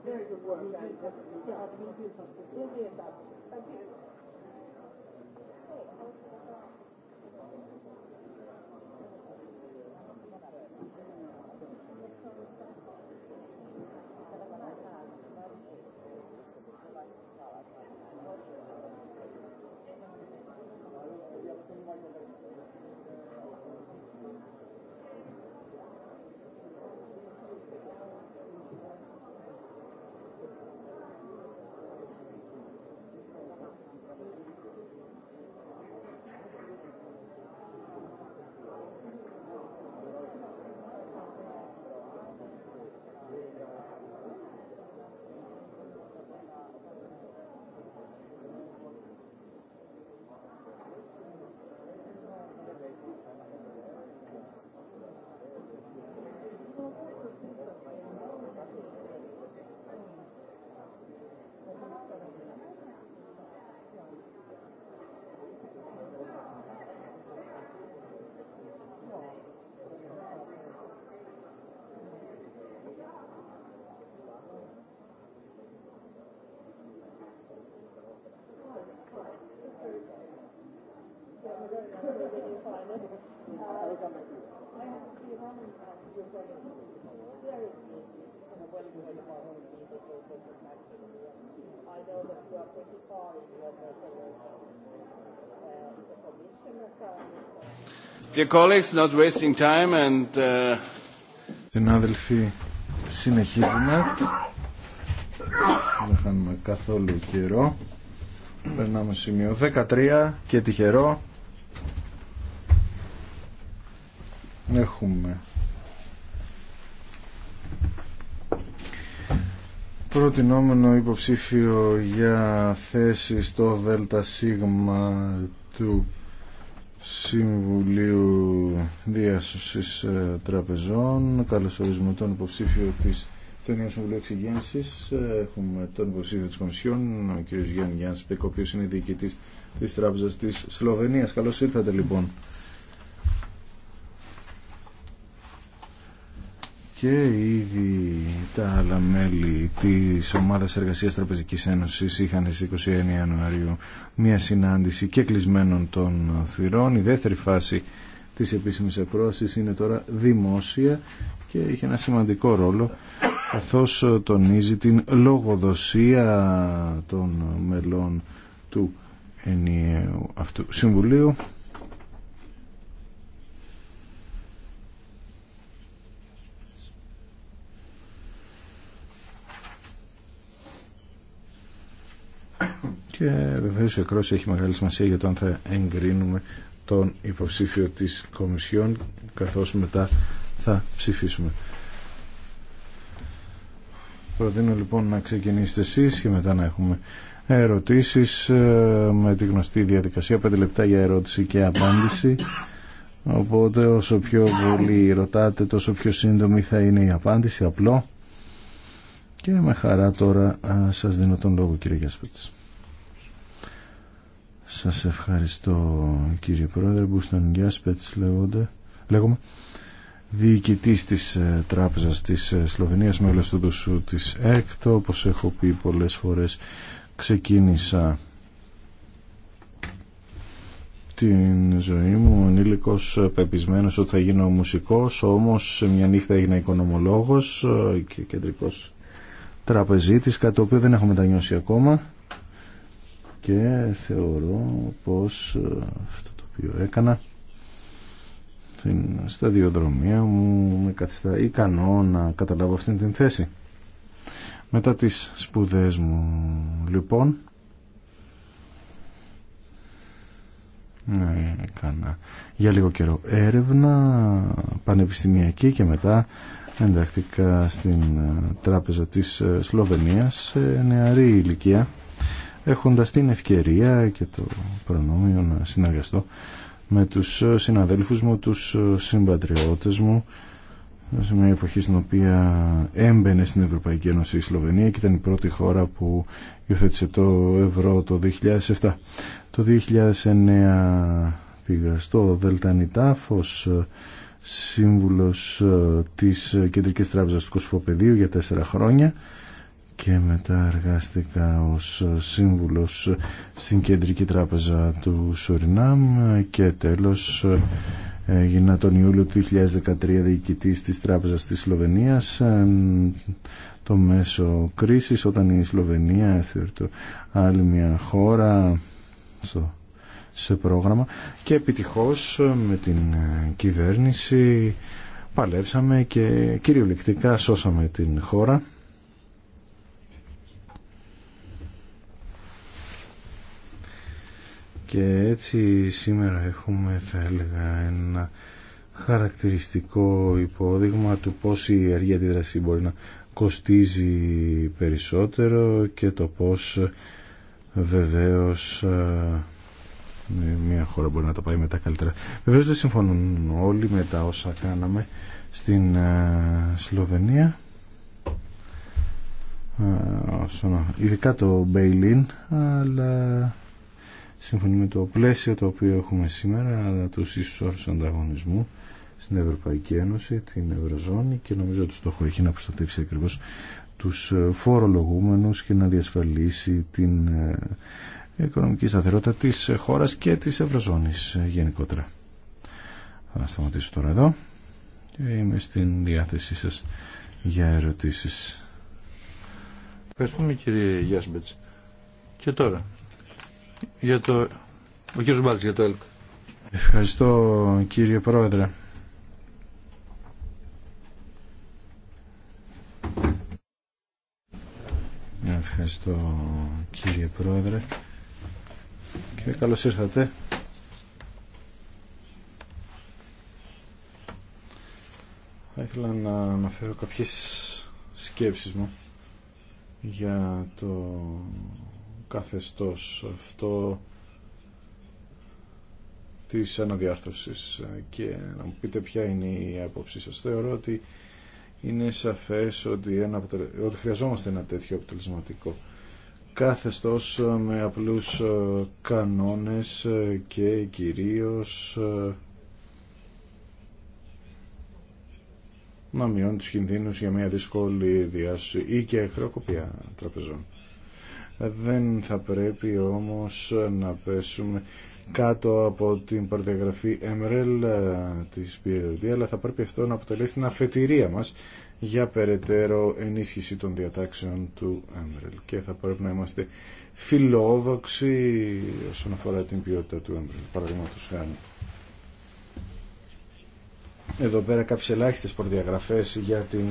Very good work. Thank you. Uh, Συνάδελφοι, συνεχίζουμε. Δεν χάνουμε καθόλου καιρό. Περνάμε σημείο 13 και τυχερό έχουμε προτινόμενο υποψήφιο για θέση στο Δέλτα Σίγμα του Συμβουλίου Διάσωσης ε, Τραπεζών. Καλωσορίζουμε ορίζουμε τον υποψήφιο της του Συμβουλίου ε, Έχουμε τον υποψήφιο της Κομισιόν, ο κ. Γιάννη Γιάννης Πεκ, ο οποίος είναι διοικητής της Τράπεζας της Σλοβενίας. Καλώς ήρθατε λοιπόν. και ήδη τα άλλα μέλη της Ομάδας Εργασίας Τραπεζικής Ένωσης είχαν στις 21 Ιανουαρίου μια συνάντηση και κλεισμένων των θυρών. Η δεύτερη φάση της επίσημης επρόασης είναι τώρα δημόσια και είχε ένα σημαντικό ρόλο καθώς τονίζει την λογοδοσία των μελών του ενιαίου αυτού Συμβουλίου Και βεβαίως η εκρόση έχει μεγάλη σημασία για το αν θα εγκρίνουμε τον υποψήφιο της Κομισιόν καθώς μετά θα ψηφίσουμε. Προτείνω λοιπόν να ξεκινήσετε εσείς και μετά να έχουμε ερωτήσεις ε, με τη γνωστή διαδικασία 5 λεπτά για ερώτηση και απάντηση οπότε όσο πιο πολύ ρωτάτε τόσο πιο σύντομη θα είναι η απάντηση απλό και με χαρά τώρα σας δίνω τον λόγο κύριε Γιάσπετς. Σας ευχαριστώ κύριε Πρόεδρε, Μπούστον Γιάσπετς λέγονται, λέγομαι, διοικητής της ε, Τράπεζας της ε, Σλοβενίας, μέλος του Δουσού της ΕΚΤΟ. όπως έχω πει πολλές φορές, ξεκίνησα την ζωή μου ενήλικος ε, πεπισμένος ότι θα γίνω μουσικός όμως μια νύχτα έγινα οικονομολόγος και κεντρικός τραπεζίτης, κάτι το οποίο δεν έχω μετανιώσει ακόμα και θεωρώ πως ε, αυτό το οποίο έκανα στην σταδιοδρομία μου με καθιστά ικανό να καταλάβω αυτήν την θέση. Μετά τις σπουδές μου λοιπόν έκανα για λίγο καιρό έρευνα πανεπιστημιακή και μετά ενταχθήκα στην ε, τράπεζα της ε, Σλοβενίας σε νεαρή ηλικία έχοντας την ευκαιρία και το προνόμιο να συνεργαστώ με τους ε, συναδέλφους μου, τους συμπατριώτες μου σε μια εποχή στην οποία έμπαινε στην Ευρωπαϊκή Ένωση η Σλοβενία και ήταν η πρώτη χώρα που υιοθέτησε το ευρώ το 2007. Το 2009 πήγα στο Δελτανιτάφος σύμβουλος ε, της ε, Κεντρικής Τράπεζας του Κοσφοπεδίου για τέσσερα χρόνια και μετά εργάστηκα ως ε, σύμβουλος στην Κεντρική Τράπεζα του Σουρινάμ και τέλος έγινα τον Ιούλιο του 2013 διοικητής της Τράπεζας της Σλοβενίας το μέσο κρίσης όταν η Σλοβενία θεωρείται άλλη μια χώρα στο σε πρόγραμμα και επιτυχώς με την κυβέρνηση παλέψαμε και κυριολεκτικά σώσαμε την χώρα. Και έτσι σήμερα έχουμε θα έλεγα ένα χαρακτηριστικό υπόδειγμα του πώς η αργή αντίδραση μπορεί να κοστίζει περισσότερο και το πώς βεβαίως ναι, μια χώρα μπορεί να τα πάει μετά καλύτερα. Βεβαίω δεν συμφωνούν όλοι με τα όσα κάναμε στην ε, Σλοβενία. Ε, ειδικά το Μπέιλιν, αλλά συμφωνούμε με το πλαίσιο το οποίο έχουμε σήμερα, τους ίσους όρους ανταγωνισμού στην Ευρωπαϊκή Ένωση, την Ευρωζώνη και νομίζω ότι στόχο έχει να προστατεύσει ακριβώς τους ε, φορολογούμενους και να διασφαλίσει την η οικονομική σταθερότητα της χώρας και της Ευρωζώνης γενικότερα. Θα σταματήσω τώρα εδώ και είμαι στην διάθεσή σας για ερωτήσεις. Ευχαριστούμε κύριε Γιάσμπετς. Και τώρα, για το... ο κύριος Μπάλτς για το ΕΛΚ. Ευχαριστώ κύριε Πρόεδρε. Ευχαριστώ κύριε Πρόεδρε και ε, καλώς ήρθατε. Θα ήθελα να αναφέρω κάποιες σκέψεις μου για το καθεστώς αυτό της αναδιάρθρωσης και να μου πείτε ποια είναι η άποψή σας. Θεωρώ ότι είναι σαφές ότι, ένα, ότι χρειαζόμαστε ένα τέτοιο αποτελεσματικό καθεστώς ε, με απλούς ε, κανόνες ε, και κυρίως να μειώνει τους κινδύνους για μια δύσκολη διάσωση ή και χρεοκοπία τραπεζών. Δεν θα πρέπει όμως να πέσουμε κάτω από την παρδιαγραφή MRL της BRD, αλλά θα πρέπει αυτό να αποτελέσει την αφετηρία μας για περαιτέρω ενίσχυση των διατάξεων του Άμπρελ. Και θα πρέπει να είμαστε φιλόδοξοι όσον αφορά την ποιότητα του Άμπρελ, παραδείγματος χάρη. Εδώ πέρα κάποιες ελάχιστες προδιαγραφές για την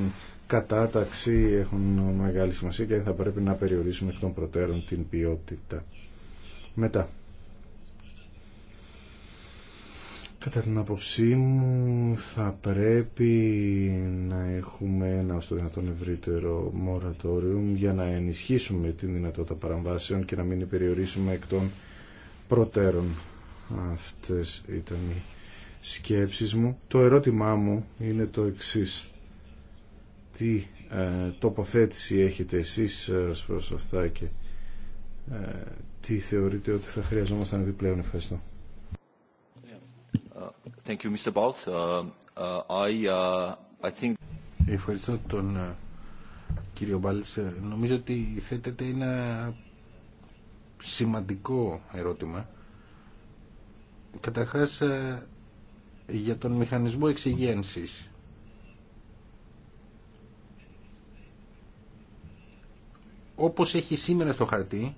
κατάταξη έχουν μεγάλη σημασία και θα πρέπει να περιορίσουμε εκ των προτέρων την ποιότητα. Μετά. Κατά την άποψή μου θα πρέπει να έχουμε ένα στο δυνατόν ευρύτερο moratorium για να ενισχύσουμε την δυνατότητα παραμβάσεων και να μην περιορίσουμε εκ των προτέρων. Αυτές ήταν οι σκέψεις μου. Το ερώτημά μου είναι το εξής. Τι ε, τοποθέτηση έχετε εσείς ε, ως προς αυτά και ε, τι θεωρείτε ότι θα χρειαζόμασταν επιπλέον. Ευχαριστώ. Uh, uh, uh, Ευχαριστώ τον κύριο Μπάλς. Ε, νομίζω ότι θέτεται ένα σημαντικό ερώτημα. Καταρχά ε, για τον μηχανισμό εξυγένσης. Όπως έχει σήμερα στο χαρτί,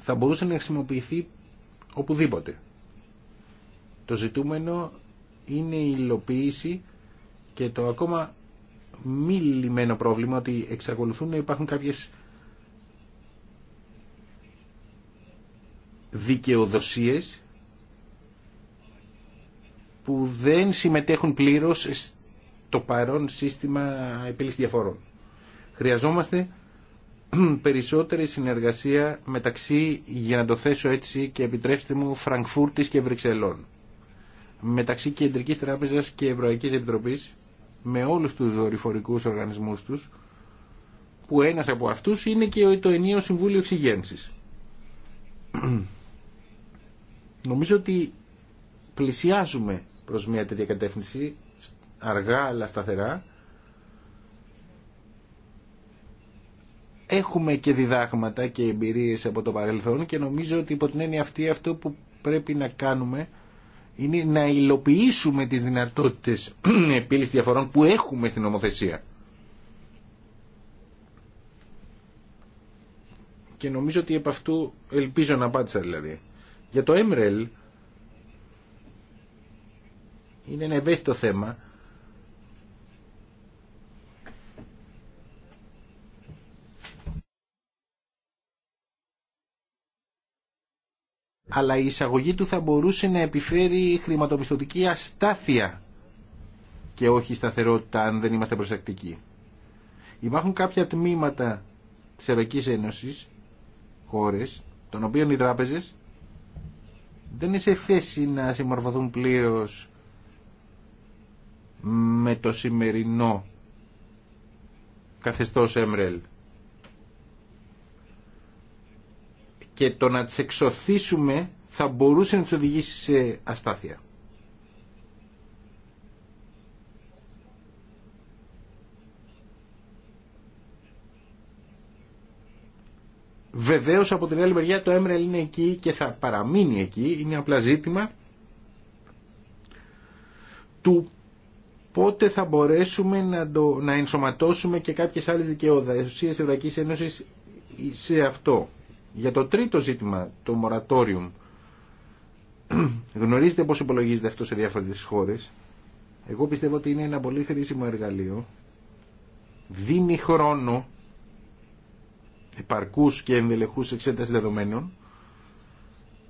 θα μπορούσε να χρησιμοποιηθεί οπουδήποτε. Το ζητούμενο είναι η υλοποίηση και το ακόμα μη λυμένο πρόβλημα ότι εξακολουθούν να υπάρχουν κάποιες δικαιοδοσίες που δεν συμμετέχουν πλήρως στο παρόν σύστημα επίλυσης διαφορών. Χρειαζόμαστε περισσότερη συνεργασία μεταξύ, για να το θέσω έτσι και επιτρέψτε μου, Φραγκφούρτης και Βρυξελών. Μεταξύ Κεντρικής Τράπεζας και Ευρωπαϊκής Επιτροπής, με όλους τους δορυφορικούς οργανισμούς τους, που ένας από αυτούς είναι και το ενίο Συμβούλιο Εξηγένσης. Νομίζω ότι πλησιάζουμε προς μια τέτοια κατεύθυνση, αργά αλλά σταθερά, έχουμε και διδάγματα και εμπειρίες από το παρελθόν και νομίζω ότι υπό την έννοια αυτή αυτό που πρέπει να κάνουμε είναι να υλοποιήσουμε τις δυνατότητες επίλυσης διαφορών που έχουμε στην νομοθεσία. Και νομίζω ότι επ' αυτού ελπίζω να απάντησα δηλαδή. Για το MREL είναι ένα ευαίσθητο θέμα αλλά η εισαγωγή του θα μπορούσε να επιφέρει χρηματοπιστωτική αστάθεια και όχι σταθερότητα αν δεν είμαστε προσεκτικοί. Υπάρχουν κάποια τμήματα της Ευρωπαϊκής Ένωσης, χώρες, των οποίων οι τράπεζες δεν είναι σε θέση να συμμορφωθούν πλήρως με το σημερινό καθεστώς ΕΜΡΕΛ. και το να τις εξωθήσουμε θα μπορούσε να τις οδηγήσει σε αστάθεια. Βεβαίως από την άλλη μεριά το Έμρελ είναι εκεί και θα παραμείνει εκεί, είναι απλά ζήτημα του πότε θα μπορέσουμε να, το, να ενσωματώσουμε και κάποιες άλλες δικαιοδοσίες Ευρωπαϊκής Ένωσης σε αυτό. Για το τρίτο ζήτημα, το moratorium, γνωρίζετε πώς υπολογίζεται αυτό σε διάφορες χώρες. Εγώ πιστεύω ότι είναι ένα πολύ χρήσιμο εργαλείο. Δίνει χρόνο επαρκούς και ενδελεχούς εξέταση δεδομένων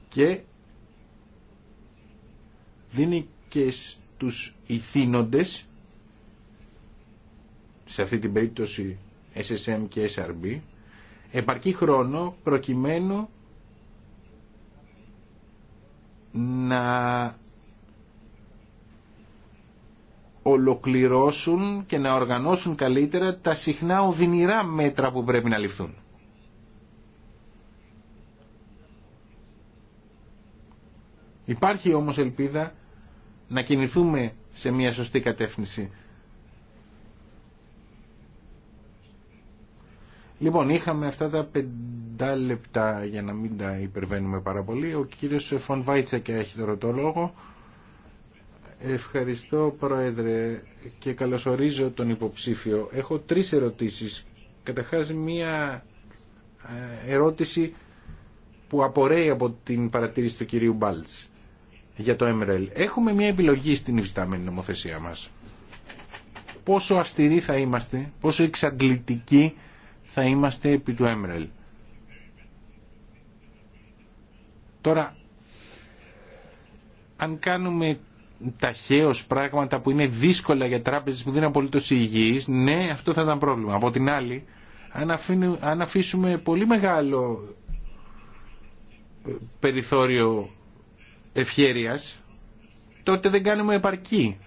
και δίνει και στους ηθήνοντες σε αυτή την περίπτωση SSM και SRB επαρκή χρόνο προκειμένου να ολοκληρώσουν και να οργανώσουν καλύτερα τα συχνά οδυνηρά μέτρα που πρέπει να ληφθούν. Υπάρχει όμως ελπίδα να κινηθούμε σε μια σωστή κατεύθυνση. Λοιπόν, είχαμε αυτά τα πεντά λεπτά για να μην τα υπερβαίνουμε πάρα πολύ. Ο κύριος φων και έχει τώρα το λόγο. Ευχαριστώ Πρόεδρε και καλωσορίζω τον υποψήφιο. Έχω τρεις ερωτήσεις. Καταρχάς μία ε, ερώτηση που απορρέει από την παρατήρηση του κυρίου Μπάλτς για το MRL. Έχουμε μία επιλογή στην υφιστάμενη νομοθεσία μας. Πόσο αυστηροί θα είμαστε, πόσο εξαντλητικοί θα είμαστε επί του Έμρελ. Τώρα, αν κάνουμε ταχαίω πράγματα που είναι δύσκολα για τράπεζες που δεν είναι απολύτως υγιείς, ναι, αυτό θα ήταν πρόβλημα. Από την άλλη, αν αφήσουμε πολύ μεγάλο ε, περιθώριο ευχέρειας, τότε δεν κάνουμε επαρκή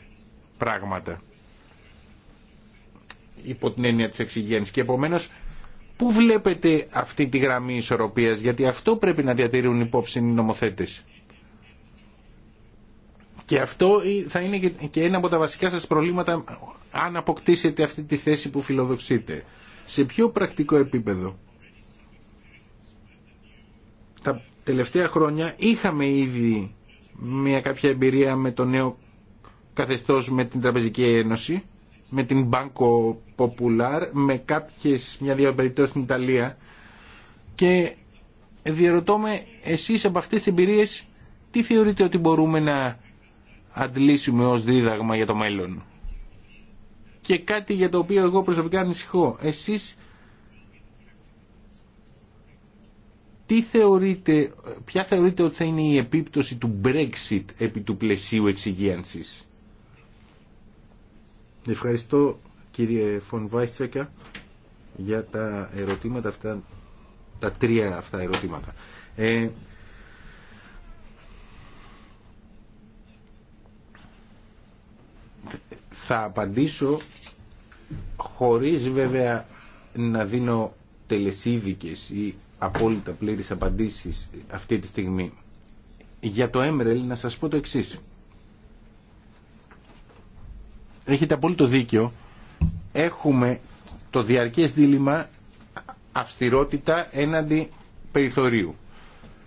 πράγματα υπό την έννοια της εξυγέννησης. Και επομένως Πού βλέπετε αυτή τη γραμμή ισορροπίας, γιατί αυτό πρέπει να διατηρούν υπόψη οι νομοθέτες. Και αυτό θα είναι και ένα από τα βασικά σας προβλήματα αν αποκτήσετε αυτή τη θέση που φιλοδοξείτε. Σε πιο πρακτικό επίπεδο. Τα τελευταία χρόνια είχαμε ήδη μια κάποια εμπειρία με το νέο καθεστώς με την Τραπεζική Ένωση με την Banco Popular, με κάποιες, μια δύο στην Ιταλία και διαρωτώ με εσείς από αυτές τις εμπειρίες τι θεωρείτε ότι μπορούμε να αντλήσουμε ως δίδαγμα για το μέλλον. Και κάτι για το οποίο εγώ προσωπικά ανησυχώ. Εσείς τι θεωρείτε, ποια θεωρείτε ότι θα είναι η επίπτωση του Brexit επί του πλαισίου εξυγίανσης. Ευχαριστώ κύριε Φων Βάιστσεκα για τα ερωτήματα αυτά, τα τρία αυτά ερωτήματα. Ε, θα απαντήσω χωρίς βέβαια να δίνω τελεσίδικες ή απόλυτα πλήρες απαντήσεις αυτή τη στιγμή. Για το Έμρελ να σας πω το εξής έχετε απόλυτο δίκιο. Έχουμε το διαρκές δίλημα αυστηρότητα έναντι περιθωρίου.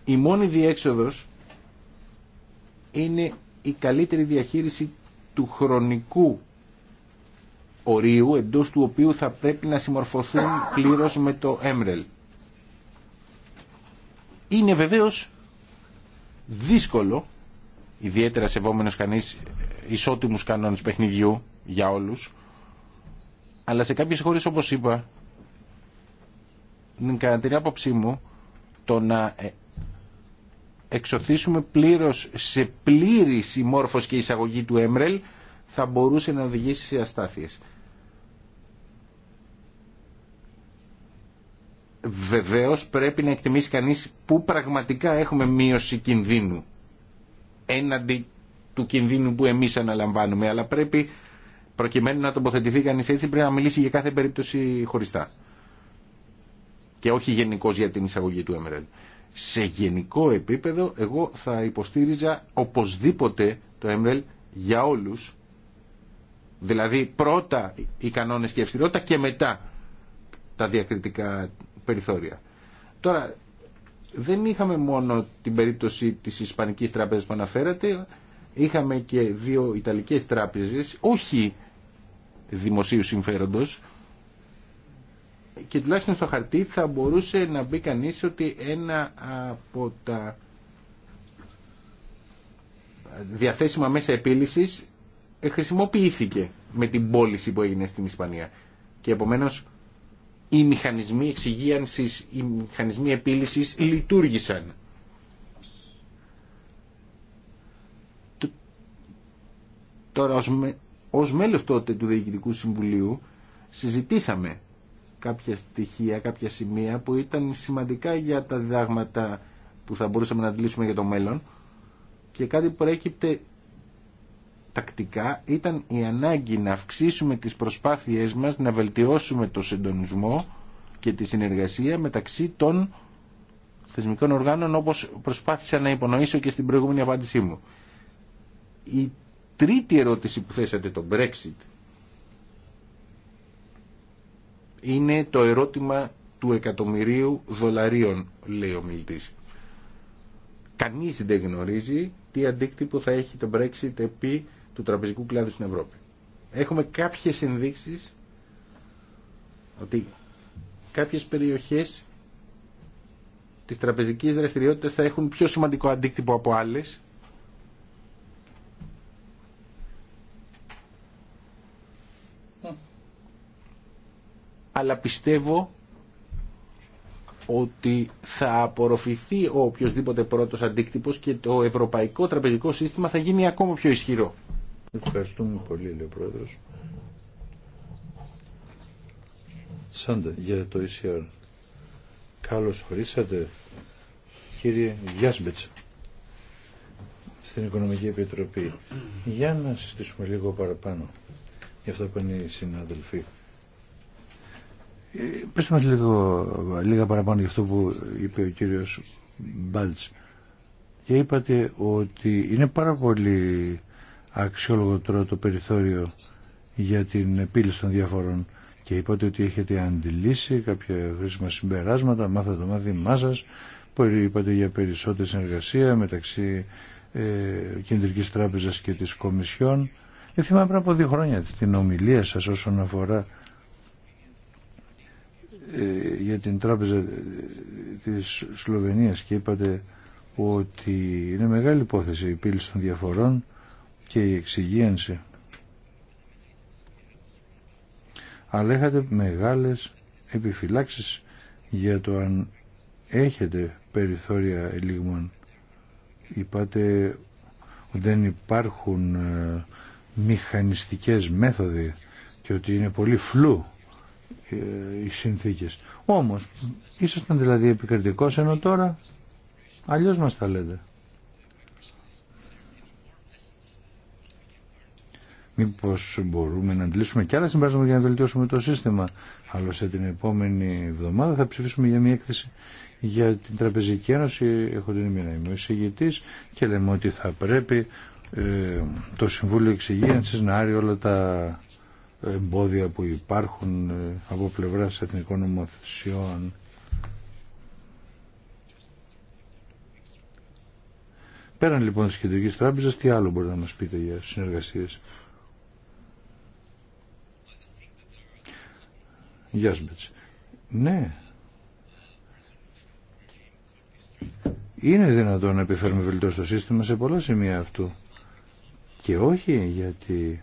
Η μόνη διέξοδος είναι η καλύτερη διαχείριση του χρονικού ορίου εντός του οποίου θα πρέπει να συμμορφωθούν πλήρως με το έμρελ. Είναι βεβαίως δύσκολο, ιδιαίτερα σεβόμενος κανείς ισότιμους κανόνες παιχνιδιού για όλους, αλλά σε κάποιες χώρες όπως είπα, κατά την άποψή μου, το να ε, εξωθήσουμε πλήρως σε πλήρη συμμόρφωση και εισαγωγή του Έμρελ θα μπορούσε να οδηγήσει σε αστάθειες. Βεβαίως πρέπει να εκτιμήσει κανείς πού πραγματικά έχουμε μείωση κινδύνου έναντι του κινδύνου που εμείς αναλαμβάνουμε, αλλά πρέπει προκειμένου να τοποθετηθεί κανείς έτσι πρέπει να μιλήσει για κάθε περίπτωση χωριστά. Και όχι γενικώ για την εισαγωγή του Emerald. Σε γενικό επίπεδο εγώ θα υποστήριζα οπωσδήποτε το Emerald για όλους. Δηλαδή πρώτα οι κανόνες και η και μετά τα διακριτικά περιθώρια. Τώρα δεν είχαμε μόνο την περίπτωση της Ισπανικής Τράπεζας που αναφέρατε, είχαμε και δύο Ιταλικές τράπεζες, όχι δημοσίου συμφέροντος, και τουλάχιστον στο χαρτί θα μπορούσε να μπει κανείς ότι ένα από τα διαθέσιμα μέσα επίλυσης χρησιμοποιήθηκε με την πώληση που έγινε στην Ισπανία. Και επομένως οι μηχανισμοί εξυγίανσης, οι μηχανισμοί επίλυσης λειτουργήσαν Τώρα ως μέλος τότε του Διοικητικού Συμβουλίου συζητήσαμε κάποια στοιχεία, κάποια σημεία που ήταν σημαντικά για τα διδάγματα που θα μπορούσαμε να αντιλήσουμε για το μέλλον και κάτι που προέκυπτε τακτικά ήταν η ανάγκη να αυξήσουμε τις προσπάθειές μας να βελτιώσουμε το συντονισμό και τη συνεργασία μεταξύ των θεσμικών οργάνων όπως προσπάθησα να υπονοήσω και στην προηγούμενη απάντησή μου τρίτη ερώτηση που θέσατε, το Brexit, είναι το ερώτημα του εκατομμυρίου δολαρίων, λέει ο μιλητής. Κανείς δεν γνωρίζει τι αντίκτυπο θα έχει το Brexit επί του τραπεζικού κλάδου στην Ευρώπη. Έχουμε κάποιες ενδείξεις ότι κάποιες περιοχές της τραπεζικής δραστηριότητας θα έχουν πιο σημαντικό αντίκτυπο από άλλες αλλά πιστεύω ότι θα απορροφηθεί ο οποιοδήποτε πρώτος αντίκτυπος και το ευρωπαϊκό τραπεζικό σύστημα θα γίνει ακόμα πιο ισχυρό. Ευχαριστούμε πολύ, λέει ο Πρόεδρος. Σάντα, για το ECR. Καλώς χωρίσατε κύριε Γιάσμπετς, στην Οικονομική Επιτροπή. Για να συστήσουμε λίγο παραπάνω για αυτό που είναι οι πες μας λίγο, λίγα παραπάνω για αυτό που είπε ο κύριος Μπάλτς. Και είπατε ότι είναι πάρα πολύ αξιόλογο το περιθώριο για την επίλυση των διαφορών και είπατε ότι έχετε αντιλήσει κάποια χρήσιμα συμπεράσματα, μάθατε το μάθημά σας, είπατε για περισσότερη συνεργασία μεταξύ ε, Κεντρικής Τράπεζας και της Κομισιόν. και θυμάμαι πριν από δύο χρόνια την ομιλία σας όσον αφορά ε, για την τράπεζα της Σλοβενίας και είπατε ότι είναι μεγάλη υπόθεση η πύληση των διαφορών και η εξυγίανση. Αλλά είχατε μεγάλες επιφυλάξεις για το αν έχετε περιθώρια ελίγμων. Είπατε ότι δεν υπάρχουν ε, μηχανιστικές μέθοδοι και ότι είναι πολύ φλού ε, οι συνθήκες. Όμως, ήσασταν δηλαδή επικριτικός, ενώ τώρα αλλιώς μας τα λέτε. Μήπως μπορούμε να αντλήσουμε και άλλα συμπέρασμα για να βελτιώσουμε το σύστημα. Άλλωστε την επόμενη εβδομάδα θα ψηφίσουμε για μια έκθεση για την Τραπεζική Ένωση. Έχω την ημέρα είμαι ο εισηγητής και λέμε ότι θα πρέπει ε, το Συμβούλιο Εξυγίανσης να άρει όλα τα εμπόδια που υπάρχουν ε, από πλευράς εθνικών νομοθεσιών. Πέραν λοιπόν της Κεντρικής Τράπεζας, τι άλλο μπορείτε να μας πείτε για συνεργασίες. Γιάσμπετς. Ναι. Είναι δυνατόν να επιφέρουμε βελτιώσει στο σύστημα σε πολλά σημεία αυτού. Και όχι γιατί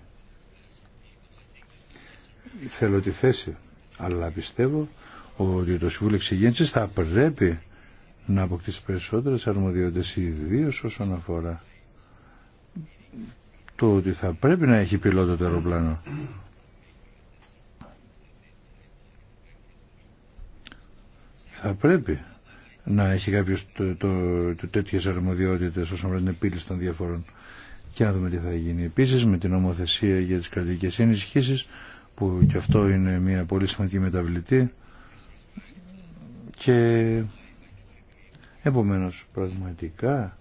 θέλω τη θέση, αλλά πιστεύω ότι το Συμβούλιο Εξυγέννηση θα πρέπει να αποκτήσει περισσότερες αρμοδιότητες, ιδίω όσον αφορά το ότι θα πρέπει να έχει πιλότο το αεροπλάνο. Θα πρέπει να έχει κάποιος το, το, το, τέτοιες αρμοδιότητες όσον αφορά την επίλυση των διαφορών. Και να δούμε τι θα γίνει επίσης με την νομοθεσία για τις κρατικές ενισχύσεις που και αυτό είναι μια πολύ σημαντική μεταβλητή και επομένως πραγματικά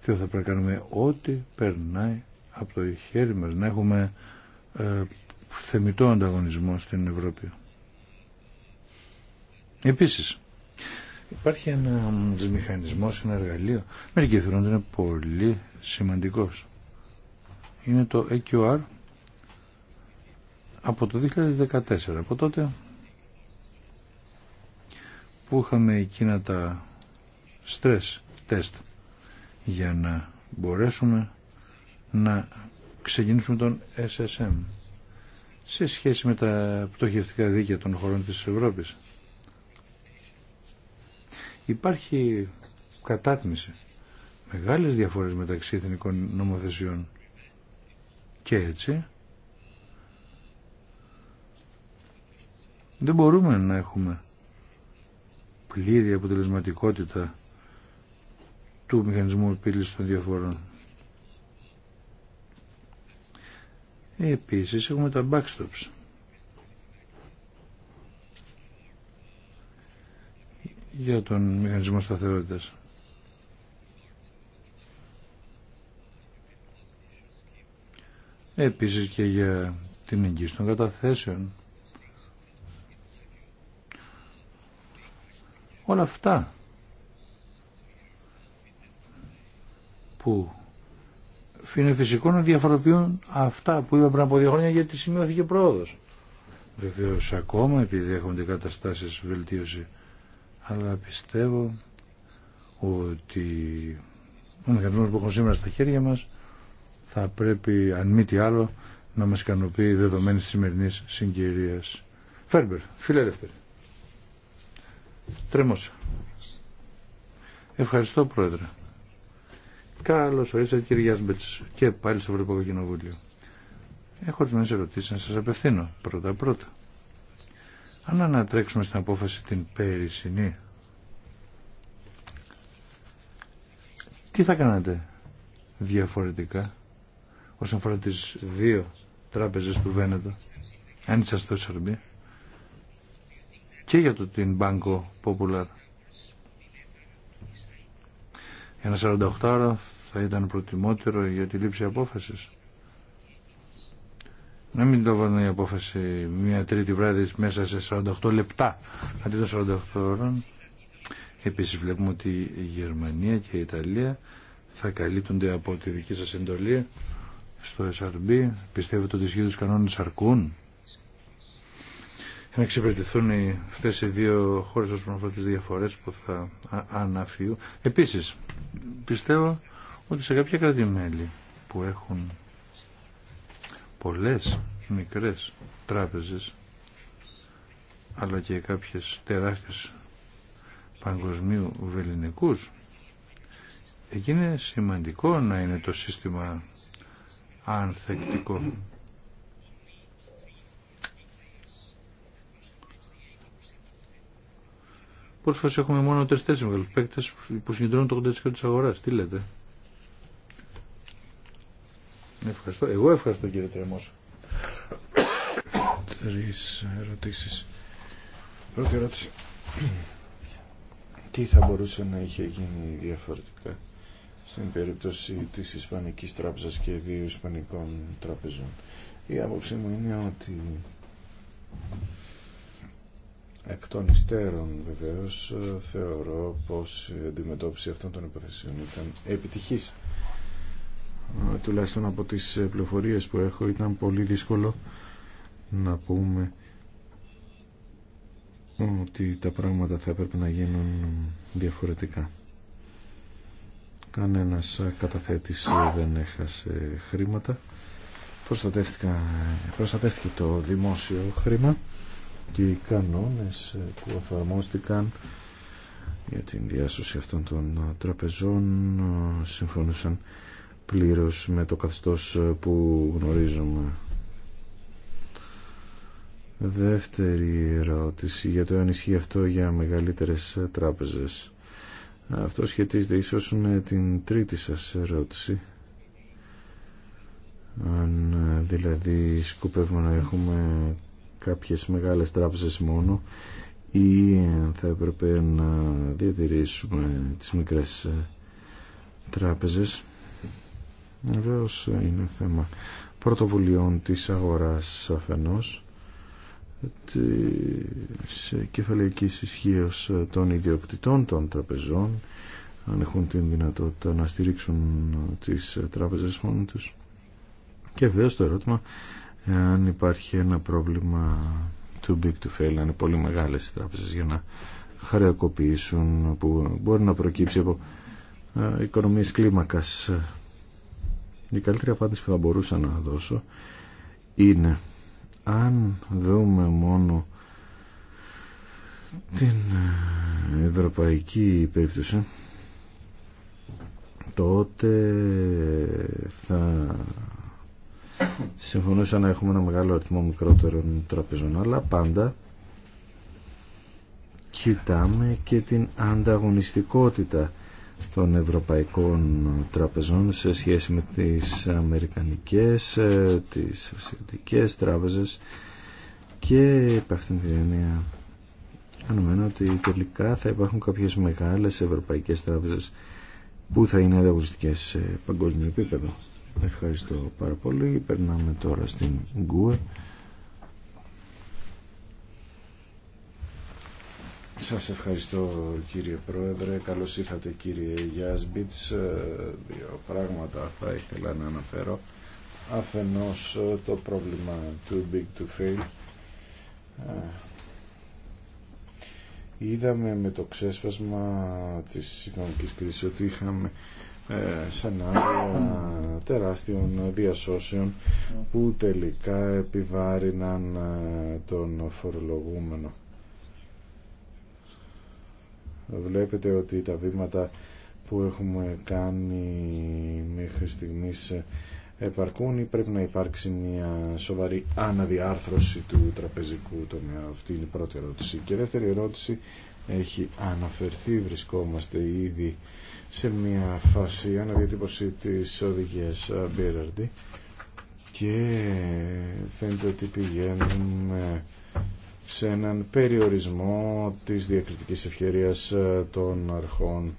θα πρέπει να κάνουμε ό,τι περνάει από το χέρι μας να έχουμε ε, θεμητό ανταγωνισμό στην Ευρώπη. Επίσης, υπάρχει ένα μηχανισμός, ένα εργαλείο, μερικοί θεωρούν ότι είναι πολύ σημαντικός. Είναι το EQR από το 2014, από τότε που είχαμε εκείνα τα stress test για να μπορέσουμε να ξεκινήσουμε τον SSM σε σχέση με τα πτωχευτικά δίκαια των χωρών της Ευρώπης. Υπάρχει κατάτμιση, μεγάλες διαφορές μεταξύ εθνικών νομοθεσιών και έτσι Δεν μπορούμε να έχουμε πλήρη αποτελεσματικότητα του μηχανισμού επίλυσης των διαφόρων. Επίσης έχουμε τα backstops. για τον μηχανισμό σταθερότητας. Επίσης και για την εγγύηση των καταθέσεων. Όλα αυτά που είναι φυσικό να διαφοροποιούν αυτά που είπα πριν από δύο χρόνια γιατί σημειώθηκε πρόοδος. Βεβαίω ακόμα επειδή έχουν καταστάσεις βελτίωση αλλά πιστεύω ότι ο μηχανισμό που έχουμε σήμερα στα χέρια μας θα πρέπει αν μη τι άλλο να μας ικανοποιεί δεδομένη της σημερινής συγκυρίας. Φέρμπερ, φιλελεύθερη. Τρέμωσα. Ευχαριστώ Πρόεδρε. Καλώ ορίσατε κύριε Γιάσμπετ και πάλι στο Ευρωπαϊκό Κοινοβούλιο. Έχω ορισμένε ερωτήσει να σα απευθύνω πρώτα-πρώτα. Αν ανατρέξουμε στην απόφαση την πέρυσινή, τι θα κάνατε διαφορετικά όσον αφορά τι δύο τράπεζε του Βένετο, αν είσαστε στο Σορμπί και για το την Banco Popular. Ένα 48 ώρα θα ήταν προτιμότερο για τη λήψη απόφασης. Να μην λαμβάνω η απόφαση μια τρίτη βράδυ μέσα σε 48 λεπτά αντί των 48 ώρων. Επίσης βλέπουμε ότι η Γερμανία και η Ιταλία θα καλύπτονται από τη δική σας εντολή στο SRB. Πιστεύετε ότι τις τους κανόνες αρκούν να εξυπηρετηθούν αυτές οι δύο χώρες όσον αφορά τις διαφορές που θα αναφύγουν. Επίσης, πιστεύω ότι σε κάποια κρατημέλη που έχουν πολλές μικρές τράπεζες αλλά και κάποιες τεράστιες παγκοσμίου βεληνικούς εκεί είναι σημαντικό να είναι το σύστημα ανθεκτικό προσφαση εχουμε έχουμε μόνο τρει-τέσσερι μεγάλου παίκτε που συγκεντρώνουν το 80% τη αγορά. Τι λέτε. Ευχαριστώ. Εγώ ευχαριστώ κύριε Τρεμόσα. Τρει ερωτήσει. Πρώτη ερώτηση. Τι θα μπορούσε να είχε γίνει διαφορετικά στην περίπτωση της Ισπανικής Τράπεζας και δύο Ισπανικών Τραπεζών. Η άποψή μου είναι ότι Εκ των υστέρων βεβαίως θεωρώ πως η αντιμετώπιση αυτών των υποθεσιών ήταν επιτυχής. Τουλάχιστον από τις πληροφορίες που έχω ήταν πολύ δύσκολο να πούμε ότι τα πράγματα θα έπρεπε να γίνουν διαφορετικά. Κανένας καταθέτης δεν έχασε χρήματα. Προστατεύτηκε το δημόσιο χρήμα και οι κανόνες ε, που εφαρμόστηκαν για την διάσωση αυτών των ε, τραπεζών ε, συμφωνούσαν πλήρως με το καθεστώς που γνωρίζουμε. Δεύτερη ερώτηση για το αν ισχύει αυτό για μεγαλύτερες τράπεζες. Αυτό σχετίζεται ίσως με την τρίτη σας ερώτηση. Αν δηλαδή σκοπεύουμε να έχουμε κάποιες μεγάλες τράπεζες μόνο ή θα έπρεπε να διατηρήσουμε τις μικρές ε, τράπεζες. Βεβαίω ε, είναι θέμα πρωτοβουλειών της αγοράς αφενός της κεφαλαϊκής ισχύω ε, των ιδιοκτητών των τραπεζών αν έχουν την δυνατότητα να στηρίξουν τις τράπεζες μόνοι τους και βέβαια το ερώτημα αν υπάρχει ένα πρόβλημα too big to fail, είναι πολύ μεγάλες οι τράπεζες για να χρεοκοπήσουν, που μπορεί να προκύψει από ε, οικονομίες κλίμακα. Η καλύτερη απάντηση που θα μπορούσα να δώσω είναι αν δούμε μόνο την ε, ευρωπαϊκή περίπτωση τότε θα συμφωνούσα να έχουμε ένα μεγάλο αριθμό μικρότερων τραπεζών, αλλά πάντα κοιτάμε και την ανταγωνιστικότητα των ευρωπαϊκών τραπεζών σε σχέση με τις αμερικανικές, ε, τις ασιατικές τράπεζες και υπ' αυτήν την έννοια αναμένω ότι τελικά θα υπάρχουν κάποιες μεγάλες ευρωπαϊκές τράπεζες που θα είναι ανταγωνιστικές σε παγκόσμιο επίπεδο. Ευχαριστώ πάρα πολύ. Περνάμε τώρα στην Γκουε. Σας ευχαριστώ κύριε Πρόεδρε. Καλώς ήρθατε κύριε Γιάσμπιτς. Ε, δύο πράγματα θα ήθελα να αναφέρω. Αφενός ε, το πρόβλημα too big to fail. Ε, είδαμε με το ξέσπασμα της οικονομικής κρίσης ότι είχαμε ε, σενάρια τεράστιων διασώσεων που τελικά επιβάρυναν ε, τον φορολογούμενο. Βλέπετε ότι τα βήματα που έχουμε κάνει μέχρι στιγμής επαρκούν ή πρέπει να υπάρξει μια σοβαρή αναδιάρθρωση του τραπεζικού τομέα. Αυτή είναι η πρώτη ερώτηση. Και δεύτερη ερώτηση έχει αναφερθεί, βρισκόμαστε ήδη σε μια φάση αναδιατύπωση της οδηγίας BRD ε, και φαίνεται ότι πηγαίνουμε σε έναν περιορισμό της διακριτικής ευκαιρίας ε, των αρχών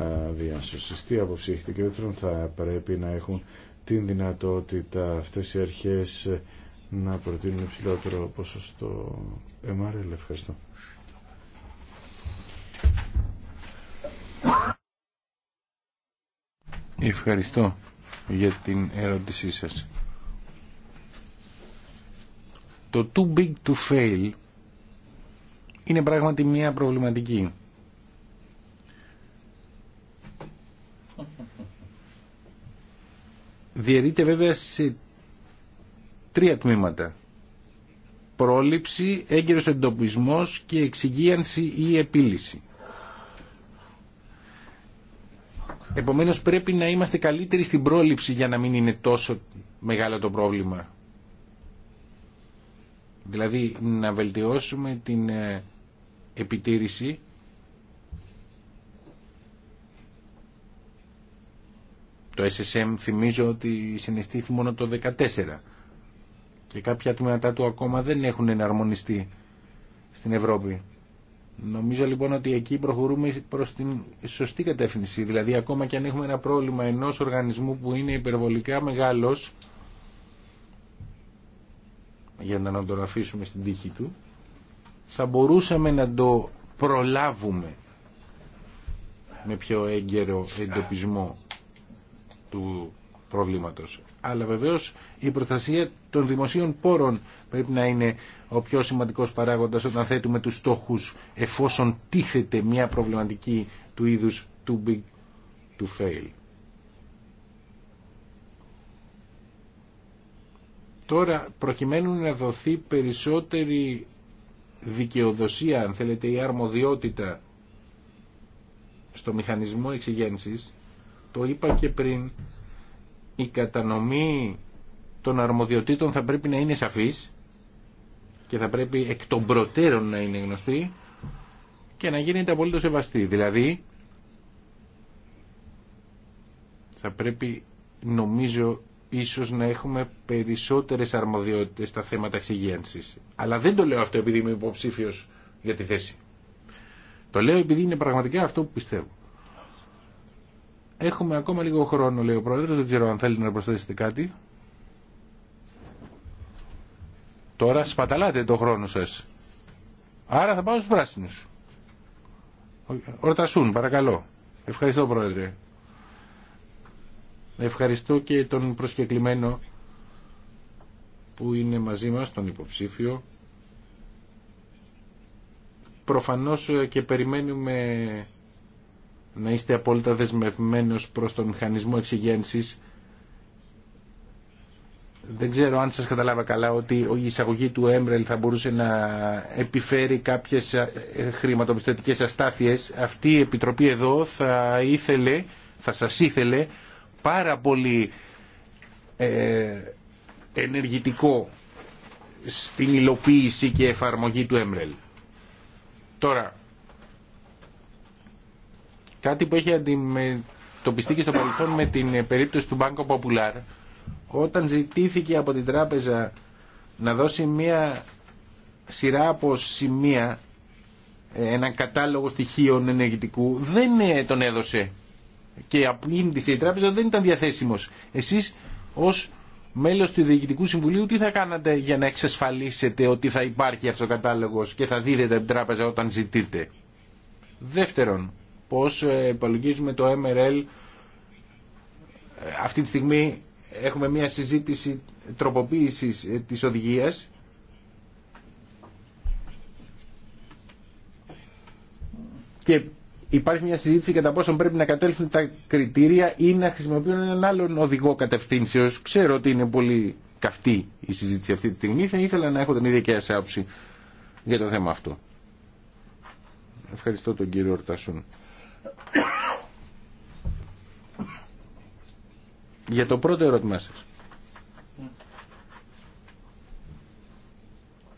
ε, διάσωσης. Τι άποψη έχετε και δεύτερον θα πρέπει να έχουν την δυνατότητα αυτές οι αρχές να προτείνουν υψηλότερο ποσοστό MRL. Ευχαριστώ. Ευχαριστώ για την ερώτησή σας. Το too big to fail είναι πράγματι μια προβληματική. Διαιρείται βέβαια σε τρία τμήματα. Πρόληψη, έγκυρος εντοπισμός και εξυγίανση ή επίλυση. Επομένως πρέπει να είμαστε καλύτεροι στην πρόληψη για να μην είναι τόσο μεγάλο το πρόβλημα. Δηλαδή να βελτιώσουμε την ε, επιτήρηση Το SSM θυμίζω ότι συναισθήθη μόνο το 14 και κάποια τμήματά του ακόμα δεν έχουν εναρμονιστεί στην Ευρώπη. Νομίζω λοιπόν ότι εκεί προχωρούμε προς την σωστή κατεύθυνση. Δηλαδή ακόμα και αν έχουμε ένα πρόβλημα ενός οργανισμού που είναι υπερβολικά μεγάλος για να τον αφήσουμε στην τύχη του θα μπορούσαμε να το προλάβουμε με πιο έγκαιρο εντοπισμό του προβλήματος αλλά βεβαίως η προστασία των δημοσίων πόρων πρέπει να είναι ο πιο σημαντικό παράγοντας όταν θέτουμε του στόχους εφόσον τίθεται μια προβληματική του είδους too big to fail. Τώρα, προκειμένου να δοθεί περισσότερη δικαιοδοσία, αν θέλετε, η αρμοδιότητα στο μηχανισμό εξηγένσης, το είπα και πριν, η κατανομή των αρμοδιοτήτων θα πρέπει να είναι σαφής και θα πρέπει εκ των προτέρων να είναι γνωστή και να γίνεται απολύτω σεβαστή. Δηλαδή, θα πρέπει νομίζω ίσως να έχουμε περισσότερες αρμοδιότητες στα θέματα εξυγένσης. Αλλά δεν το λέω αυτό επειδή είμαι υποψήφιος για τη θέση. Το λέω επειδή είναι πραγματικά αυτό που πιστεύω. Έχουμε ακόμα λίγο χρόνο, λέει ο Πρόεδρος. Δεν ξέρω αν θέλετε να προσθέσετε κάτι. Τώρα σπαταλάτε το χρόνο σας. Άρα θα πάω στους πράσινους. Ορτασούν, παρακαλώ. Ευχαριστώ, Πρόεδρε. Ευχαριστώ και τον προσκεκλημένο που είναι μαζί μας, τον υποψήφιο. Προφανώς και περιμένουμε να είστε απόλυτα ως προς τον μηχανισμό εξυγένσης. Δεν ξέρω αν σας καταλάβα καλά ότι η εισαγωγή του Έμπρελ θα μπορούσε να επιφέρει κάποιες ε, ε, χρηματοπιστωτικές αστάθειες. Αυτή η Επιτροπή εδώ θα ήθελε, θα σας ήθελε πάρα πολύ ε, ενεργητικό στην υλοποίηση και εφαρμογή του Έμπρελ. Τώρα, Κάτι που έχει αντιμετωπιστεί και στο παρελθόν με την ε, περίπτωση του Banco Popular όταν ζητήθηκε από την τράπεζα να δώσει μία σειρά από σημεία ε, ένα κατάλογο στοιχείων ενεργητικού δεν ε, τον έδωσε και απήντησε η τράπεζα δεν ήταν διαθέσιμος. Εσείς ως μέλος του Διοικητικού Συμβουλίου τι θα κάνατε για να εξασφαλίσετε ότι θα υπάρχει αυτό ο κατάλογος και θα δίδετε την τράπεζα όταν ζητείτε. Δεύτερον, πώς ε, υπολογίζουμε το MRL. Ε, αυτή τη στιγμή έχουμε μια συζήτηση τροποποίησης ε, της οδηγίας και υπάρχει μια συζήτηση κατά πόσο πρέπει να κατέλθουν τα κριτήρια ή να χρησιμοποιούν έναν άλλον οδηγό κατευθύνσεω. Ξέρω ότι είναι πολύ καυτή η συζήτηση αυτή τη στιγμή. Θα ήθελα να χρησιμοποιουν εναν αλλον οδηγο κατευθυνσεως ξερω οτι ειναι πολυ καυτη η συζητηση αυτη τη στιγμη θα ηθελα να εχω την ίδια και άποψη για το θέμα αυτό. Ευχαριστώ τον κύριο Ορτασούν. Για το πρώτο ερώτημά σας.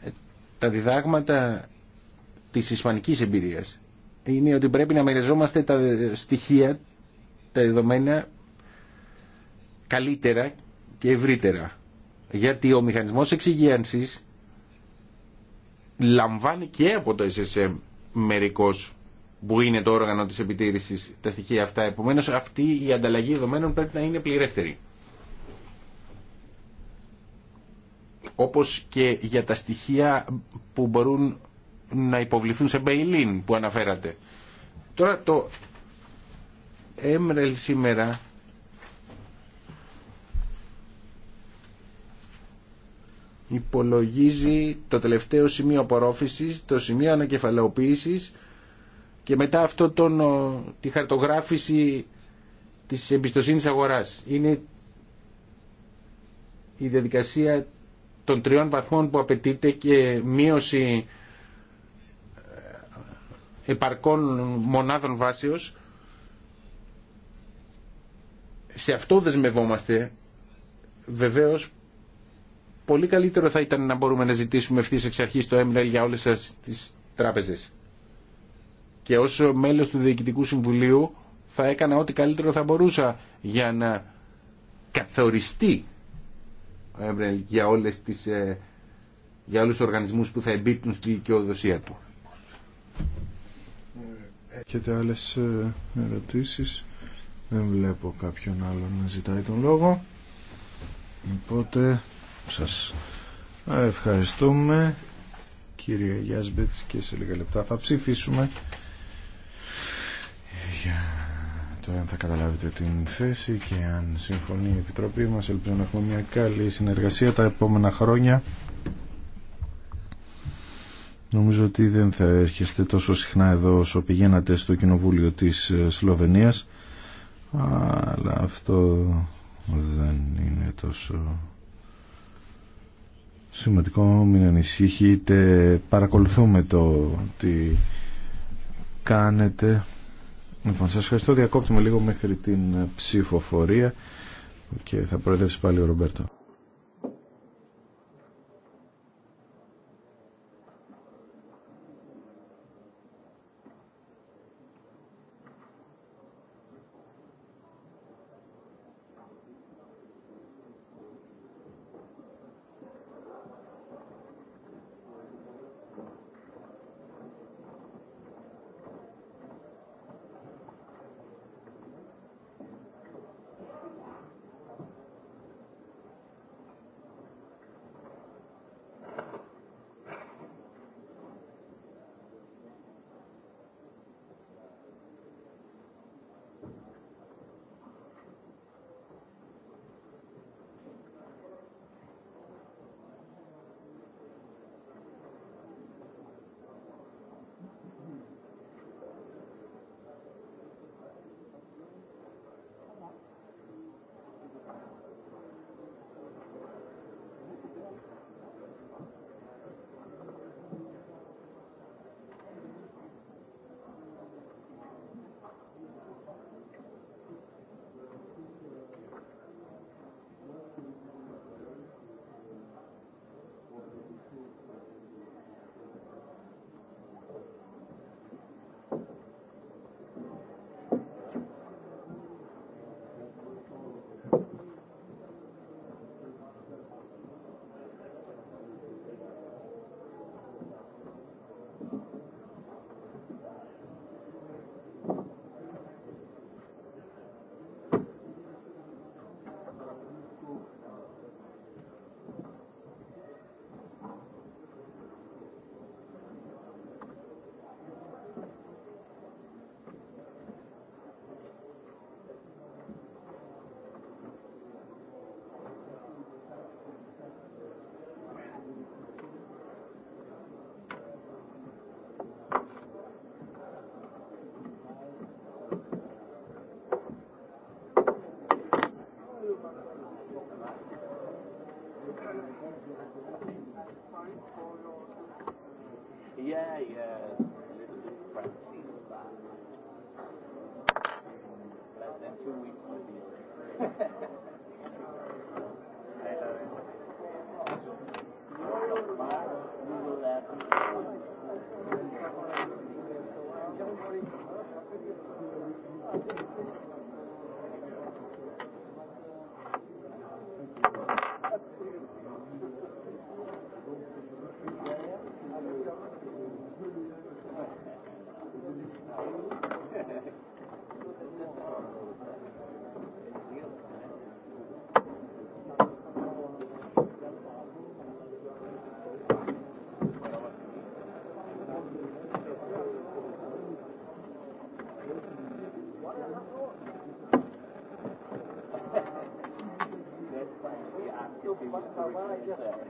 Ε, τα διδάγματα της ισπανικής εμπειρίας είναι ότι πρέπει να μοιραζόμαστε τα στοιχεία, τα δεδομένα καλύτερα και ευρύτερα. Γιατί ο μηχανισμός εξυγίανσης λαμβάνει και από το SSM μερικώς που είναι το όργανο της επιτήρησης τα στοιχεία αυτά. Επομένως αυτή η ανταλλαγή δεδομένων πρέπει να είναι πληρέστερη. Όπως και για τα στοιχεία που μπορούν να υποβληθούν σε Μπέιλιν που αναφέρατε. Τώρα το Έμρελ σήμερα υπολογίζει το τελευταίο σημείο απορρόφησης, το σημείο ανακεφαλαιοποίησης και μετά αυτό τον, τη χαρτογράφηση της εμπιστοσύνης αγοράς. Είναι η διαδικασία των τριών βαθμών που απαιτείται και μείωση ε, επαρκών μονάδων βάσεως. Σε αυτό δεσμευόμαστε. Βεβαίως, πολύ καλύτερο θα ήταν να μπορούμε να ζητήσουμε ευθύ εξ αρχής το ML για όλες τις τράπεζες και ως μέλος του Διοικητικού Συμβουλίου θα έκανα ό,τι καλύτερο θα μπορούσα για να καθοριστεί ε, για, όλες τις, ε, για όλους τους οργανισμούς που θα εμπίπτουν στη δικαιοδοσία του. Έχετε άλλες ε, ερωτήσεις. Δεν βλέπω κάποιον άλλο να ζητάει τον λόγο. Οπότε σας ευχαριστούμε κύριε Γιάσμπετς και σε λίγα λεπτά θα ψηφίσουμε τώρα το αν θα καταλάβετε την θέση και αν συμφωνεί η Επιτροπή μας ελπίζω να έχουμε μια καλή συνεργασία τα επόμενα χρόνια Νομίζω ότι δεν θα έρχεστε τόσο συχνά εδώ όσο πηγαίνατε στο Κοινοβούλιο της ε, Σλοβενίας αλλά αυτό δεν είναι τόσο σημαντικό μην ανησυχείτε παρακολουθούμε το τι κάνετε Λοιπόν, σας ευχαριστώ. Διακόπτουμε λίγο μέχρι την ψηφοφορία και θα προεδρεύσει πάλι ο Ρομπέρτο.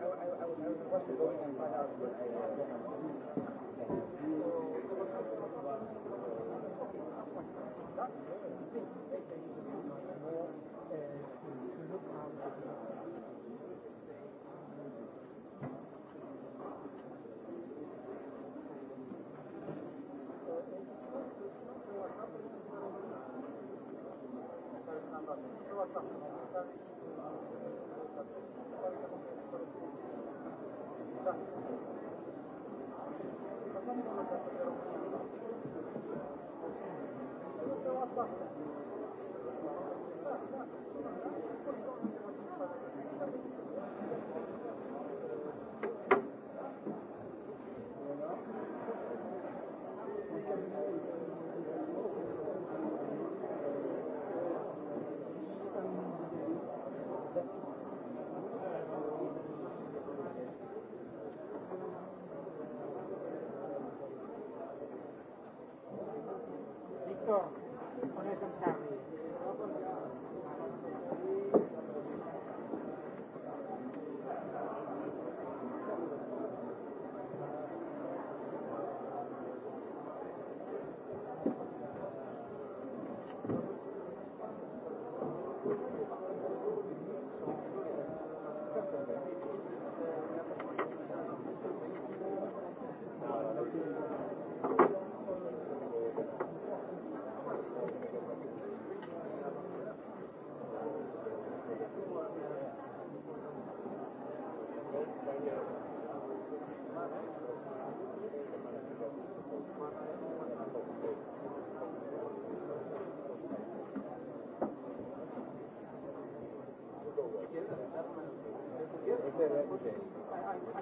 I, I, I, was, I to find out what I, uh,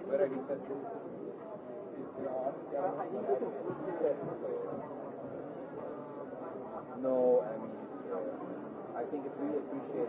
No, I mean, I think it's really appreciated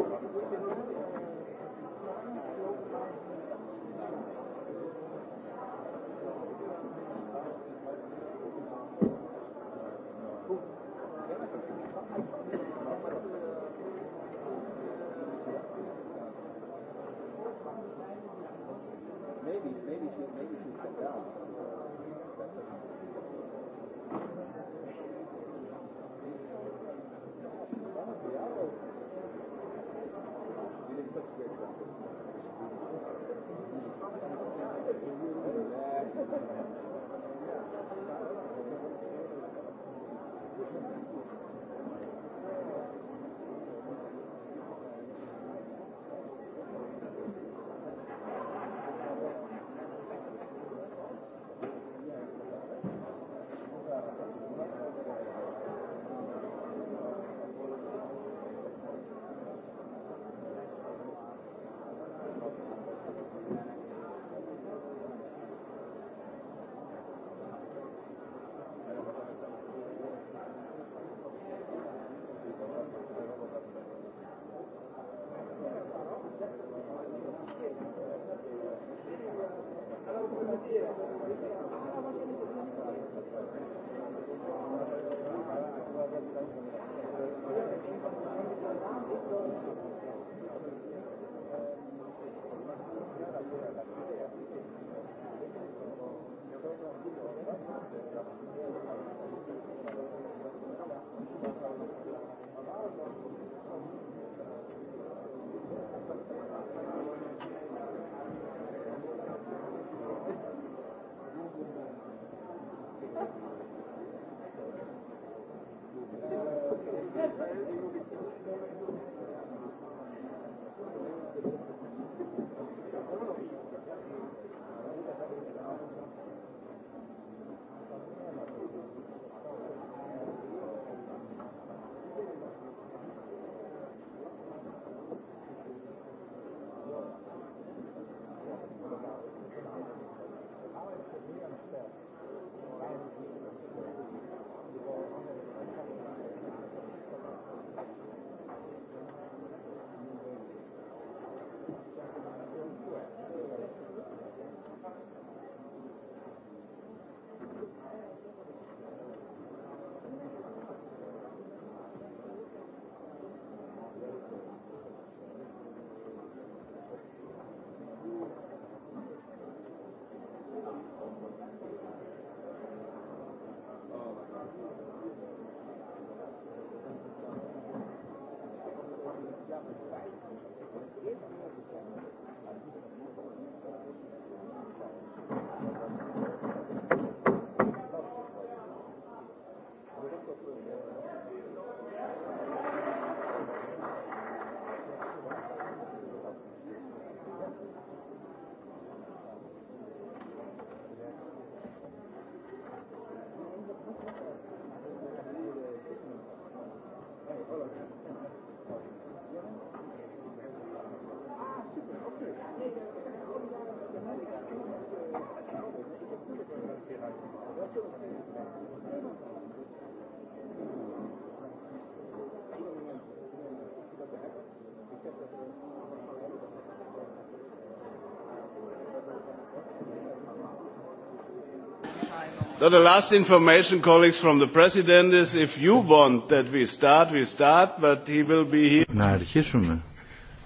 The last information, colleagues, from the President is if you want that we start, we start, but he will be here. Να αρχίσουμε.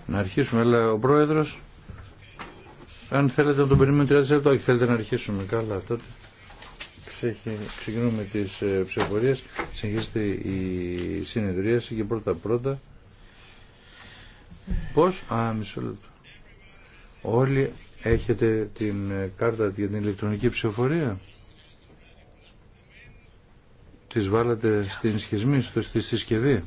Να αρχίσουμε, αλλά ο Πρόεδρος, αν θέλετε να τον περιμένουμε 30 λεπτά, όχι θέλετε να αρχίσουμε. Καλά, τότε ξεκινούμε τις ε, ψηφορίες. Συνεχίζεται η συνεδρίαση και πρώτα-πρώτα. Πώς? Α, μισό λεπτό. Όλοι έχετε την ε, κάρτα για την ηλεκτρονική ψηφοφορία τις βάλατε στην σχισμή, στο, στη συσκευή.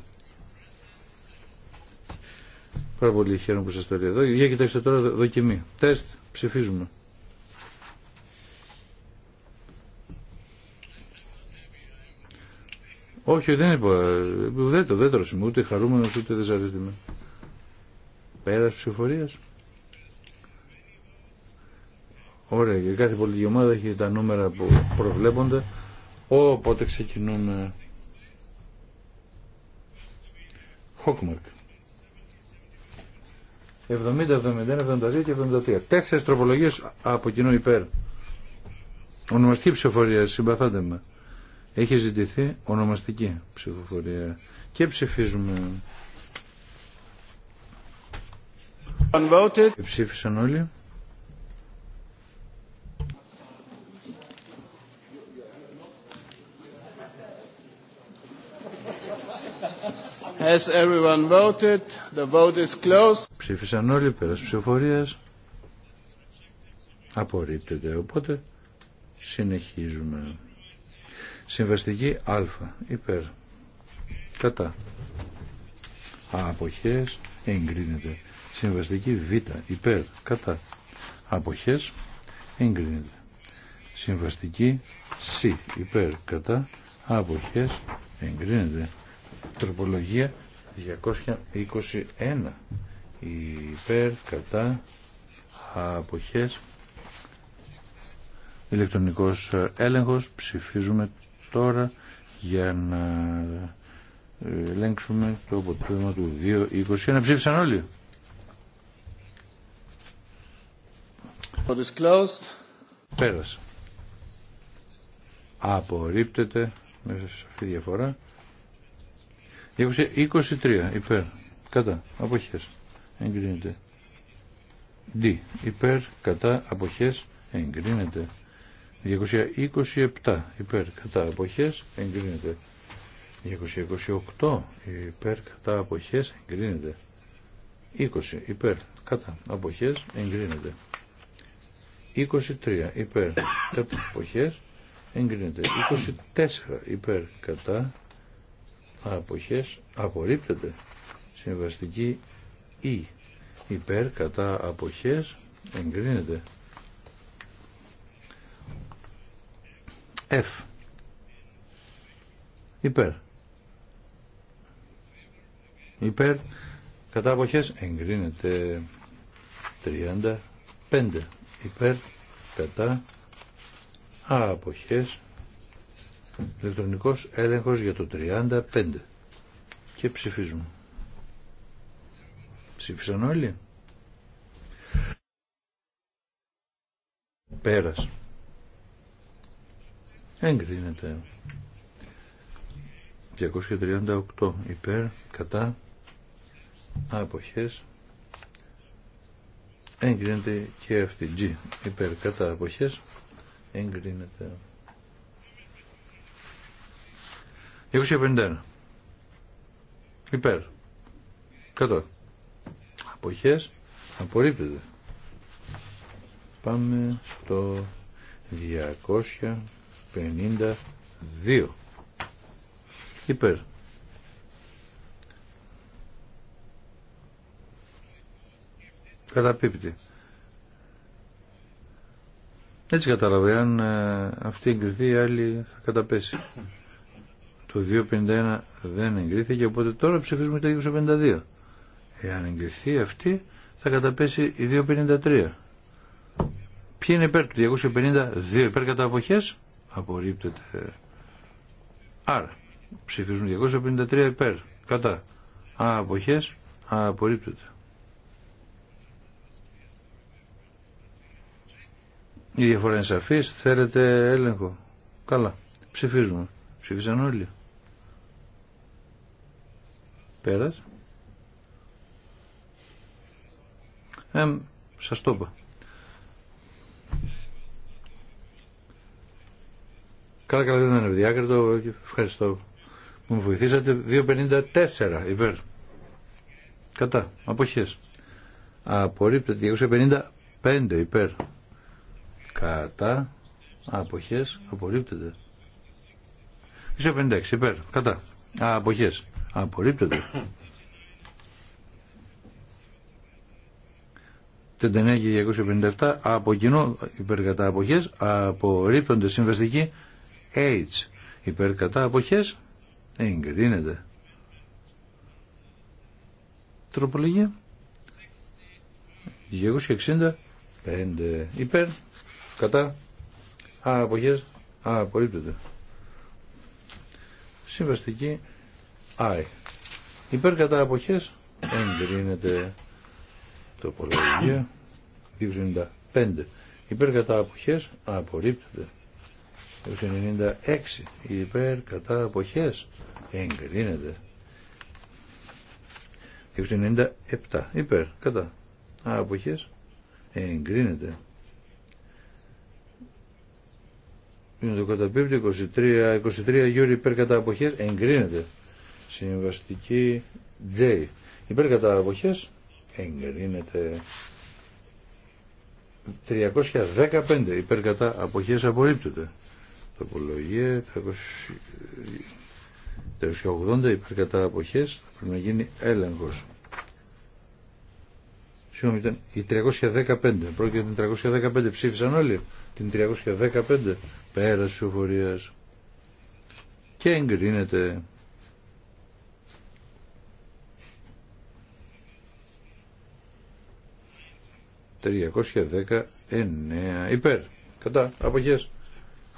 Πάρα πολύ χαίρομαι που σας το λέω. Για κοιτάξτε τώρα δοκιμή. Τεστ, ψηφίζουμε. Όχι, δεν είπα. Δεν το, δεν το ούτε χαρούμενος ούτε δυσαρεστημένος. Πέρας ψηφορίας. Ωραία, και κάθε πολιτική ομάδα έχει τα νούμερα που προβλέπονται. Οπότε ξεκινούμε. Χόκμαρκ. 70, 71, 72 και 73. Τέσσερι τροπολογίες από κοινού υπέρ. Ονομαστική ψηφοφορία, συμπαθάτε με. Έχει ζητηθεί ονομαστική ψηφοφορία. Και ψηφίζουμε. Ψήφισαν όλοι. Has everyone voted? The vote is closed. Ψήφισαν όλοι πέρας ψηφοφορίας. Απορρίπτεται. Οπότε συνεχίζουμε. Συμβαστική Α. Υπέρ. Κατά. Αποχές. Εγκρίνεται. Συμβαστική Β. Υπέρ. Κατά. Αποχές. Εγκρίνεται. Συμβαστική Σ. Υπέρ. Κατά. Αποχές. Εγκρίνεται. Τροπολογία 221. Υπέρ, κατά, αποχές. Ηλεκτρονικός ε, έλεγχος. Ψηφίζουμε τώρα για να ε, ελέγξουμε το αποτέλεσμα του 2.21. Ψήφισαν όλοι. Πέρασε. Απορρίπτεται μέσα σε αυτή τη διαφορά. 23 υπέρ κατά αποχές εγκρίνεται. D υπέρ κατά αποχές εγκρίνεται. 227 υπέρ κατά αποχές εγκρίνεται. 228 υπέρ κατά αποχές εγκρίνεται. 20 υπέρ κατά αποχές εγκρίνεται. 23 υπέρ κατά αποχές εγκρίνεται. 24 υπέρ κατά αποχές απορρίπτεται συμβαστική ή e. υπέρ κατά αποχές εγκρίνεται F υπέρ υπέρ κατά αποχές εγκρίνεται 35 υπέρ κατά αποχές ηλεκτρονικός έλεγχος για το 35 και ψηφίζουμε ψήφισαν όλοι πέρας εγκρίνεται 238 υπέρ κατά αποχές εγκρίνεται και αυτή G υπέρ κατά αποχές εγκρίνεται 251. Υπέρ. Κατά. Αποχές. Απορρίπτεται. Πάμε στο 252. Υπέρ. Καταπίπτει. Έτσι κατάλαβα, εάν αυτή εγκριθεί η άλλη θα καταπέσει. Το 251 δεν εγκρίθηκε, οπότε τώρα ψηφίζουμε το 252. Εάν εγκριθεί αυτή, θα καταπέσει η 253. Ποιοι είναι υπέρ του 252 υπέρ κατά αποχές, απορρίπτεται. Άρα, ψηφίζουν 253 υπέρ, κατά. Α, αποχές, α, απορρίπτεται. Η διαφορά είναι σαφής, θέλετε έλεγχο. Καλά, ψηφίζουμε. Ψήφισαν όλοι. Πέρας. Ε, σας το είπα. Καλά, καλά, δεν είναι διάκριτο. Ευχαριστώ που μου βοηθήσατε. 2.54 υπέρ. Κατά. Αποχές. Απορρίπτεται. 255 υπέρ. Κατά. Αποχές. Απορρίπτεται. 256 υπέρ. Κατά. Αποχές. Απορρίπτεται. 39 και 257 από κοινό υπερκατά αποχές απορρίπτονται συμβαστική H υπερκατά αποχές εγκρίνεται τροπολογία 265 υπέρ κατά αποχές απορρίπτονται συμβαστική Αι. Υπέρ κατά αποχές εγκρίνεται τοπολογία 295. Υπέρ κατά αποχές απορρίπτεται. 296. Υπέρ κατά αποχές εγκρίνεται. 297. Υπέρ κατά αποχές εγκρίνεται. Είναι το 23, 23 γιούρι υπέρ κατά αποχές εγκρίνεται. Συμβαστική J. Υπέρ κατά αποχές εγκρίνεται 315. Υπέρ κατά αποχές απορρίπτωται. Τοπολογία 380. Υπέρ κατά αποχές θα πρέπει να γίνει έλεγχος. Συγγνώμη, ήταν η 315. Πρόκειται την 315. Ψήφισαν όλοι την 315. Πέρας ψηφοφορίας. Και εγκρίνεται 319 υπέρ κατά αποχές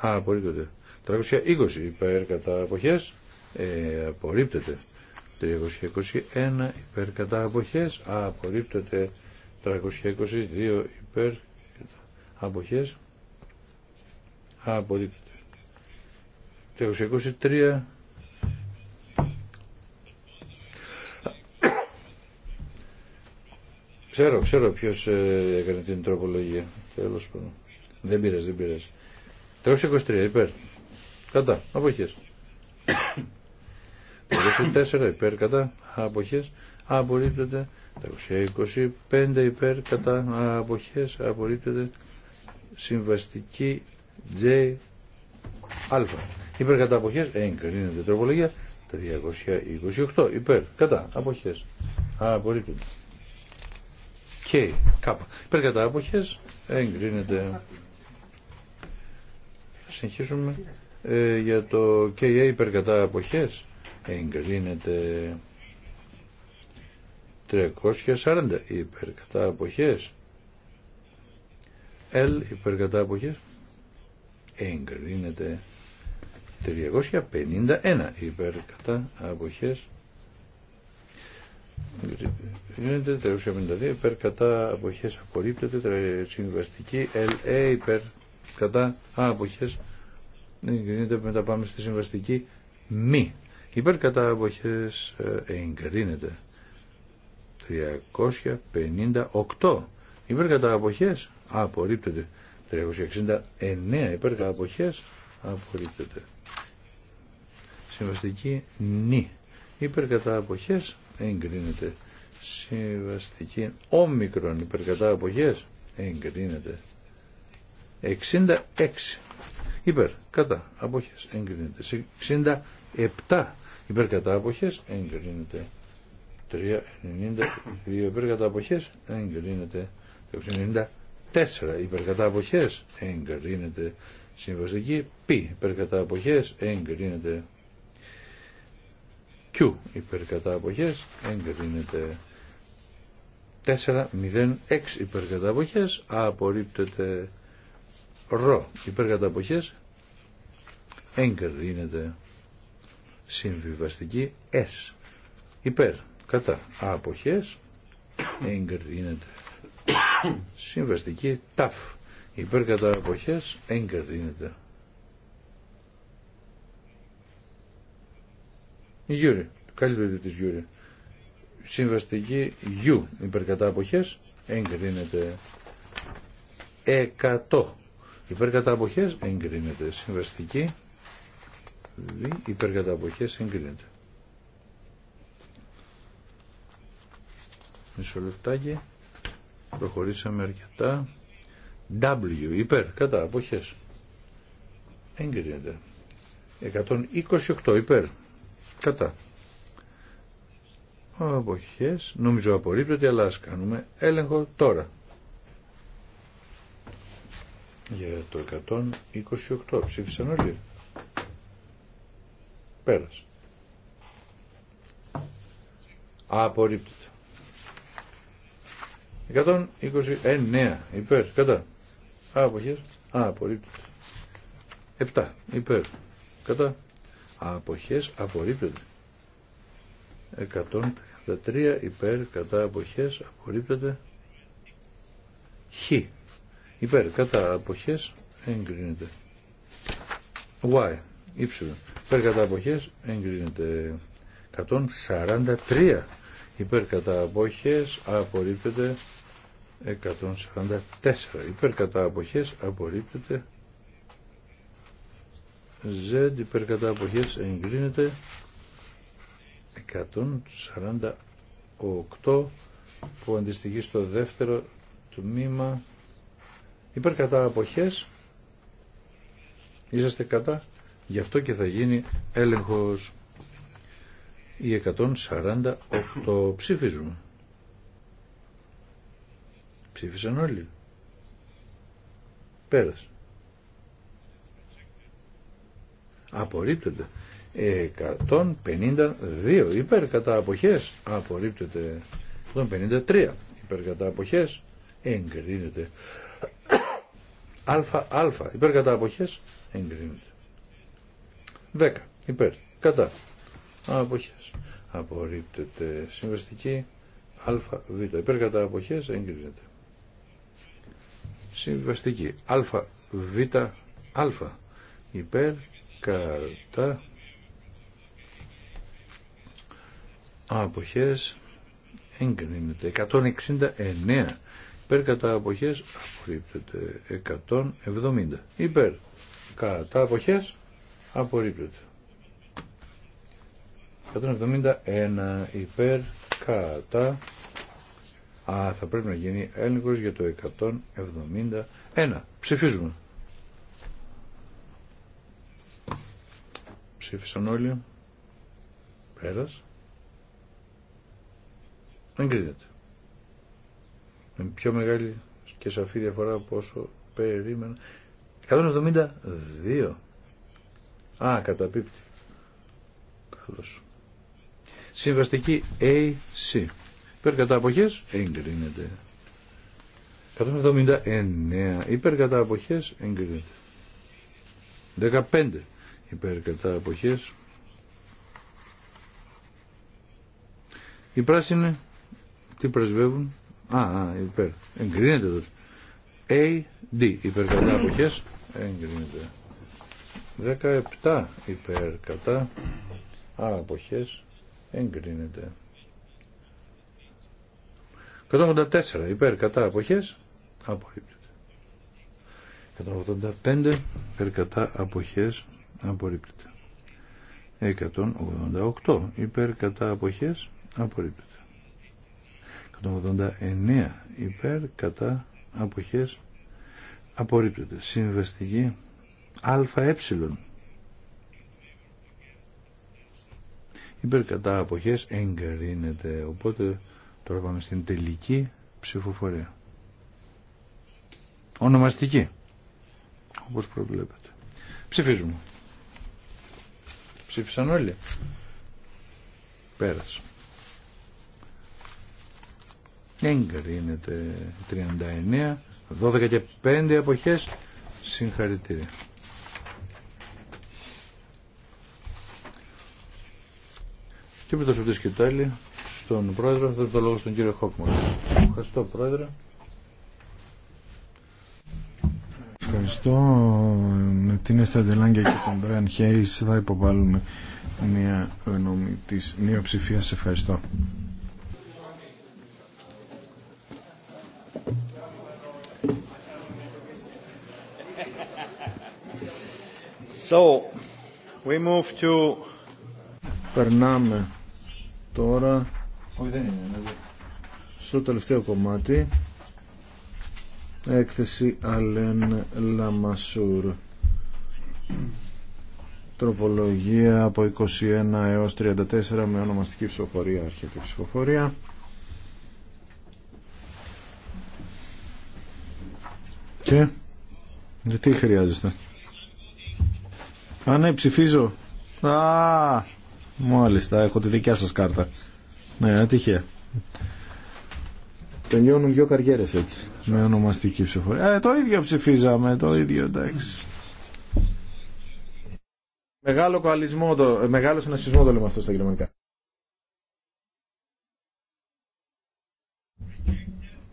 α, απορρίπτεται 320 υπέρ κατά αποχές ε, απορρίπτεται 321 υπέρ κατά αποχές α, απορρίπτεται 322 υπέρ αποχές α, απορρίπτεται 323 Ξέρω, ξέρω ποιος ε, έκανε την τροπολογία. Τέλος πάντων. Δεν πειράζει, δεν πειράζει. 323 υπέρ. Κατά. Αποχές. 324 υπέρ κατά. Αποχές. Απορρίπτεται. 325 υπέρ κατά. Αποχές. Απορρίπτεται. Συμβαστική J α. Υπέρ κατά αποχές. Εγκρίνεται τροπολογία. 328 υπέρ κατά. Αποχές. Απορρίπτεται. K. Κάπα. Υπέρ κατά αποχές εγκρίνεται. Συνεχίζουμε ε, για το KA υπέρ κατά αποχές εγκρίνεται 340 υπέρ κατά αποχές L υπέρ κατά αποχές εγκρίνεται 351 υπέρ κατά αποχές Γίνεται 352 υπέρ κατά αποχές απορρίπτεται, συμβαστική LA υπέρ κατά α, αποχές εγκρίνεται, μετά πάμε στη συμβαστική μη. Υπέρ κατά αποχές ε, εγκρίνεται. 358 υπέρ κατά αποχές απορρίπτεται. 369 υπέρ κατά αποχές απορρίπτεται. Συμβαστική νη. Υπέρ κατά αποχές εγκρίνεται. Συμβαστική όμικρον υπερκατά αποχές εγκρίνεται. 66 υπερ κατά αποχές εγκρίνεται. 67 υπερκατά κατά αποχές εγκρίνεται. 392 υπερ κατά αποχές εγκρίνεται. τέσσερα υπερκατά αποχές εγκρίνεται. Συμβαστική π υπερκατά κατά αποχές εγκρίνεται. Q υπερκαταποχές, αποχές εγκρίνεται 4-0-6 απορρίπτεται ρο υπερκαταποχές. εγκρίνεται συμβιβαστική S υπέρ κατά αποχές εγκρίνεται συμβαστική ταφ υπέρ κατά εγκρίνεται Γιούρι, δουλειά της Γιούρι. Συμβαστική γιου υπερκατάποχε εγκρίνεται 100. υπερκαταποχέ εγκρίνεται. Συμβαστική δι υπερκαταποχέ εγκρίνεται. Μισό λεπτάκι. Προχωρήσαμε αρκετά. W υπέρ αποχές εγκρίνεται. 128 υπέρ Κατά. Αποχές. Νομίζω απορρίπτεται, αλλά ας κάνουμε έλεγχο τώρα. Για το 128 ψήφισαν όλοι. Πέρασε. Απορρίπτεται. 129 υπέρ. Κατά. Αποχές. Απορρίπτεται. 7 υπέρ. Κατά αποχές απορρίπτεται 133 υπέρ κατά αποχές απορρίπτεται χ υπέρ κατά αποχές εγκρίνεται y Y. Υπέρ κατά αποχές εγκρίνεται 143. Υπέρ κατά αποχές απορρίπτεται 144. Υπέρ κατά αποχές απορρίπτεται Z υπέρκατα αποχές εγκρίνεται 148 που αντιστοιχεί στο δεύτερο τμήμα υπέρ αποχές είσαστε κατά γι' αυτό και θα γίνει έλεγχος η 148 ψηφίζουμε ψήφισαν όλοι πέρασε απορρίπτεται. 152 υπέρ κατά αποχές απορρίπτεται. 153 υπέρ κατά αποχές εγκρίνεται. Α, α, υπέρ κατά αποχές εγκρίνεται. 10 υπέρ κατά αποχές απορρίπτεται. Συμβαστική αλφα β υπέρ κατά αποχές εγκρίνεται. Συμβαστική Αλφα β, α υπέρ Κατά. Αποχές. Εγκρίνεται. 169. Υπέρ κατά αποχές. Απορρίπτεται. 170. Υπέρ. Κατά αποχές. Απορρίπτεται. 171 υπέρ κατά Α, θα πρέπει να γίνει έλεγχος για το 171. Ψηφίζουμε. Ψήφισαν όλοι. Πέρας. κρίνεται Με πιο μεγάλη και σαφή διαφορά από όσο περίμενα. 172. Α, καταπίπτει. Καλώς. Συμβαστική AC. Υπέρ κατά εγκρίνεται. 179. Υπέρ εγκρίνεται. 15 υπέρ κατά αποχές οι πράσινοι τι πρεσβεύουν α, α υπέρ εγκρίνεται τότε A, D υπέρ κατά εγκρίνεται 17 υπέρ κατά α, εποχές. εγκρίνεται 184 υπέρ κατά αποχές απορρίπτεται 185 υπέρ κατά απορρίπτεται. 188 υπέρ κατά αποχές απορρίπτεται. 189 υπέρ κατά αποχές απορρίπτεται. Συμβαστική ΑΕ υπέρ κατά αποχές εγκαρίνεται. Οπότε τώρα πάμε στην τελική ψηφοφορία. Ονομαστική όπως προβλέπετε. Ψηφίζουμε. Ψήφισαν όλοι. Πέρασε. Εγκρίνεται 39, 12 και 5 εποχές. Συγχαρητήρια. Και με και σκητάλι στον πρόεδρο, θα το λόγο στον κύριο Χόκμαν. Ευχαριστώ πρόεδρε. Ευχαριστώ. Με την Εσταντελάνγκια και τον Μπρεν Χέρις θα υποβάλουμε μια γνώμη της μειοψηφίας. Ευχαριστώ. So, we move to... Περνάμε τώρα στο τελευταίο κομμάτι έκθεση Αλέν Λαμασούρ τροπολογία από 21 έως 34 με ονομαστική ψηφοφορία αρχιετή ψηφοφορία και τι χρειάζεστε α ναι ψηφίζω α μάλιστα έχω τη δικιά σας κάρτα ναι ατυχία Τελειώνουν δύο καριέρες έτσι, με ονομαστική ψηφοφορία. Ε, το ίδιο ψηφίζαμε, το ίδιο εντάξει. Μεγάλο κοαλισμό, το, μεγάλο συνασπισμό το λέμε αυτό στα γερμανικά.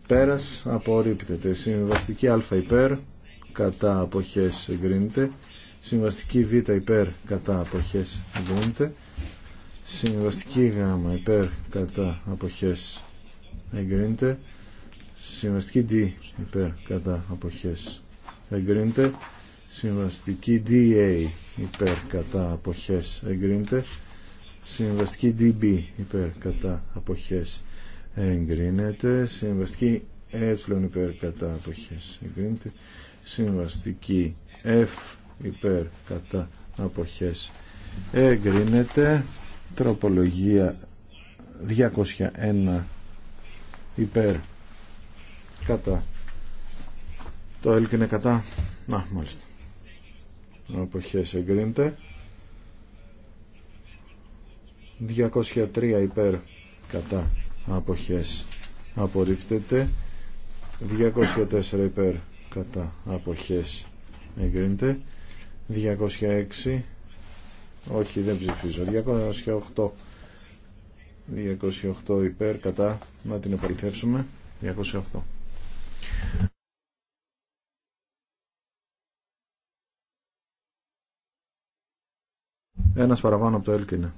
Πέρας απορρίπτεται. Συμβαστική α υπέρ, κατά αποχέ εγκρίνεται. Συμβαστική β υπέρ, κατά αποχέ εγκρίνεται. Συμβαστική γ υπέρ, κατά εγκρίνεται εγκρίνεται συμβαστική D υπέρ κατά αποχές εγκρίνεται συμβαστική DA υπέρ κατά αποχές εγκρίνεται συμβαστική DB υπέρ κατά αποχές εγκρίνεται συμβαστική ε υπέρ κατά αποχές εγκρίνεται συμβαστική F υπέρ κατά αποχές εγκρίνεται τροπολογία 201 υπέρ κατά το έλκ κατά να μάλιστα αποχές εγκρίνεται 203 υπέρ κατά αποχές απορρίπτεται 204 υπέρ κατά αποχές εγκρίνεται 206 όχι δεν ψηφίζω 208 208 υπέρ κατά να την επαληθεύσουμε 208 Ένας παραπάνω από το έλκυνε.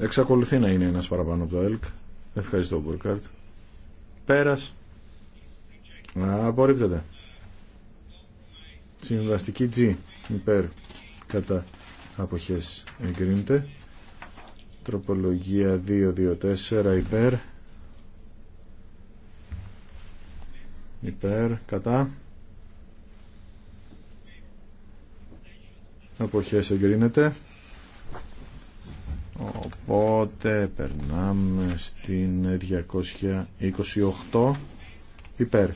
Εξακολουθεί να είναι ένας παραπάνω από το ΕΛΚ. Ευχαριστώ, Μπουρκάρτ. Πέρας. Απορρίπτεται. Συμβαστική G. Υπέρ. Κατά αποχές εγκρίνεται τροπολογία 224 υπέρ υπέρ κατά αποχές εγκρίνεται οπότε περνάμε στην 228 υπέρ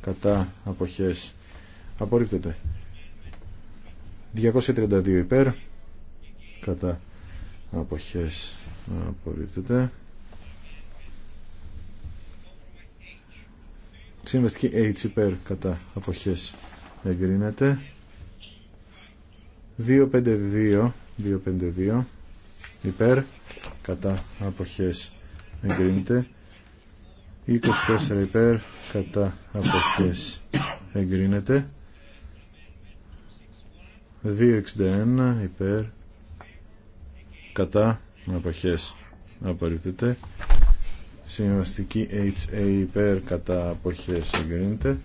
κατά αποχές απορρίπτεται 232 υπέρ κατά αποχές απορρίπτεται Συμβαστική H υπέρ κατά αποχές εγκρίνεται 252 252 υπέρ κατά αποχές εγκρίνεται 24 υπέρ κατά αποχές εγκρίνεται 261 υπέρ κατά αποχές απορρίπτεται συμβαστική HA υπέρ κατά αποχές εγκρίνεται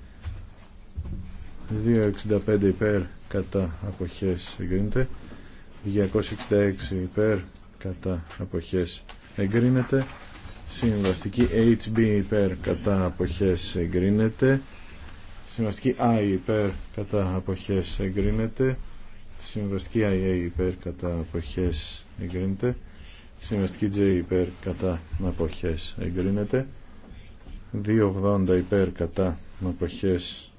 265 υπέρ κατά αποχές εγκρίνεται 266 υπέρ κατά αποχές εγκρίνεται συμβαστική HB υπέρ κατά αποχές εγκρίνεται συμβαστική I υπέρ κατά αποχές εγκρίνεται συμβαστική IA υπέρ κατά αποχές εγκρίνεται. Συμβαστική J υπέρ κατά αποχές εγκρίνεται. 2.80 υπέρ κατά αποχές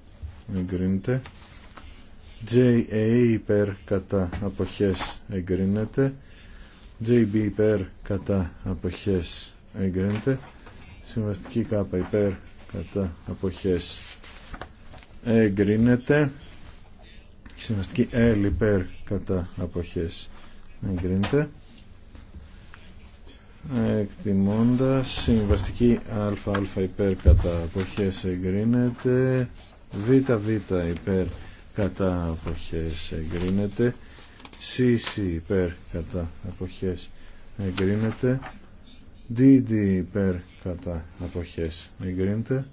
εγκρίνεται. JA υπέρ κατά αποχές εγκρίνεται. JB υπέρ κατά αποχές εγκρίνεται. Συμβαστική K υπέρ κατά αποχές εγκρίνεται. Συμβαστική L υπέρ κατά αποχές εγκρίνεται εκτιμώντας συμβαστική αλφα υπέρ κατά αποχές εγκρίνεται ΒΒ υπέρ κατά αποχές εγκρίνεται CC υπέρ κατά αποχές εγκρίνεται DD υπέρ κατά αποχές εγκρίνεται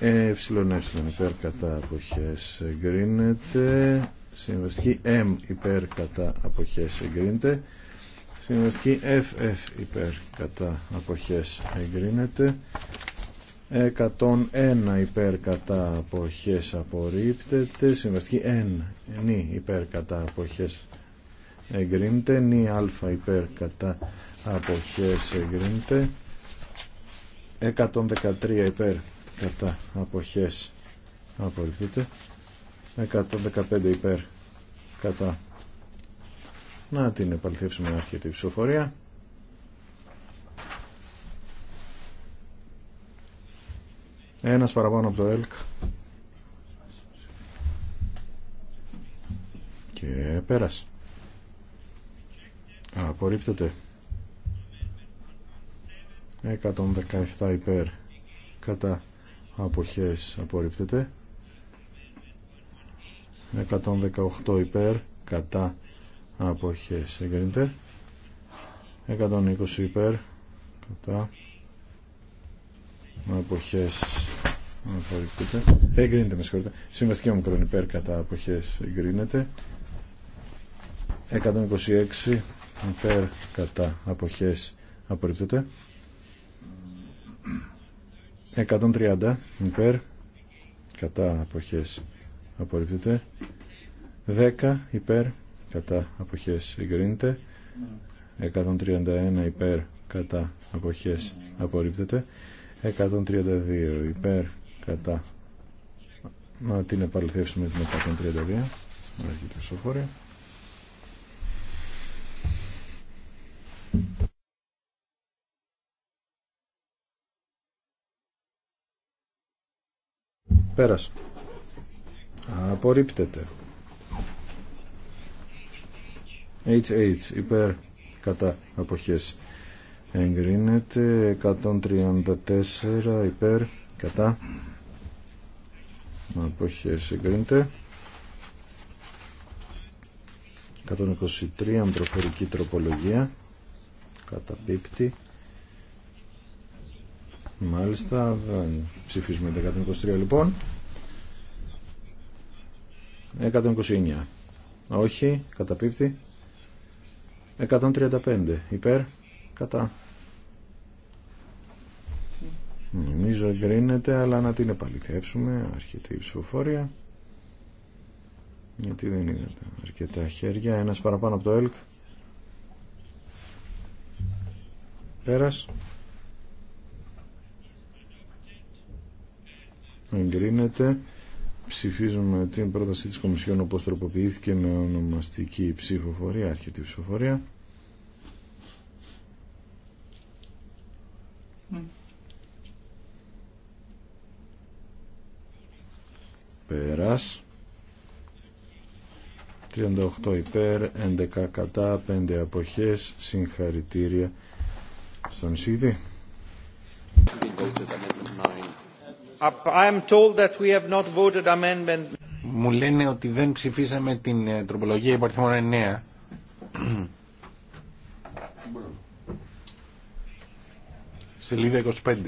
ε, ε υπέρ κατά αποχές εγκρίνεται Συμβαστική M υπέρ κατά αποχές εγκρίνεται. Συμβαστική FF υπέρ κατά αποχές εγκρίνεται. 101 υπέρ κατά αποχές απορρίπτεται. Συμβαστική N υπέρ κατά αποχές εγκρίνεται. Νι α υπέρ κατά αποχές εγκρίνεται. 113 υπέρ κατά αποχές απορρίπτεται. 115 υπέρ κατά να την επαληθεύσουμε τη ψηφοφορία ένας παραπάνω από το ΕΛΚ και πέρασε απορρίπτεται 117 υπέρ κατά αποχές απορρίπτεται 118 υπέρ κατά αποχές εγκρίνεται 120 υπέρ κατά αποχές εγκρίνεται με συγχωρείτε συμβαστική ομικρον υπέρ κατά αποχές εγκρίνεται 126 υπέρ κατά αποχές απορρίπτεται. 130 υπέρ κατά αποχές απορρίπτεται 10 υπέρ κατά αποχές εγκρίνεται 131 υπέρ κατά αποχές απορρίπτεται 132 υπέρ κατά να την επαληθεύσουμε την 132 αρχή Πέρασε απορρίπτεται HH υπέρ κατά αποχές εγκρίνεται 134 υπέρ κατά αποχές εγκρίνεται 123 προφορική τροπολογία κατά πίπτη. μάλιστα ψηφίζουμε 123 λοιπόν 129. Όχι, καταπίπτει. 135. Υπέρ, κατά. Νομίζω εγκρίνεται, αλλά να την επαληθεύσουμε. Αρχιτεί η ψηφοφόρια. Γιατί δεν είναι αρκετά χέρια. Ένας παραπάνω από το ΕΛΚ. Πέρας. Εγκρίνεται ψηφίζουμε την πρόταση της Κομισιόν όπως τροποποιήθηκε με ονομαστική ψηφοφορία, αρχιτή ψηφοφορία. Ναι. Πέρας. 38 υπέρ, 11 κατά, 5 αποχές, συγχαρητήρια στον εισηγητή. Μου λένε ότι δεν ψηφίσαμε την ε, τροπολογία υπαριθμών 9. Σελίδα 25.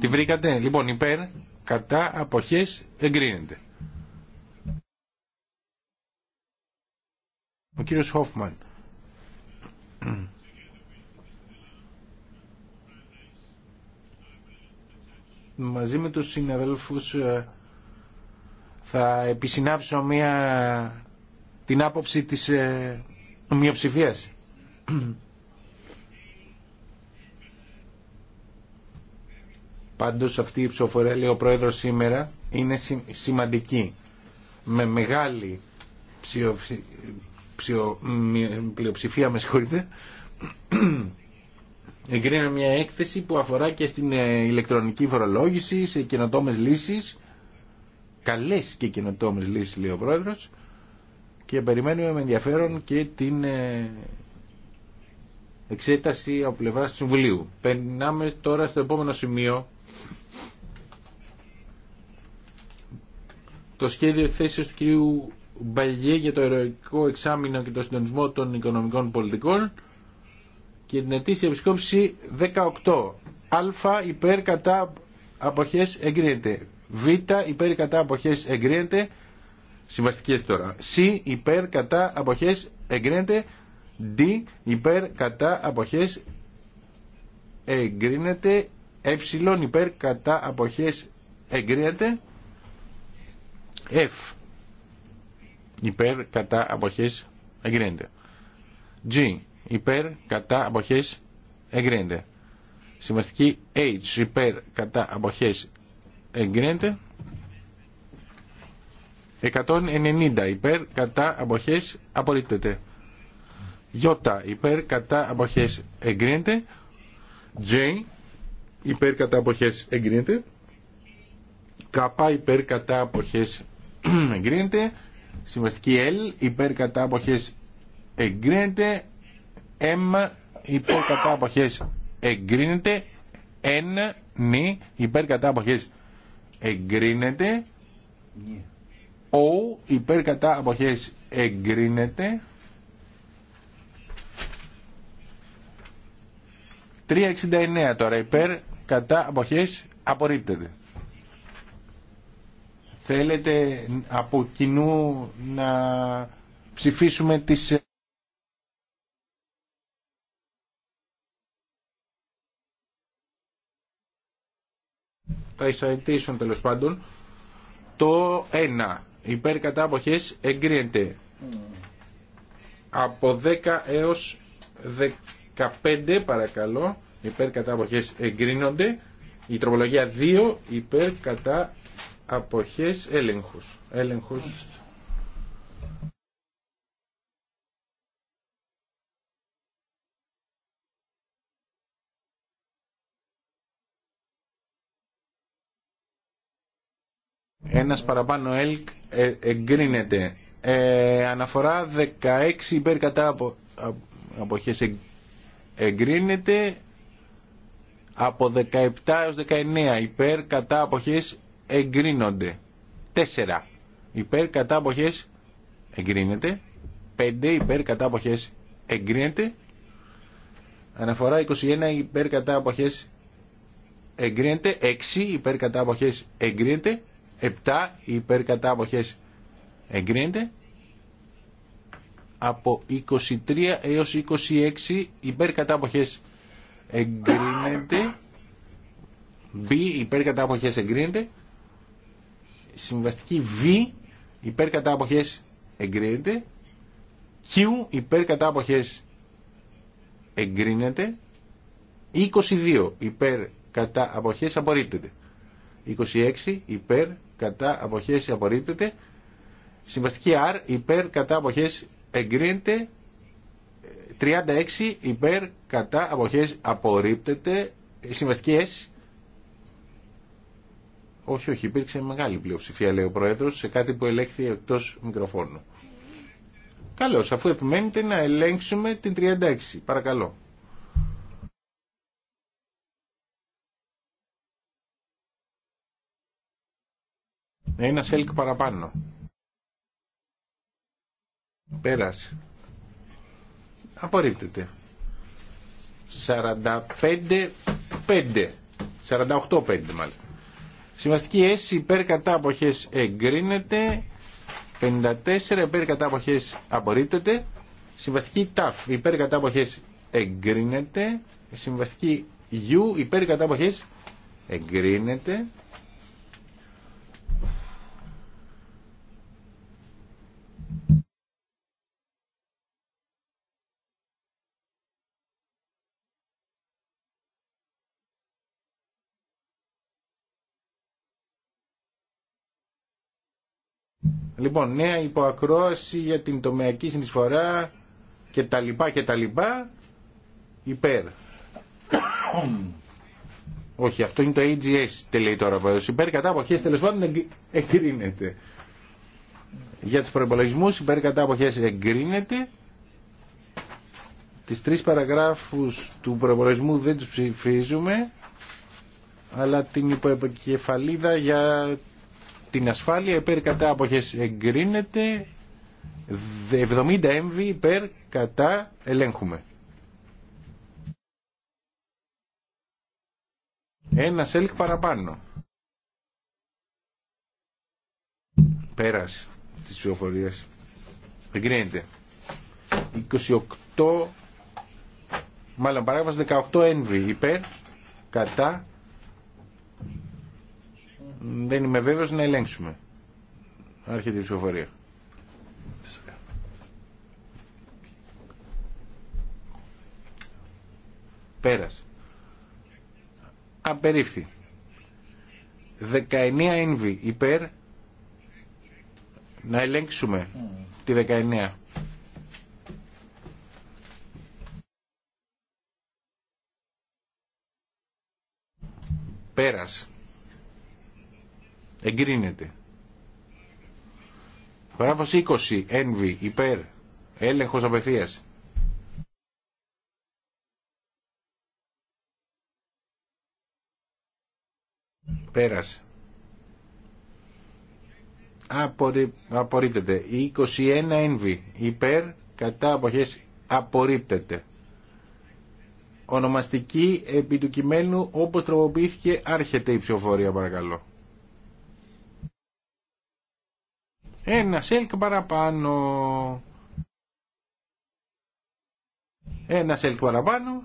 Τη βρήκατε, λοιπόν, υπέρ, κατά, αποχές, εγκρίνεται. Ο κύριος Χόφμαν. Μαζί με τους συναδέλφους ε, θα επισυνάψω μια, την άποψη της ομοιοψηφίας. Ε, Πάντως αυτή η ψηφοφορία, λέει ο Πρόεδρος σήμερα, είναι σημαντική. Με μεγάλη πλειοψηφία με συγχωρείτε εγκρίναμε μια έκθεση που αφορά και στην ε, ηλεκτρονική φορολόγηση σε καινοτόμε λύσεις καλές και καινοτόμε λύσεις λέει ο πρόεδρος και περιμένουμε με ενδιαφέρον και την ε, εξέταση από πλευρά του Συμβουλίου. Περνάμε τώρα στο επόμενο σημείο. Το σχέδιο εκθέσεως του κυρίου Μπαγιέ για το ερωτικό εξάμεινο και το συντονισμό των οικονομικών πολιτικών και την ετήσια επισκόπηση 18. Α υπέρ κατά αποχές εγκρίνεται. Β υπέρ κατά αποχές εγκρίνεται. Συμβαστικές τώρα. Σ υπέρ κατά αποχές εγκρίνεται. Δ υπέρ κατά αποχές εγκρίνεται. Ε υπέρ κατά αποχές εγκρίνεται. F υπέρ κατά αποχές εγκρίνεται. G υπέρ κατά αποχές εγκρίνεται. Συμβαστική H υπέρ κατά αποχές εγκρίνεται. 190 υπέρ κατά αποχές απορρίπτεται. Ι υπέρ κατά αποχές εγκρίνεται. J υπέρ κατά αποχές εγκρίνεται. K υπέρ κατά αποχές εγκρίνεται. Συμβαστική L υπέρ κατά αποχές εγκρίνεται. M υπέρ κατά αποχές εγκρίνεται. N νη υπέρ κατά αποχές εγκρίνεται. O, υπέρ κατά αποχές εγκρίνεται. 369 τώρα υπέρ κατά αποχές απορρίπτεται. Θέλετε από κοινού να ψηφίσουμε τις... τα ε, εισαϊτήσεων τέλο πάντων, το 1 υπέρ κατά αποχές εγκρίνεται από 10 έως 15 παρακαλώ υπέρ κατά αποχές εγκρίνονται η τροπολογία 2 υπέρ κατά αποχές έλεγχους. Έλεγχους. Ένας παραπάνω ΕΛΚ ε, εγκρίνεται. Ε, αναφορά 16 υπέρ κατά απο, αποχές εγκρίνεται από 17 έως 19 υπέρ κατά αποχές εγκρίνονται. 4 υπέρ εγκρίνεται. 5 υπέρ εγκρίνεται. Αναφορά 21 υπέρ εγκρίνεται. 6 υπέρ εγκρίνεται. 7 υπέρ εγκρίνεται. Από 23 έως 26 υπέρ εγκρίνεται. B υπέρ εγκρίνεται. Συμβαστική V υπέρ κατά αποχές εγκρίνεται. Q υπέρ κατά αποχές εγκρίνεται. 22 υπέρ κατά αποχές απορρίπτεται. 26 υπέρ κατά αποχές απορρίπτεται. Συμβαστική R υπέρ κατά αποχές εγκρίνεται. 36 υπέρ κατά αποχές απορρίπτεται. Συμβαστική όχι, όχι, υπήρξε μεγάλη πλειοψηφία, λέει ο Πρόεδρος, σε κάτι που ελέγχθη εκτός μικροφώνου. Καλώς, αφού επιμένετε να ελέγξουμε την 36, παρακαλώ. Ένα σέλκ παραπάνω. Πέρασε. Απορρίπτεται. 45-5. 48-5 μάλιστα. Συμβαστική S υπέρ κατά εγκρίνεται. 54 υπέρ κατά αποχές απορρίπτεται. Συμβαστική ΤΑΦ υπέρ κατά εγκρίνεται. Συμβαστική U υπέρ κατά εγκρίνεται. Λοιπόν, νέα υποακρόαση για την τομεακή συνεισφορά και τα λοιπά και τα λοιπά υπέρ. Όχι, αυτό είναι το AGS, λέει τώρα ο Υπέρ κατά αποχές, τέλος πάντων εγκρίνεται. Για τους προϋπολογισμούς, υπέρ κατά αποχές εγκρίνεται. Τις τρεις παραγράφους του προϋπολογισμού δεν τους ψηφίζουμε, αλλά την υποεπικεφαλίδα για την ασφάλεια υπέρ κατά αποχές εγκρίνεται 70 εμβοί υπέρ κατά ελέγχουμε ένα σελκ παραπάνω Πέρασε τις πληροφορία. εγκρίνεται 28 μάλλον παράγραφος 18 εμβοί υπέρ κατά δεν είμαι βέβαιος να ελέγξουμε. Άρχεται η ψηφοφορία. Πέρασε. Απερίφθη. 19 ένβη υπέρ. Να ελέγξουμε mm. τη 19. Πέρασε. Εγκρίνεται. Παράγραφος 20. Ένβη. Υπέρ. Έλεγχος απευθείας. Πέρασε. Απορρι... Απορρίπτεται. 21 ένβη. Υπέρ. Κατά αποχές. Απορρίπτεται. Ονομαστική επί του κειμένου όπως τροποποιήθηκε άρχεται η ψηφοφορία παρακαλώ. Ένα σελκ παραπάνω. Ένα σελκ παραπάνω.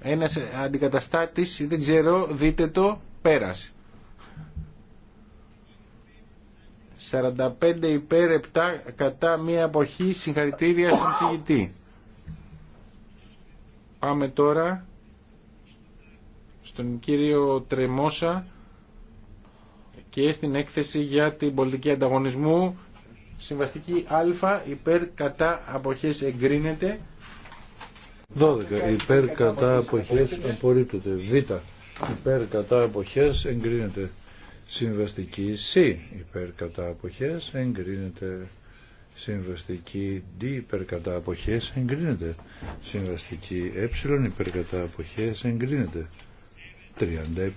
Ένα αντικαταστάτης, δεν ξέρω, δείτε το, πέρασε. 45 υπέρ 7 κατά μία αποχή συγχαρητήρια στον συγητή. Πάμε τώρα στον κύριο Τρεμόσα και στην έκθεση για την πολιτική ανταγωνισμού συμβαστική α υπέρ κατά αποχές εγκρίνεται 12 υπέρ κατά αποχές απορρίπτεται β υπέρ κατά αποχές εγκρίνεται συμβαστική σ υπέρ κατά αποχές εγκρίνεται συμβαστική D υπέρ κατά αποχές εγκρίνεται. Συμβαστική ε υπέρ κατά αποχές εγκρίνεται.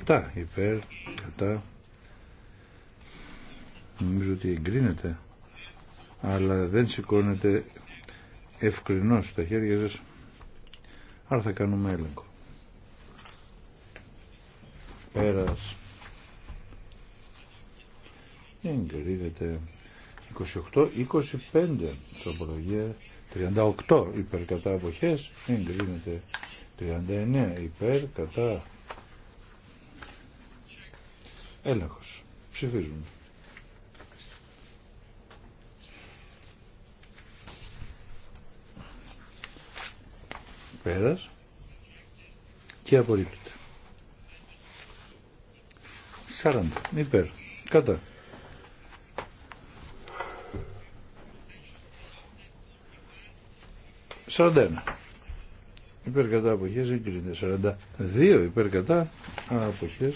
37 υπέρ κατά νομίζω ότι εγκρίνεται αλλά δεν σηκώνεται ευκρινώς τα χέρια σας άρα θα κάνουμε έλεγχο πέρας εγκρίνεται 28-25 τροπολογία 38 υπέρ κατά αποχές εγκρίνεται 39 υπέρ κατά έλεγχος ψηφίζουμε Πέρας. Και απορρίπτεται. Σαράντα. Υπέρ. Κατά. Σαράντα ένα. Υπέρ κατά αποχές Σαράντα δύο. υπέρ κατά αποχές.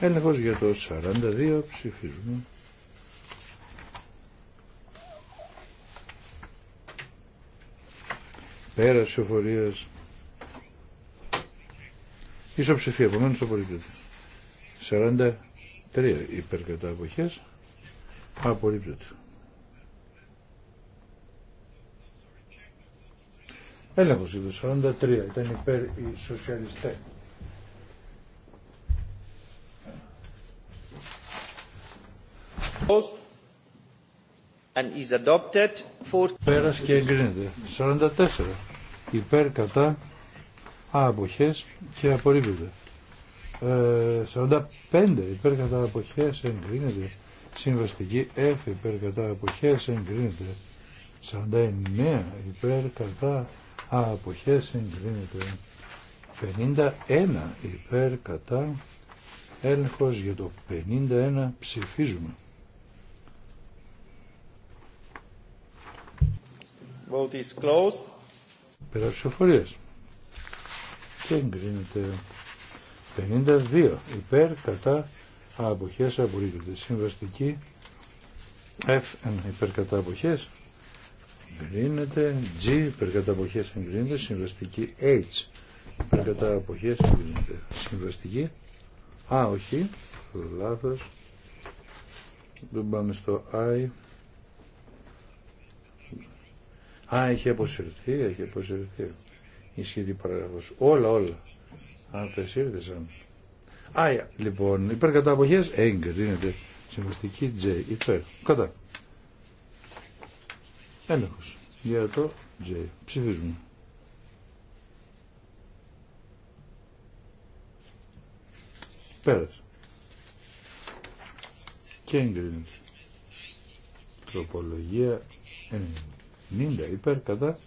Έλεγχος για το Σαράντα δύο. ψηφίζουμε. Πέρασε ο φορείας Ισοψηφία, επομένω απορρίπτεται. 43 υπέρ κατά Απορρίπτεται. Έλεγχο είδου 43 ήταν υπέρ οι σοσιαλιστές. And και εγκρίνεται. 44. Υπέρ κατά αποχές και απορρίπτονται. Ε, 45 υπέρ κατά αποχές εγκρίνεται. Συμβαστική F υπέρ κατά αποχές εγκρίνεται. 49 υπέρ κατά αποχές εγκρίνεται. 51 υπέρ κατά έλεγχος για το 51 ψηφίζουμε. Vote is closed και εγκρίνεται 52 υπέρ κατά αποχές απορρίπτεται. Συμβαστική F υπέρ κατά αποχές εγκρίνεται. G υπέρ κατά αποχές εγκρίνεται. Συμβαστική H υπέρ κατά αποχές εγκρίνεται. Συμβαστική Α, όχι. Λάθος. Δεν πάμε στο I. Α, έχει αποσυρθεί, έχει αποσυρθεί ισχύει σχετική παράγραφος. Όλα, όλα. Απεσύρθησαν. Άγια, λοιπόν, υπέρ κατά δίνεται. εγκρίνεται. Συμβαστική J, υπέρ. Κατά. Έλεγχο. Για το J. Ψηφίζουμε. Πέρασε. Και εγκρίνεται. Τροπολογία 90 υπέρ κατά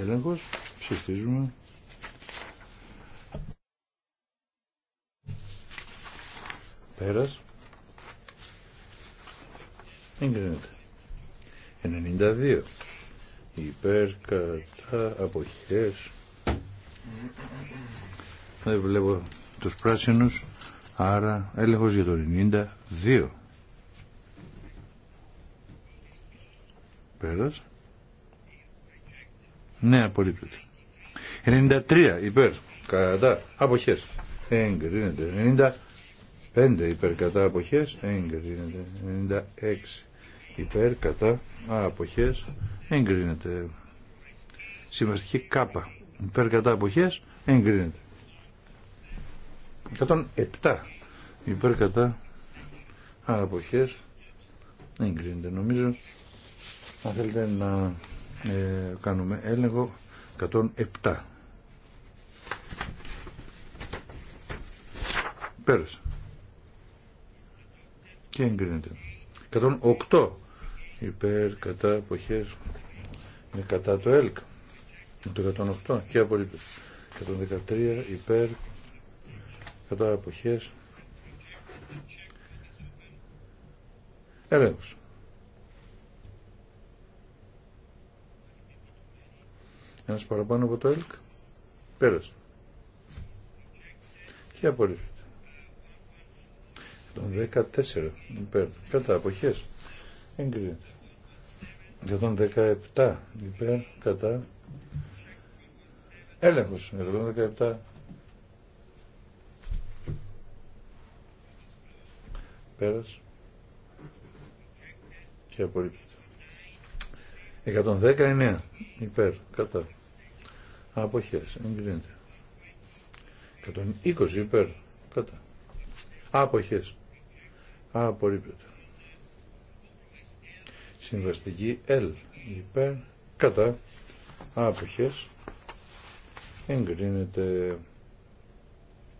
έλεγχος, ψηφίζουμε. Πέρας. Εγκρίνεται. 92. Υπέρ, κατά, αποχές. Δεν βλέπω τους πράσινους, άρα έλεγχος για το 92. Πέρας. Ναι, απορρίπτεται. 93 υπέρ κατά αποχές. Εγκρίνεται. 95 υπέρ κατά αποχές. Εγκρίνεται. 96 υπέρ κατά αποχές. Εγκρίνεται. Συμβαστική κάπα υπέρ κατά αποχές. Εγκρίνεται. 107 υπέρ κατά αποχές. Εγκρίνεται νομίζω. Αν θέλετε να ε, κάνουμε έλεγχο 107 πέρασε και εγκρίνεται 108 υπέρ κατά εποχές είναι κατά το ΕΛΚ το 108 και απολύτως 113 υπέρ κατά εποχές έλεγχος Ένα παραπάνω από το ΕΛΚ. Πέρασε. Και απορρίφθηκε. 114 υπέρ. Κατά αποχές. Εγκρίνεται. 117 υπέρ. Κατά. Έλεγχος. 117 πέρασε και 110 119 υπέρ, κατά. Αποχές. Εγκρίνεται. 120 υπέρ. Κατά. Αποχές. Απορρίπτεται. Συμβαστική L υπέρ. Κατά. Αποχές. Εγκρίνεται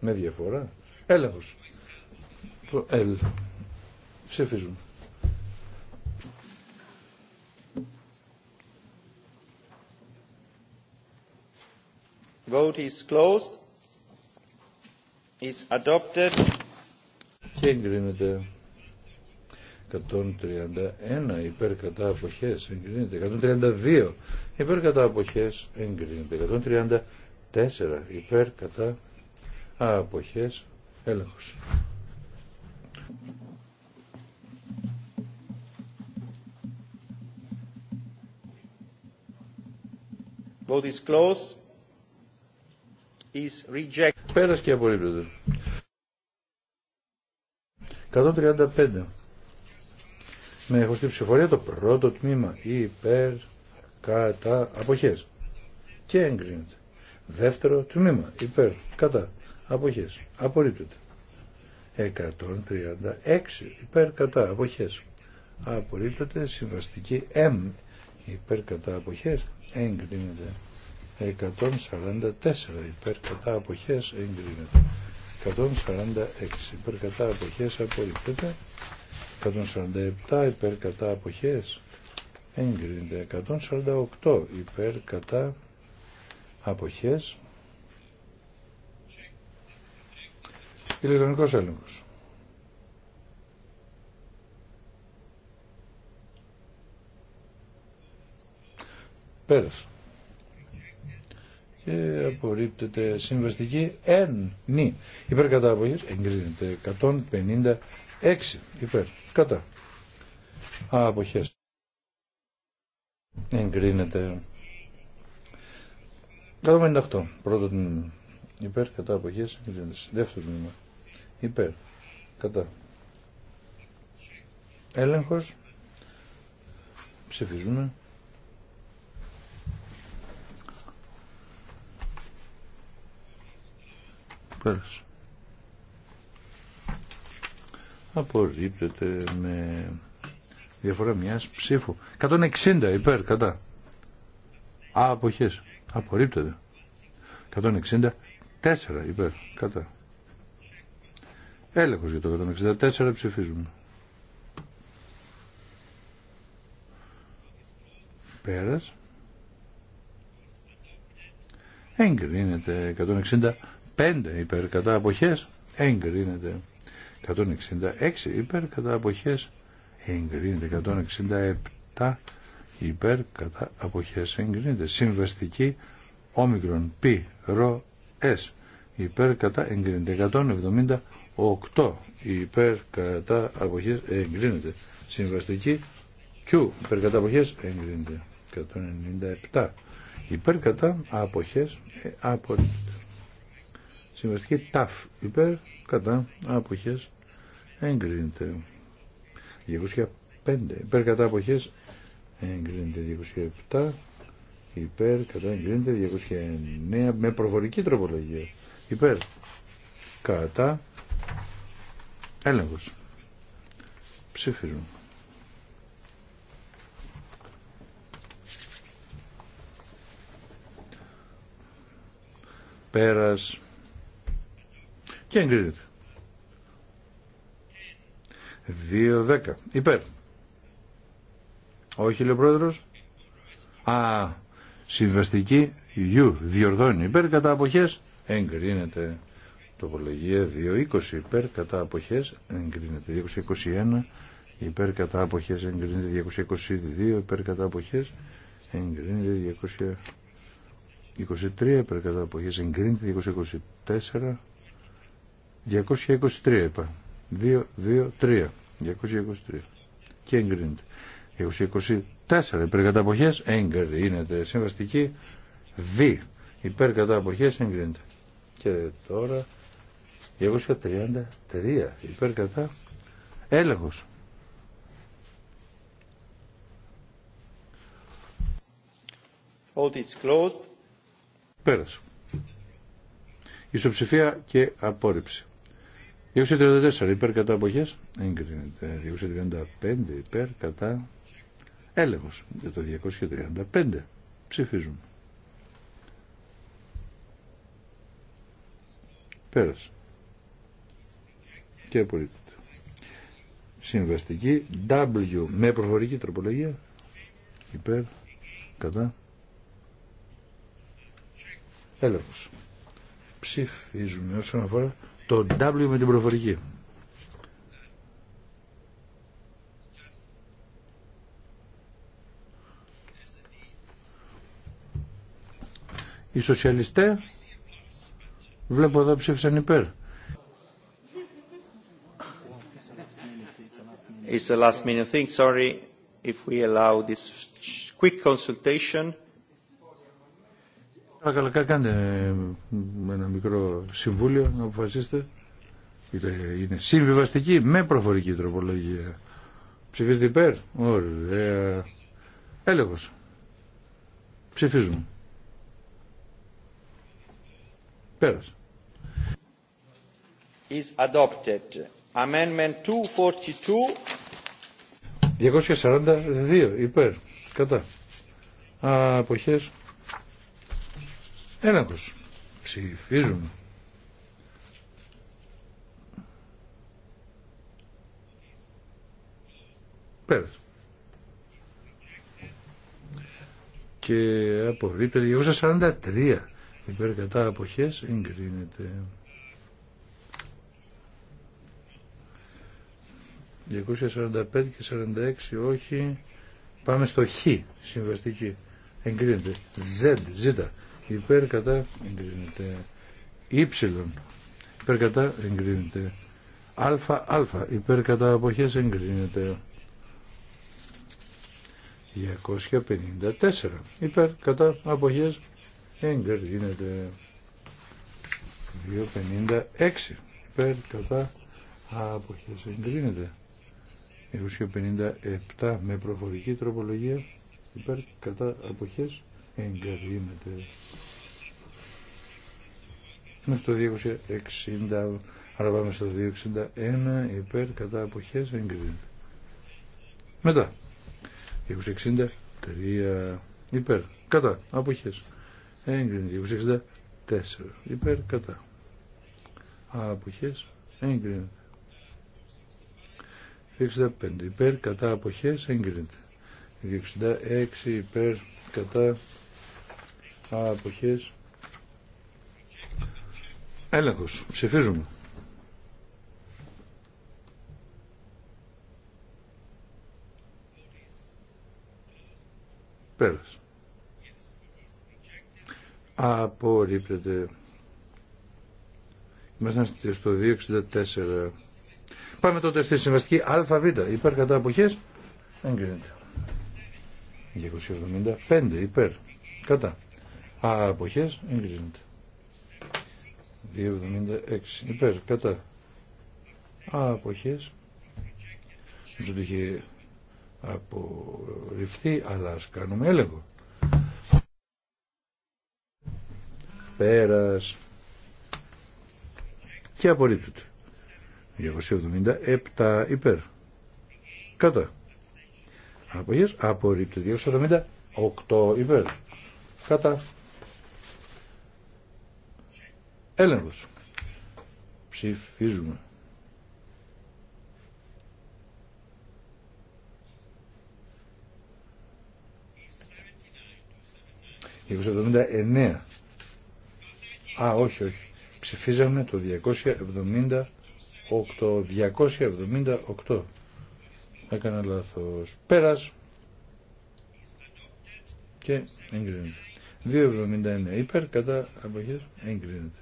με διαφορά. Έλεγχος. Το L. Ψεφίζουμε. Vote is closed. Is adopted. Και εγκρίνεται 131 υπέρ κατά αποχές εγκρίνεται 132 υπέρ κατά αποχές εγκρίνεται 134 υπέρ κατά αποχές έλεγχος Vote is closed is Πέρας και απορρίπτεται. 135. Με χωστή ψηφορία το πρώτο τμήμα υπέρ κατά αποχές και εγκρίνεται. Δεύτερο τμήμα υπέρ κατά αποχές. Απορρίπτεται. 136 υπέρ κατά αποχές. Απορρίπτεται συμβαστική M υπέρ κατά αποχές. Εγκρίνεται. 144 υπέρ κατά αποχές εγκρίνεται 146 υπέρ κατά αποχές απορρίπτεται 147 υπέρ κατά αποχές εγκρίνεται 148 υπέρ κατά αποχές ηλεκτρονικός έλεγχος πέρασε και απορρίπτεται συμβαστική εν νη. Υπέρ κατά εγκρίνεται 156 υπέρ κατά αποχές. Εγκρίνεται 158 πρώτο τμήμα υπέρ κατά αποχές εγκρίνεται δεύτερο τμήμα υπέρ κατά έλεγχος ψηφίζουμε Πέρασε. Απορρίπτεται με διαφορά μιας ψήφου. 160 υπέρ, κατά. Α, αποχές. Απορρίπτεται. 164 υπέρ, κατά. Έλεγχος για το 164 ψηφίζουμε. Πέρας. Εγκρίνεται 160 5 υπέρ κατά αποχές εγκρίνεται. 166 υπέρ κατά αποχές εγκρίνεται. 167 υπέρ κατά αποχές εγκρίνεται. Συμβαστική όμικρον π ρο S υπέρ κατά εγκρίνεται. 178 υπέρ κατά αποχές εγκρίνεται. Συμβαστική Q υπέρ κατά αποχές εγκρίνεται. 197 υπέρ κατά αποχές ε, απο, Συμβαστική ταφ υπέρ κατά άποχες εγκρίνεται. 205 υπέρ κατά άποχες εγκρίνεται. 207 υπέρ κατά εγκρίνεται. 209 με προφορική τροπολογία υπέρ κατά έλεγχος. Ψήφιζουν. Πέρας και εγκρίνεται. 2-10. Υπέρ. Όχι, λέει ο πρόεδρο. Α, συμβαστική γιου, διορθώνει. Υπέρ κατά αποχές, εγκρίνεται. Τοπολογία 2-20. Υπέρ κατά κατά εγκρίνεται. 221. Υπέρ κατά κατά εγκρίνεται. 222. Υπέρ κατά κατά εγκρίνεται. 23 Υπέρ κατά κατά εγκρίνεται. 224 223 είπα. 2, 2, 3. 223. Και εγκρίνεται. 224 υπέρ κατά Είναι εγκρίνεται. Συμβαστική Β υπέρ κατά εγκρίνεται. Και τώρα 233 υπέρ κατά έλεγχος. Vote is closed. Πέρασε. Ισοψηφία και απόρριψη. 234 υπέρ κατά αποχές εγκρίνεται. 235 υπέρ κατά έλεγχος για το 235. Ψηφίζουμε. Πέρασε. Και απορρίπτεται. Συμβαστική W με προφορική τροπολογία υπέρ κατά έλεγχος. Ψηφίζουμε όσον αφορά το W με την προφορική. Οι σοσιαλιστές βλέπω εδώ ψήφισαν υπέρ. It's the last minute thing. Sorry if we allow this quick consultation. Παρακαλώ, κάντε ένα μικρό συμβούλιο να αποφασίσετε. Είναι συμβιβαστική με προφορική τροπολογία. Ψηφίζετε υπέρ. Ωραία. Έλεγχος. Ψηφίζουμε. Πέρασε. Is adopted. Amendment 242. 242 υπέρ. Κατά. αποχές. Έλεγχος. Ψηφίζουμε. Πέρασε. Και απορρίπτεται 243 υπέρ κατά αποχές εγκρίνεται. 245 και 46 όχι. Πάμε στο Χ συμβαστική. Εγκρίνεται. Z, ζέντ-ζήτα υπέρ κατά εγκρίνεται ύψιλον υπέρ κατά εγκρίνεται αλφα αλφα υπέρ κατά αποχές εγκρίνεται 254 υπέρ κατά αποχές εγκρίνεται 256 υπέρ κατά αποχές εγκρίνεται 257 με προφορική τροπολογία υπέρ κατά αποχές εγκρίνεται. Μέχρι το 260, άρα πάμε στο 261, υπέρ, κατά αποχές, εγκρίνεται. Μετά, 263, υπέρ, κατά, αποχές, εγκρίνεται. 264, υπέρ, κατά, αποχές, εγκρίνεται. 65 υπέρ κατά αποχές εγκρίνεται. 266, υπέρ κατά αποχές έλεγχος ψηφίζουμε πέρας απορρίπτεται Είμαστε στο 264 πάμε τότε στη συμβαστική ΑΒ υπέρ κατά αποχές εγκρίνεται 275 υπέρ κατά Α, αποχές, εγκρίνεται. 2,76 υπέρ, κατά. Α, αποχές. Δεν το είχε απορριφθεί, αλλά ας κάνουμε έλεγχο. Πέρας. Και απορρίπτεται. 277 υπέρ. Κατά. Αποχές, απορρίπτεται. 278 υπέρ. Κατά έλεγχος. Ψηφίζουμε. 279. Α, όχι, όχι. Ψηφίζαμε το 278. 278. Έκανα λάθος. Πέρας. Και εγκρίνεται. 2,79 υπέρ κατά αποχές εγκρίνεται.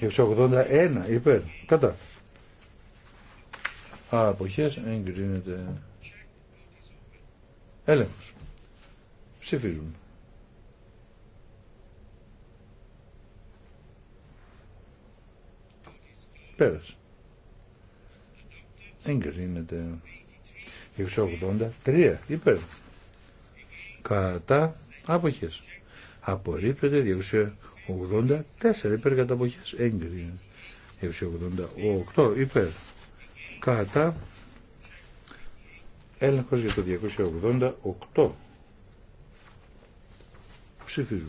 681 υπέρ. Κατά. Α, αποχές εγκρίνεται. Έλεγχος. Ψηφίζουμε. Πέρασε. Εγκρίνεται. 683 υπέρ. Κατά. Αποχές. Απορρίπτεται 84 υπέρ κατά αποχές έγκρινε. 288 υπέρ κατά έλεγχος για το 288 ψηφίζουμε.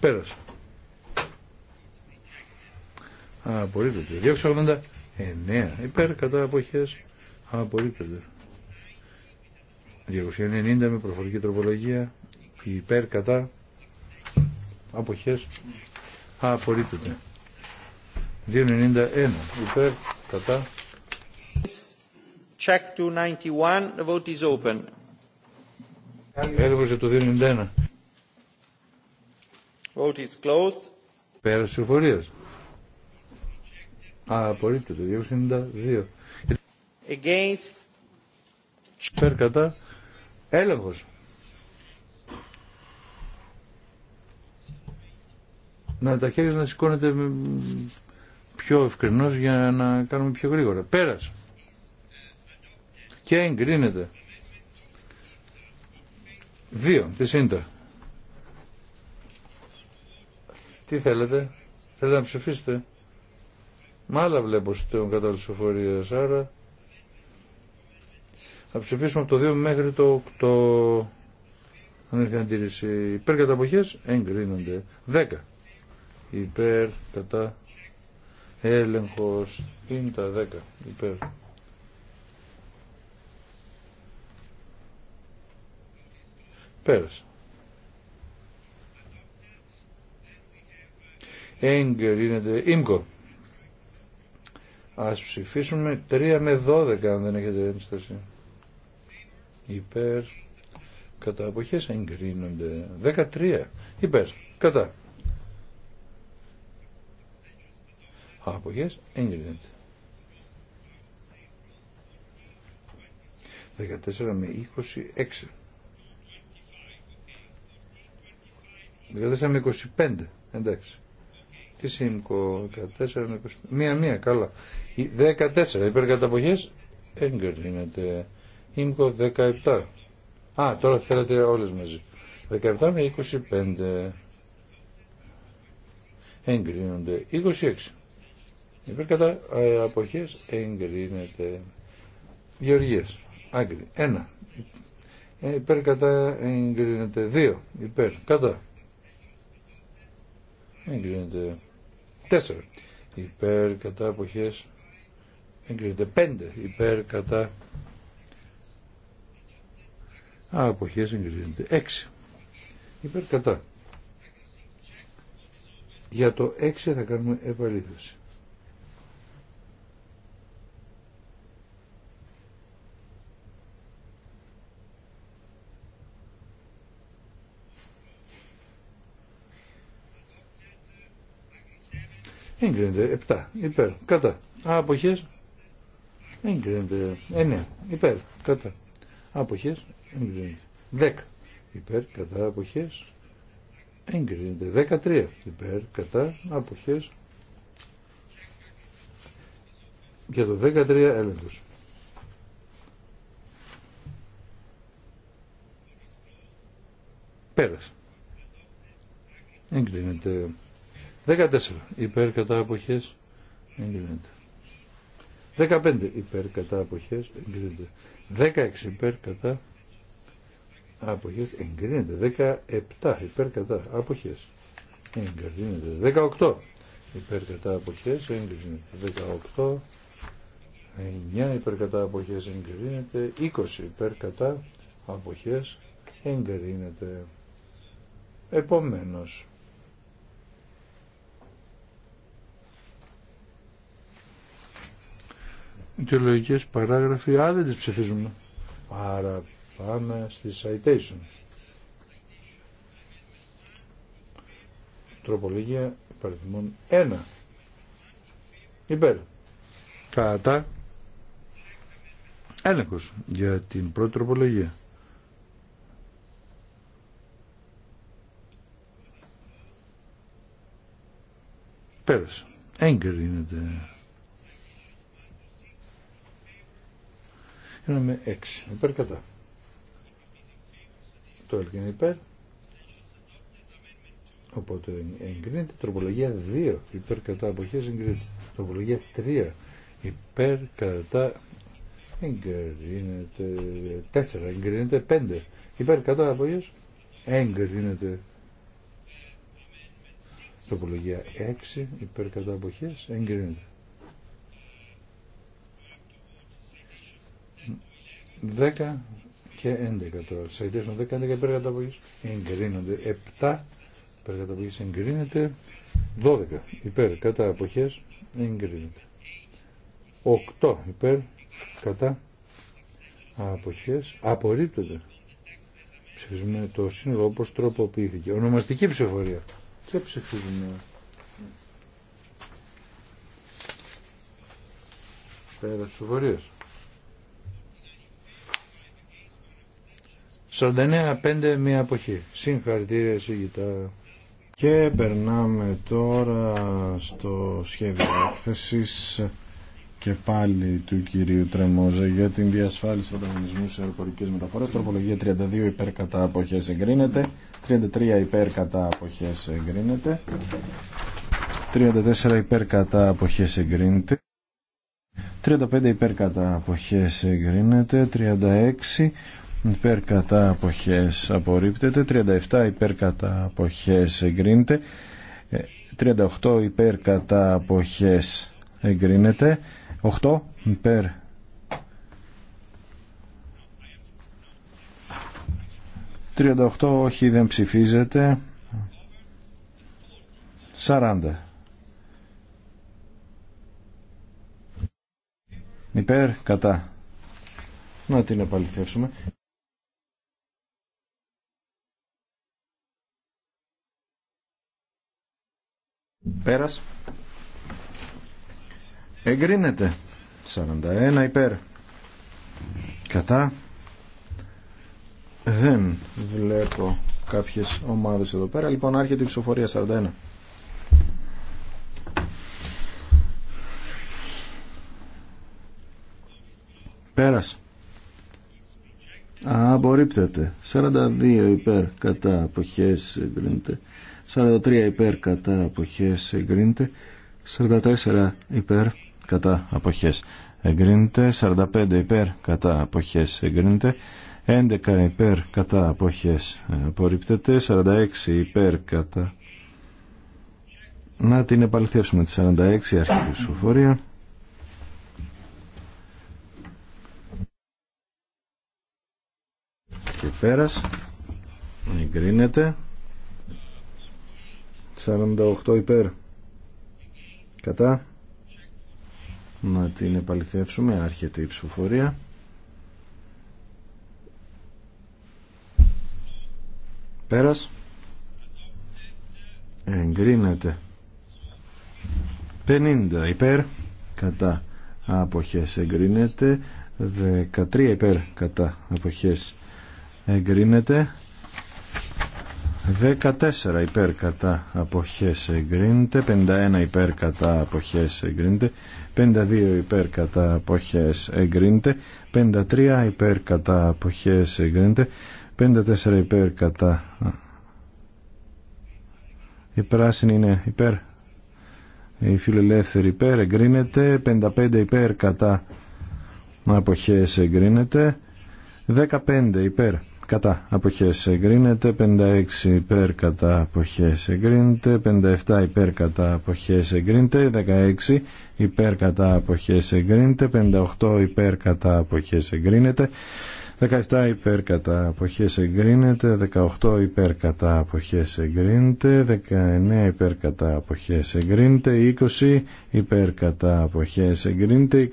Πέρασε. Απορρίπτεται. 289 υπέρ κατά αποχές απορρίπτεται. 290 με προφορική τροπολογία υπέρ κατά αποχές α, απορρίπτεται 291 υπέρ κατά check 291 the vote is open έλεγχος για το 291 vote is closed α, απορρίπτεται 292 against υπέρ κατά έλεγχος. Να τα χέρια να σηκώνετε πιο ευκρινώς για να κάνουμε πιο γρήγορα. Πέρασε. Και εγκρίνεται. Δύο. Τι σύντα. Τι θέλετε. Θέλετε να ψηφίσετε. Μα άλλα βλέπω στον κατάλληλο άρα θα ψηφίσουμε από το 2 μέχρι το 8. Αν έχει αντίρρηση υπέρ κατά εγκρίνονται. 10. Υπέρ κατά έλεγχος. Είναι τα 10. Υπέρ. Πέρασε. Εγκρίνεται. Ήμκο. Ας ψηφίσουμε 3 με 12 αν δεν έχετε ένσταση υπέρ, κατά αποχές εγκρίνονται. 13 υπέρ, κατά. Αποχές εγκρίνονται. 14 με 26. 14 με 25, εντάξει. Τι σύμκο, 14 με 25, μία μία, καλά. 14 υπέρ καταποχές εγκρίνεται. ΥΜΚΟ 17. Α, τώρα θέλετε όλες μαζί. 17 με 25 εγκρίνονται. 26. Ε, ε, υπέρ κατά αποχές εγκρίνεται. Γεωργίες. Άγκρι. 1. Υπέρ κατά εγκρίνεται. 2. Υπέρ κατά. Εγκρίνεται. 4. Υπέρ κατά αποχές εγκρίνεται. 5. Υπέρ κατά αποχές εγκρίνεται. Έξι, Υπέρ κατά. Για το έξι θα κάνουμε επαλήθευση. Εγκρίνεται επτά, Υπέρ. Κατά. Αποχές. Εγκρίνεται Εννέα, Υπέρ. Κατά. Αποχές. 10 υπέρ κατά αποχές εγκρίνεται. 13 υπέρ κατά αποχές για το 13 έλεγχος. Πέρασε. Εγκρίνεται. 14 υπέρ κατά αποχές εγκρίνεται. 15 υπέρ κατά αποχές εγκρίνεται. 16 υπέρ κατά αποχές εγκρίνεται 17 υπέρ κατά αποχές εγκρίνεται 18 υπέρ κατά αποχές εγκρίνεται 18 9 υπέρ κατά αποχές εγκρίνεται 20 υπέρ κατά αποχές εγκρίνεται επομένως οι παράγραφοι, α, δεν τις ψηφίζουμε. Άρα Πάμε στη citation. Τροπολογία υπαριθμών 1. Υπέρ. Κατά. Έλεγχος για την πρώτη τροπολογία. Πέρασε. Είναι με 6. Υπέρ κατά το ΕΛΚ υπέρ. Οπότε εγκρίνεται τροπολογία 2 υπέρ κατά αποχές εγκρίνεται. Τροπολογία 3 υπέρ κατά εγκρίνεται 4 εγκρίνεται 5 υπέρ κατά αποχές εγκρίνεται τροπολογία 6 υπέρ κατά αποχές εγκρίνεται 10 και 11 τώρα. Τις των 10, 11 υπέρ εγκρίνονται. 7 υπέρ εγκρίνεται. 12 υπέρ κατά αποχές εγκρίνεται. 8 υπέρ κατά αποχές απορρίπτονται. Ψηφίζουμε το σύνολο όπως τροποποιήθηκε. Ονομαστική ψηφορία. Και ψηφίζουμε. Πέρα ψηφορίας. 49-5 μια αποχή. Συγχαρητήρια Σίγητα. Και περνάμε τώρα στο σχέδιο έκθεση και πάλι του κυρίου Τρεμόζα για την διασφάλιση του οργανισμού σε αεροπορικές μεταφορές. Τροπολογία 32 υπέρ κατά αποχές εγκρίνεται. 33 υπέρ κατά αποχές εγκρίνεται. 34 υπέρ κατά αποχές εγκρίνεται. 35 υπέρ κατά αποχές εγκρίνεται. 36 υπέρ κατά αποχές απορρίπτεται 37 υπέρ κατά αποχές εγκρίνεται 38 ε, υπέρ κατά αποχές εγκρίνεται 8 υπέρ ...38 όχι δεν ψηφίζεται... ...40... ...υπέρ κατά... ...να την επαληθεύσουμε... Πέρας. Εγκρίνεται. 41 υπέρ. Κατά. Δεν βλέπω κάποιες ομάδες εδώ πέρα. Λοιπόν, άρχεται η ψηφοφορία 41. Πέρας. Απορρίπτεται. 42 υπέρ κατά αποχές εγκρίνεται. 43 υπέρ κατά αποχές εγκρίνεται 44 υπέρ κατά αποχές εγκρίνεται 45 υπέρ κατά αποχές εγκρίνεται 11 υπέρ κατά αποχές απορρίπτεται 46 υπέρ κατά να την επαληθεύσουμε τη 46 αρχική ψηφοφορία και πέρας εγκρίνεται 48 υπέρ κατά να την επαληθεύσουμε άρχεται η ψηφοφορία πέρας εγκρίνεται 50 υπέρ κατά αποχές εγκρίνεται 13 υπέρ κατά αποχές εγκρίνεται 14 υπέρ κατά αποχές εγκρίνεται, 51 υπέρ κατά αποχές εγκρίνεται, 52 υπέρ κατά αποχές εγκρίνεται, 53 υπέρ κατά αποχές εγκρίνεται, 54 υπέρ κατά... Η πράσινη είναι υπέρ, η φιλελεύθερη υπέρ εγκρίνεται, 55 υπέρ κατά αποχές εγκρίνεται, 15 υπέρ κατά αποχές εγκρίνεται 56 υπέρ κατά αποχές εγκρίνεται 57 υπέρ κατά αποχές εγκρίνεται 16 υπέρ κατά αποχές εγκρίνεται 58 υπέρ κατά αποχές εγκρίνεται 17 υπέρ κατά αποχές εγκρίνεται, 18 υπέρ κατά αποχές εγκρίνεται, 19 υπέρ κατά αποχές εγκρίνεται, 20 υπέρ κατά αποχές εγκρίνεται,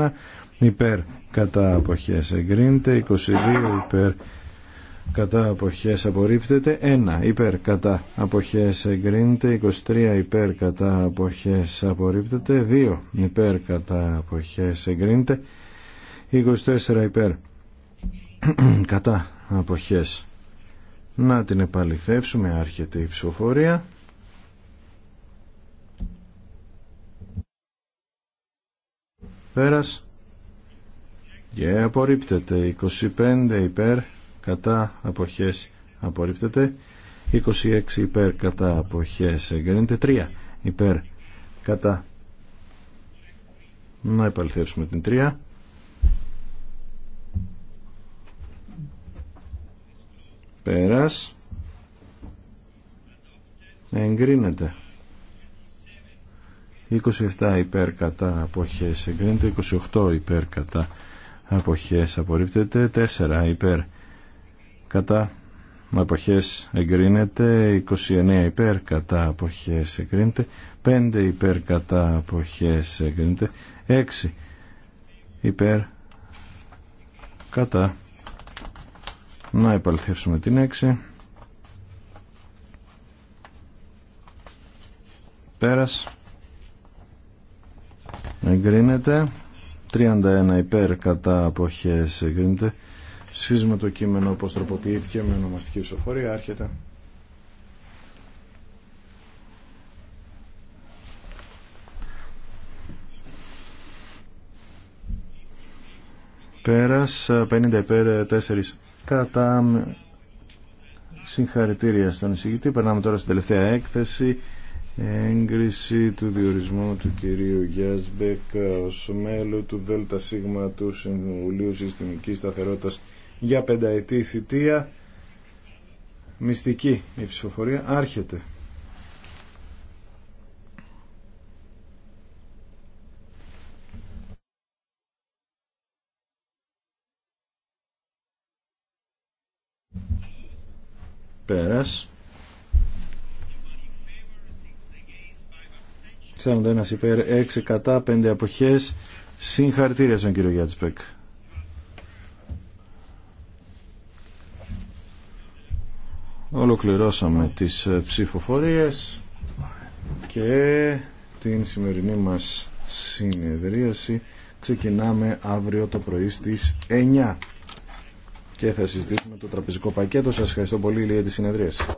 21 υπέρ κατά αποχές εγκρίνεται, 22 υπέρ κατά αποχές απορρίπτεται 1 υπέρ κατά αποχές εγκρίνεται 23 υπέρ κατά αποχές απορρίπτεται 2 υπέρ κατά αποχές εγκρίνεται 24 υπέρ κατά αποχές να την επαληθεύσουμε άρχεται η ψηφοφορία πέρας και απορρίπτεται 25 υπέρ κατά αποχές απορρίπτεται 26 υπέρ κατά αποχές εγκρίνεται 3 υπέρ κατά να επαληθεύσουμε την 3 πέρας εγκρίνεται 27 υπέρ κατά αποχές εγκρίνεται 28 υπέρ κατά αποχές απορρίπτεται 4 υπέρ κατά αποχές εγκρίνεται 29 υπέρ κατά αποχές εγκρίνεται 5 υπέρ κατά αποχές εγκρίνεται 6 υπέρ κατά να επαληθεύσουμε την 6 πέρας εγκρίνεται 31 υπέρ κατά αποχές εγκρίνεται Ψηφίζουμε το κείμενο όπως τροποποιήθηκε με ονομαστική ψηφοφορία. Άρχεται. Πέρας 50 υπέρ 4 κατά συγχαρητήρια στον εισηγητή. Περνάμε τώρα στην τελευταία έκθεση. Έγκριση του διορισμού του κυρίου Γιάσμπεκ ως μέλου του ΔΣ του Συμβουλίου Συστημικής Σταθερότητας για πενταετή θητεία. Μυστική η ψηφοφορία. Άρχεται. Πέρας. 41 υπέρ, έξι κατά, πέντε αποχές. Συγχαρητήρια στον κύριο Γιάντσπεκ. Ολοκληρώσαμε τις ε, ψηφοφορίες και την σημερινή μας συνεδρίαση ξεκινάμε αύριο το πρωί στις 9 και θα συζητήσουμε το τραπεζικό πακέτο. Σας ευχαριστώ πολύ για τη συνεδρίαση.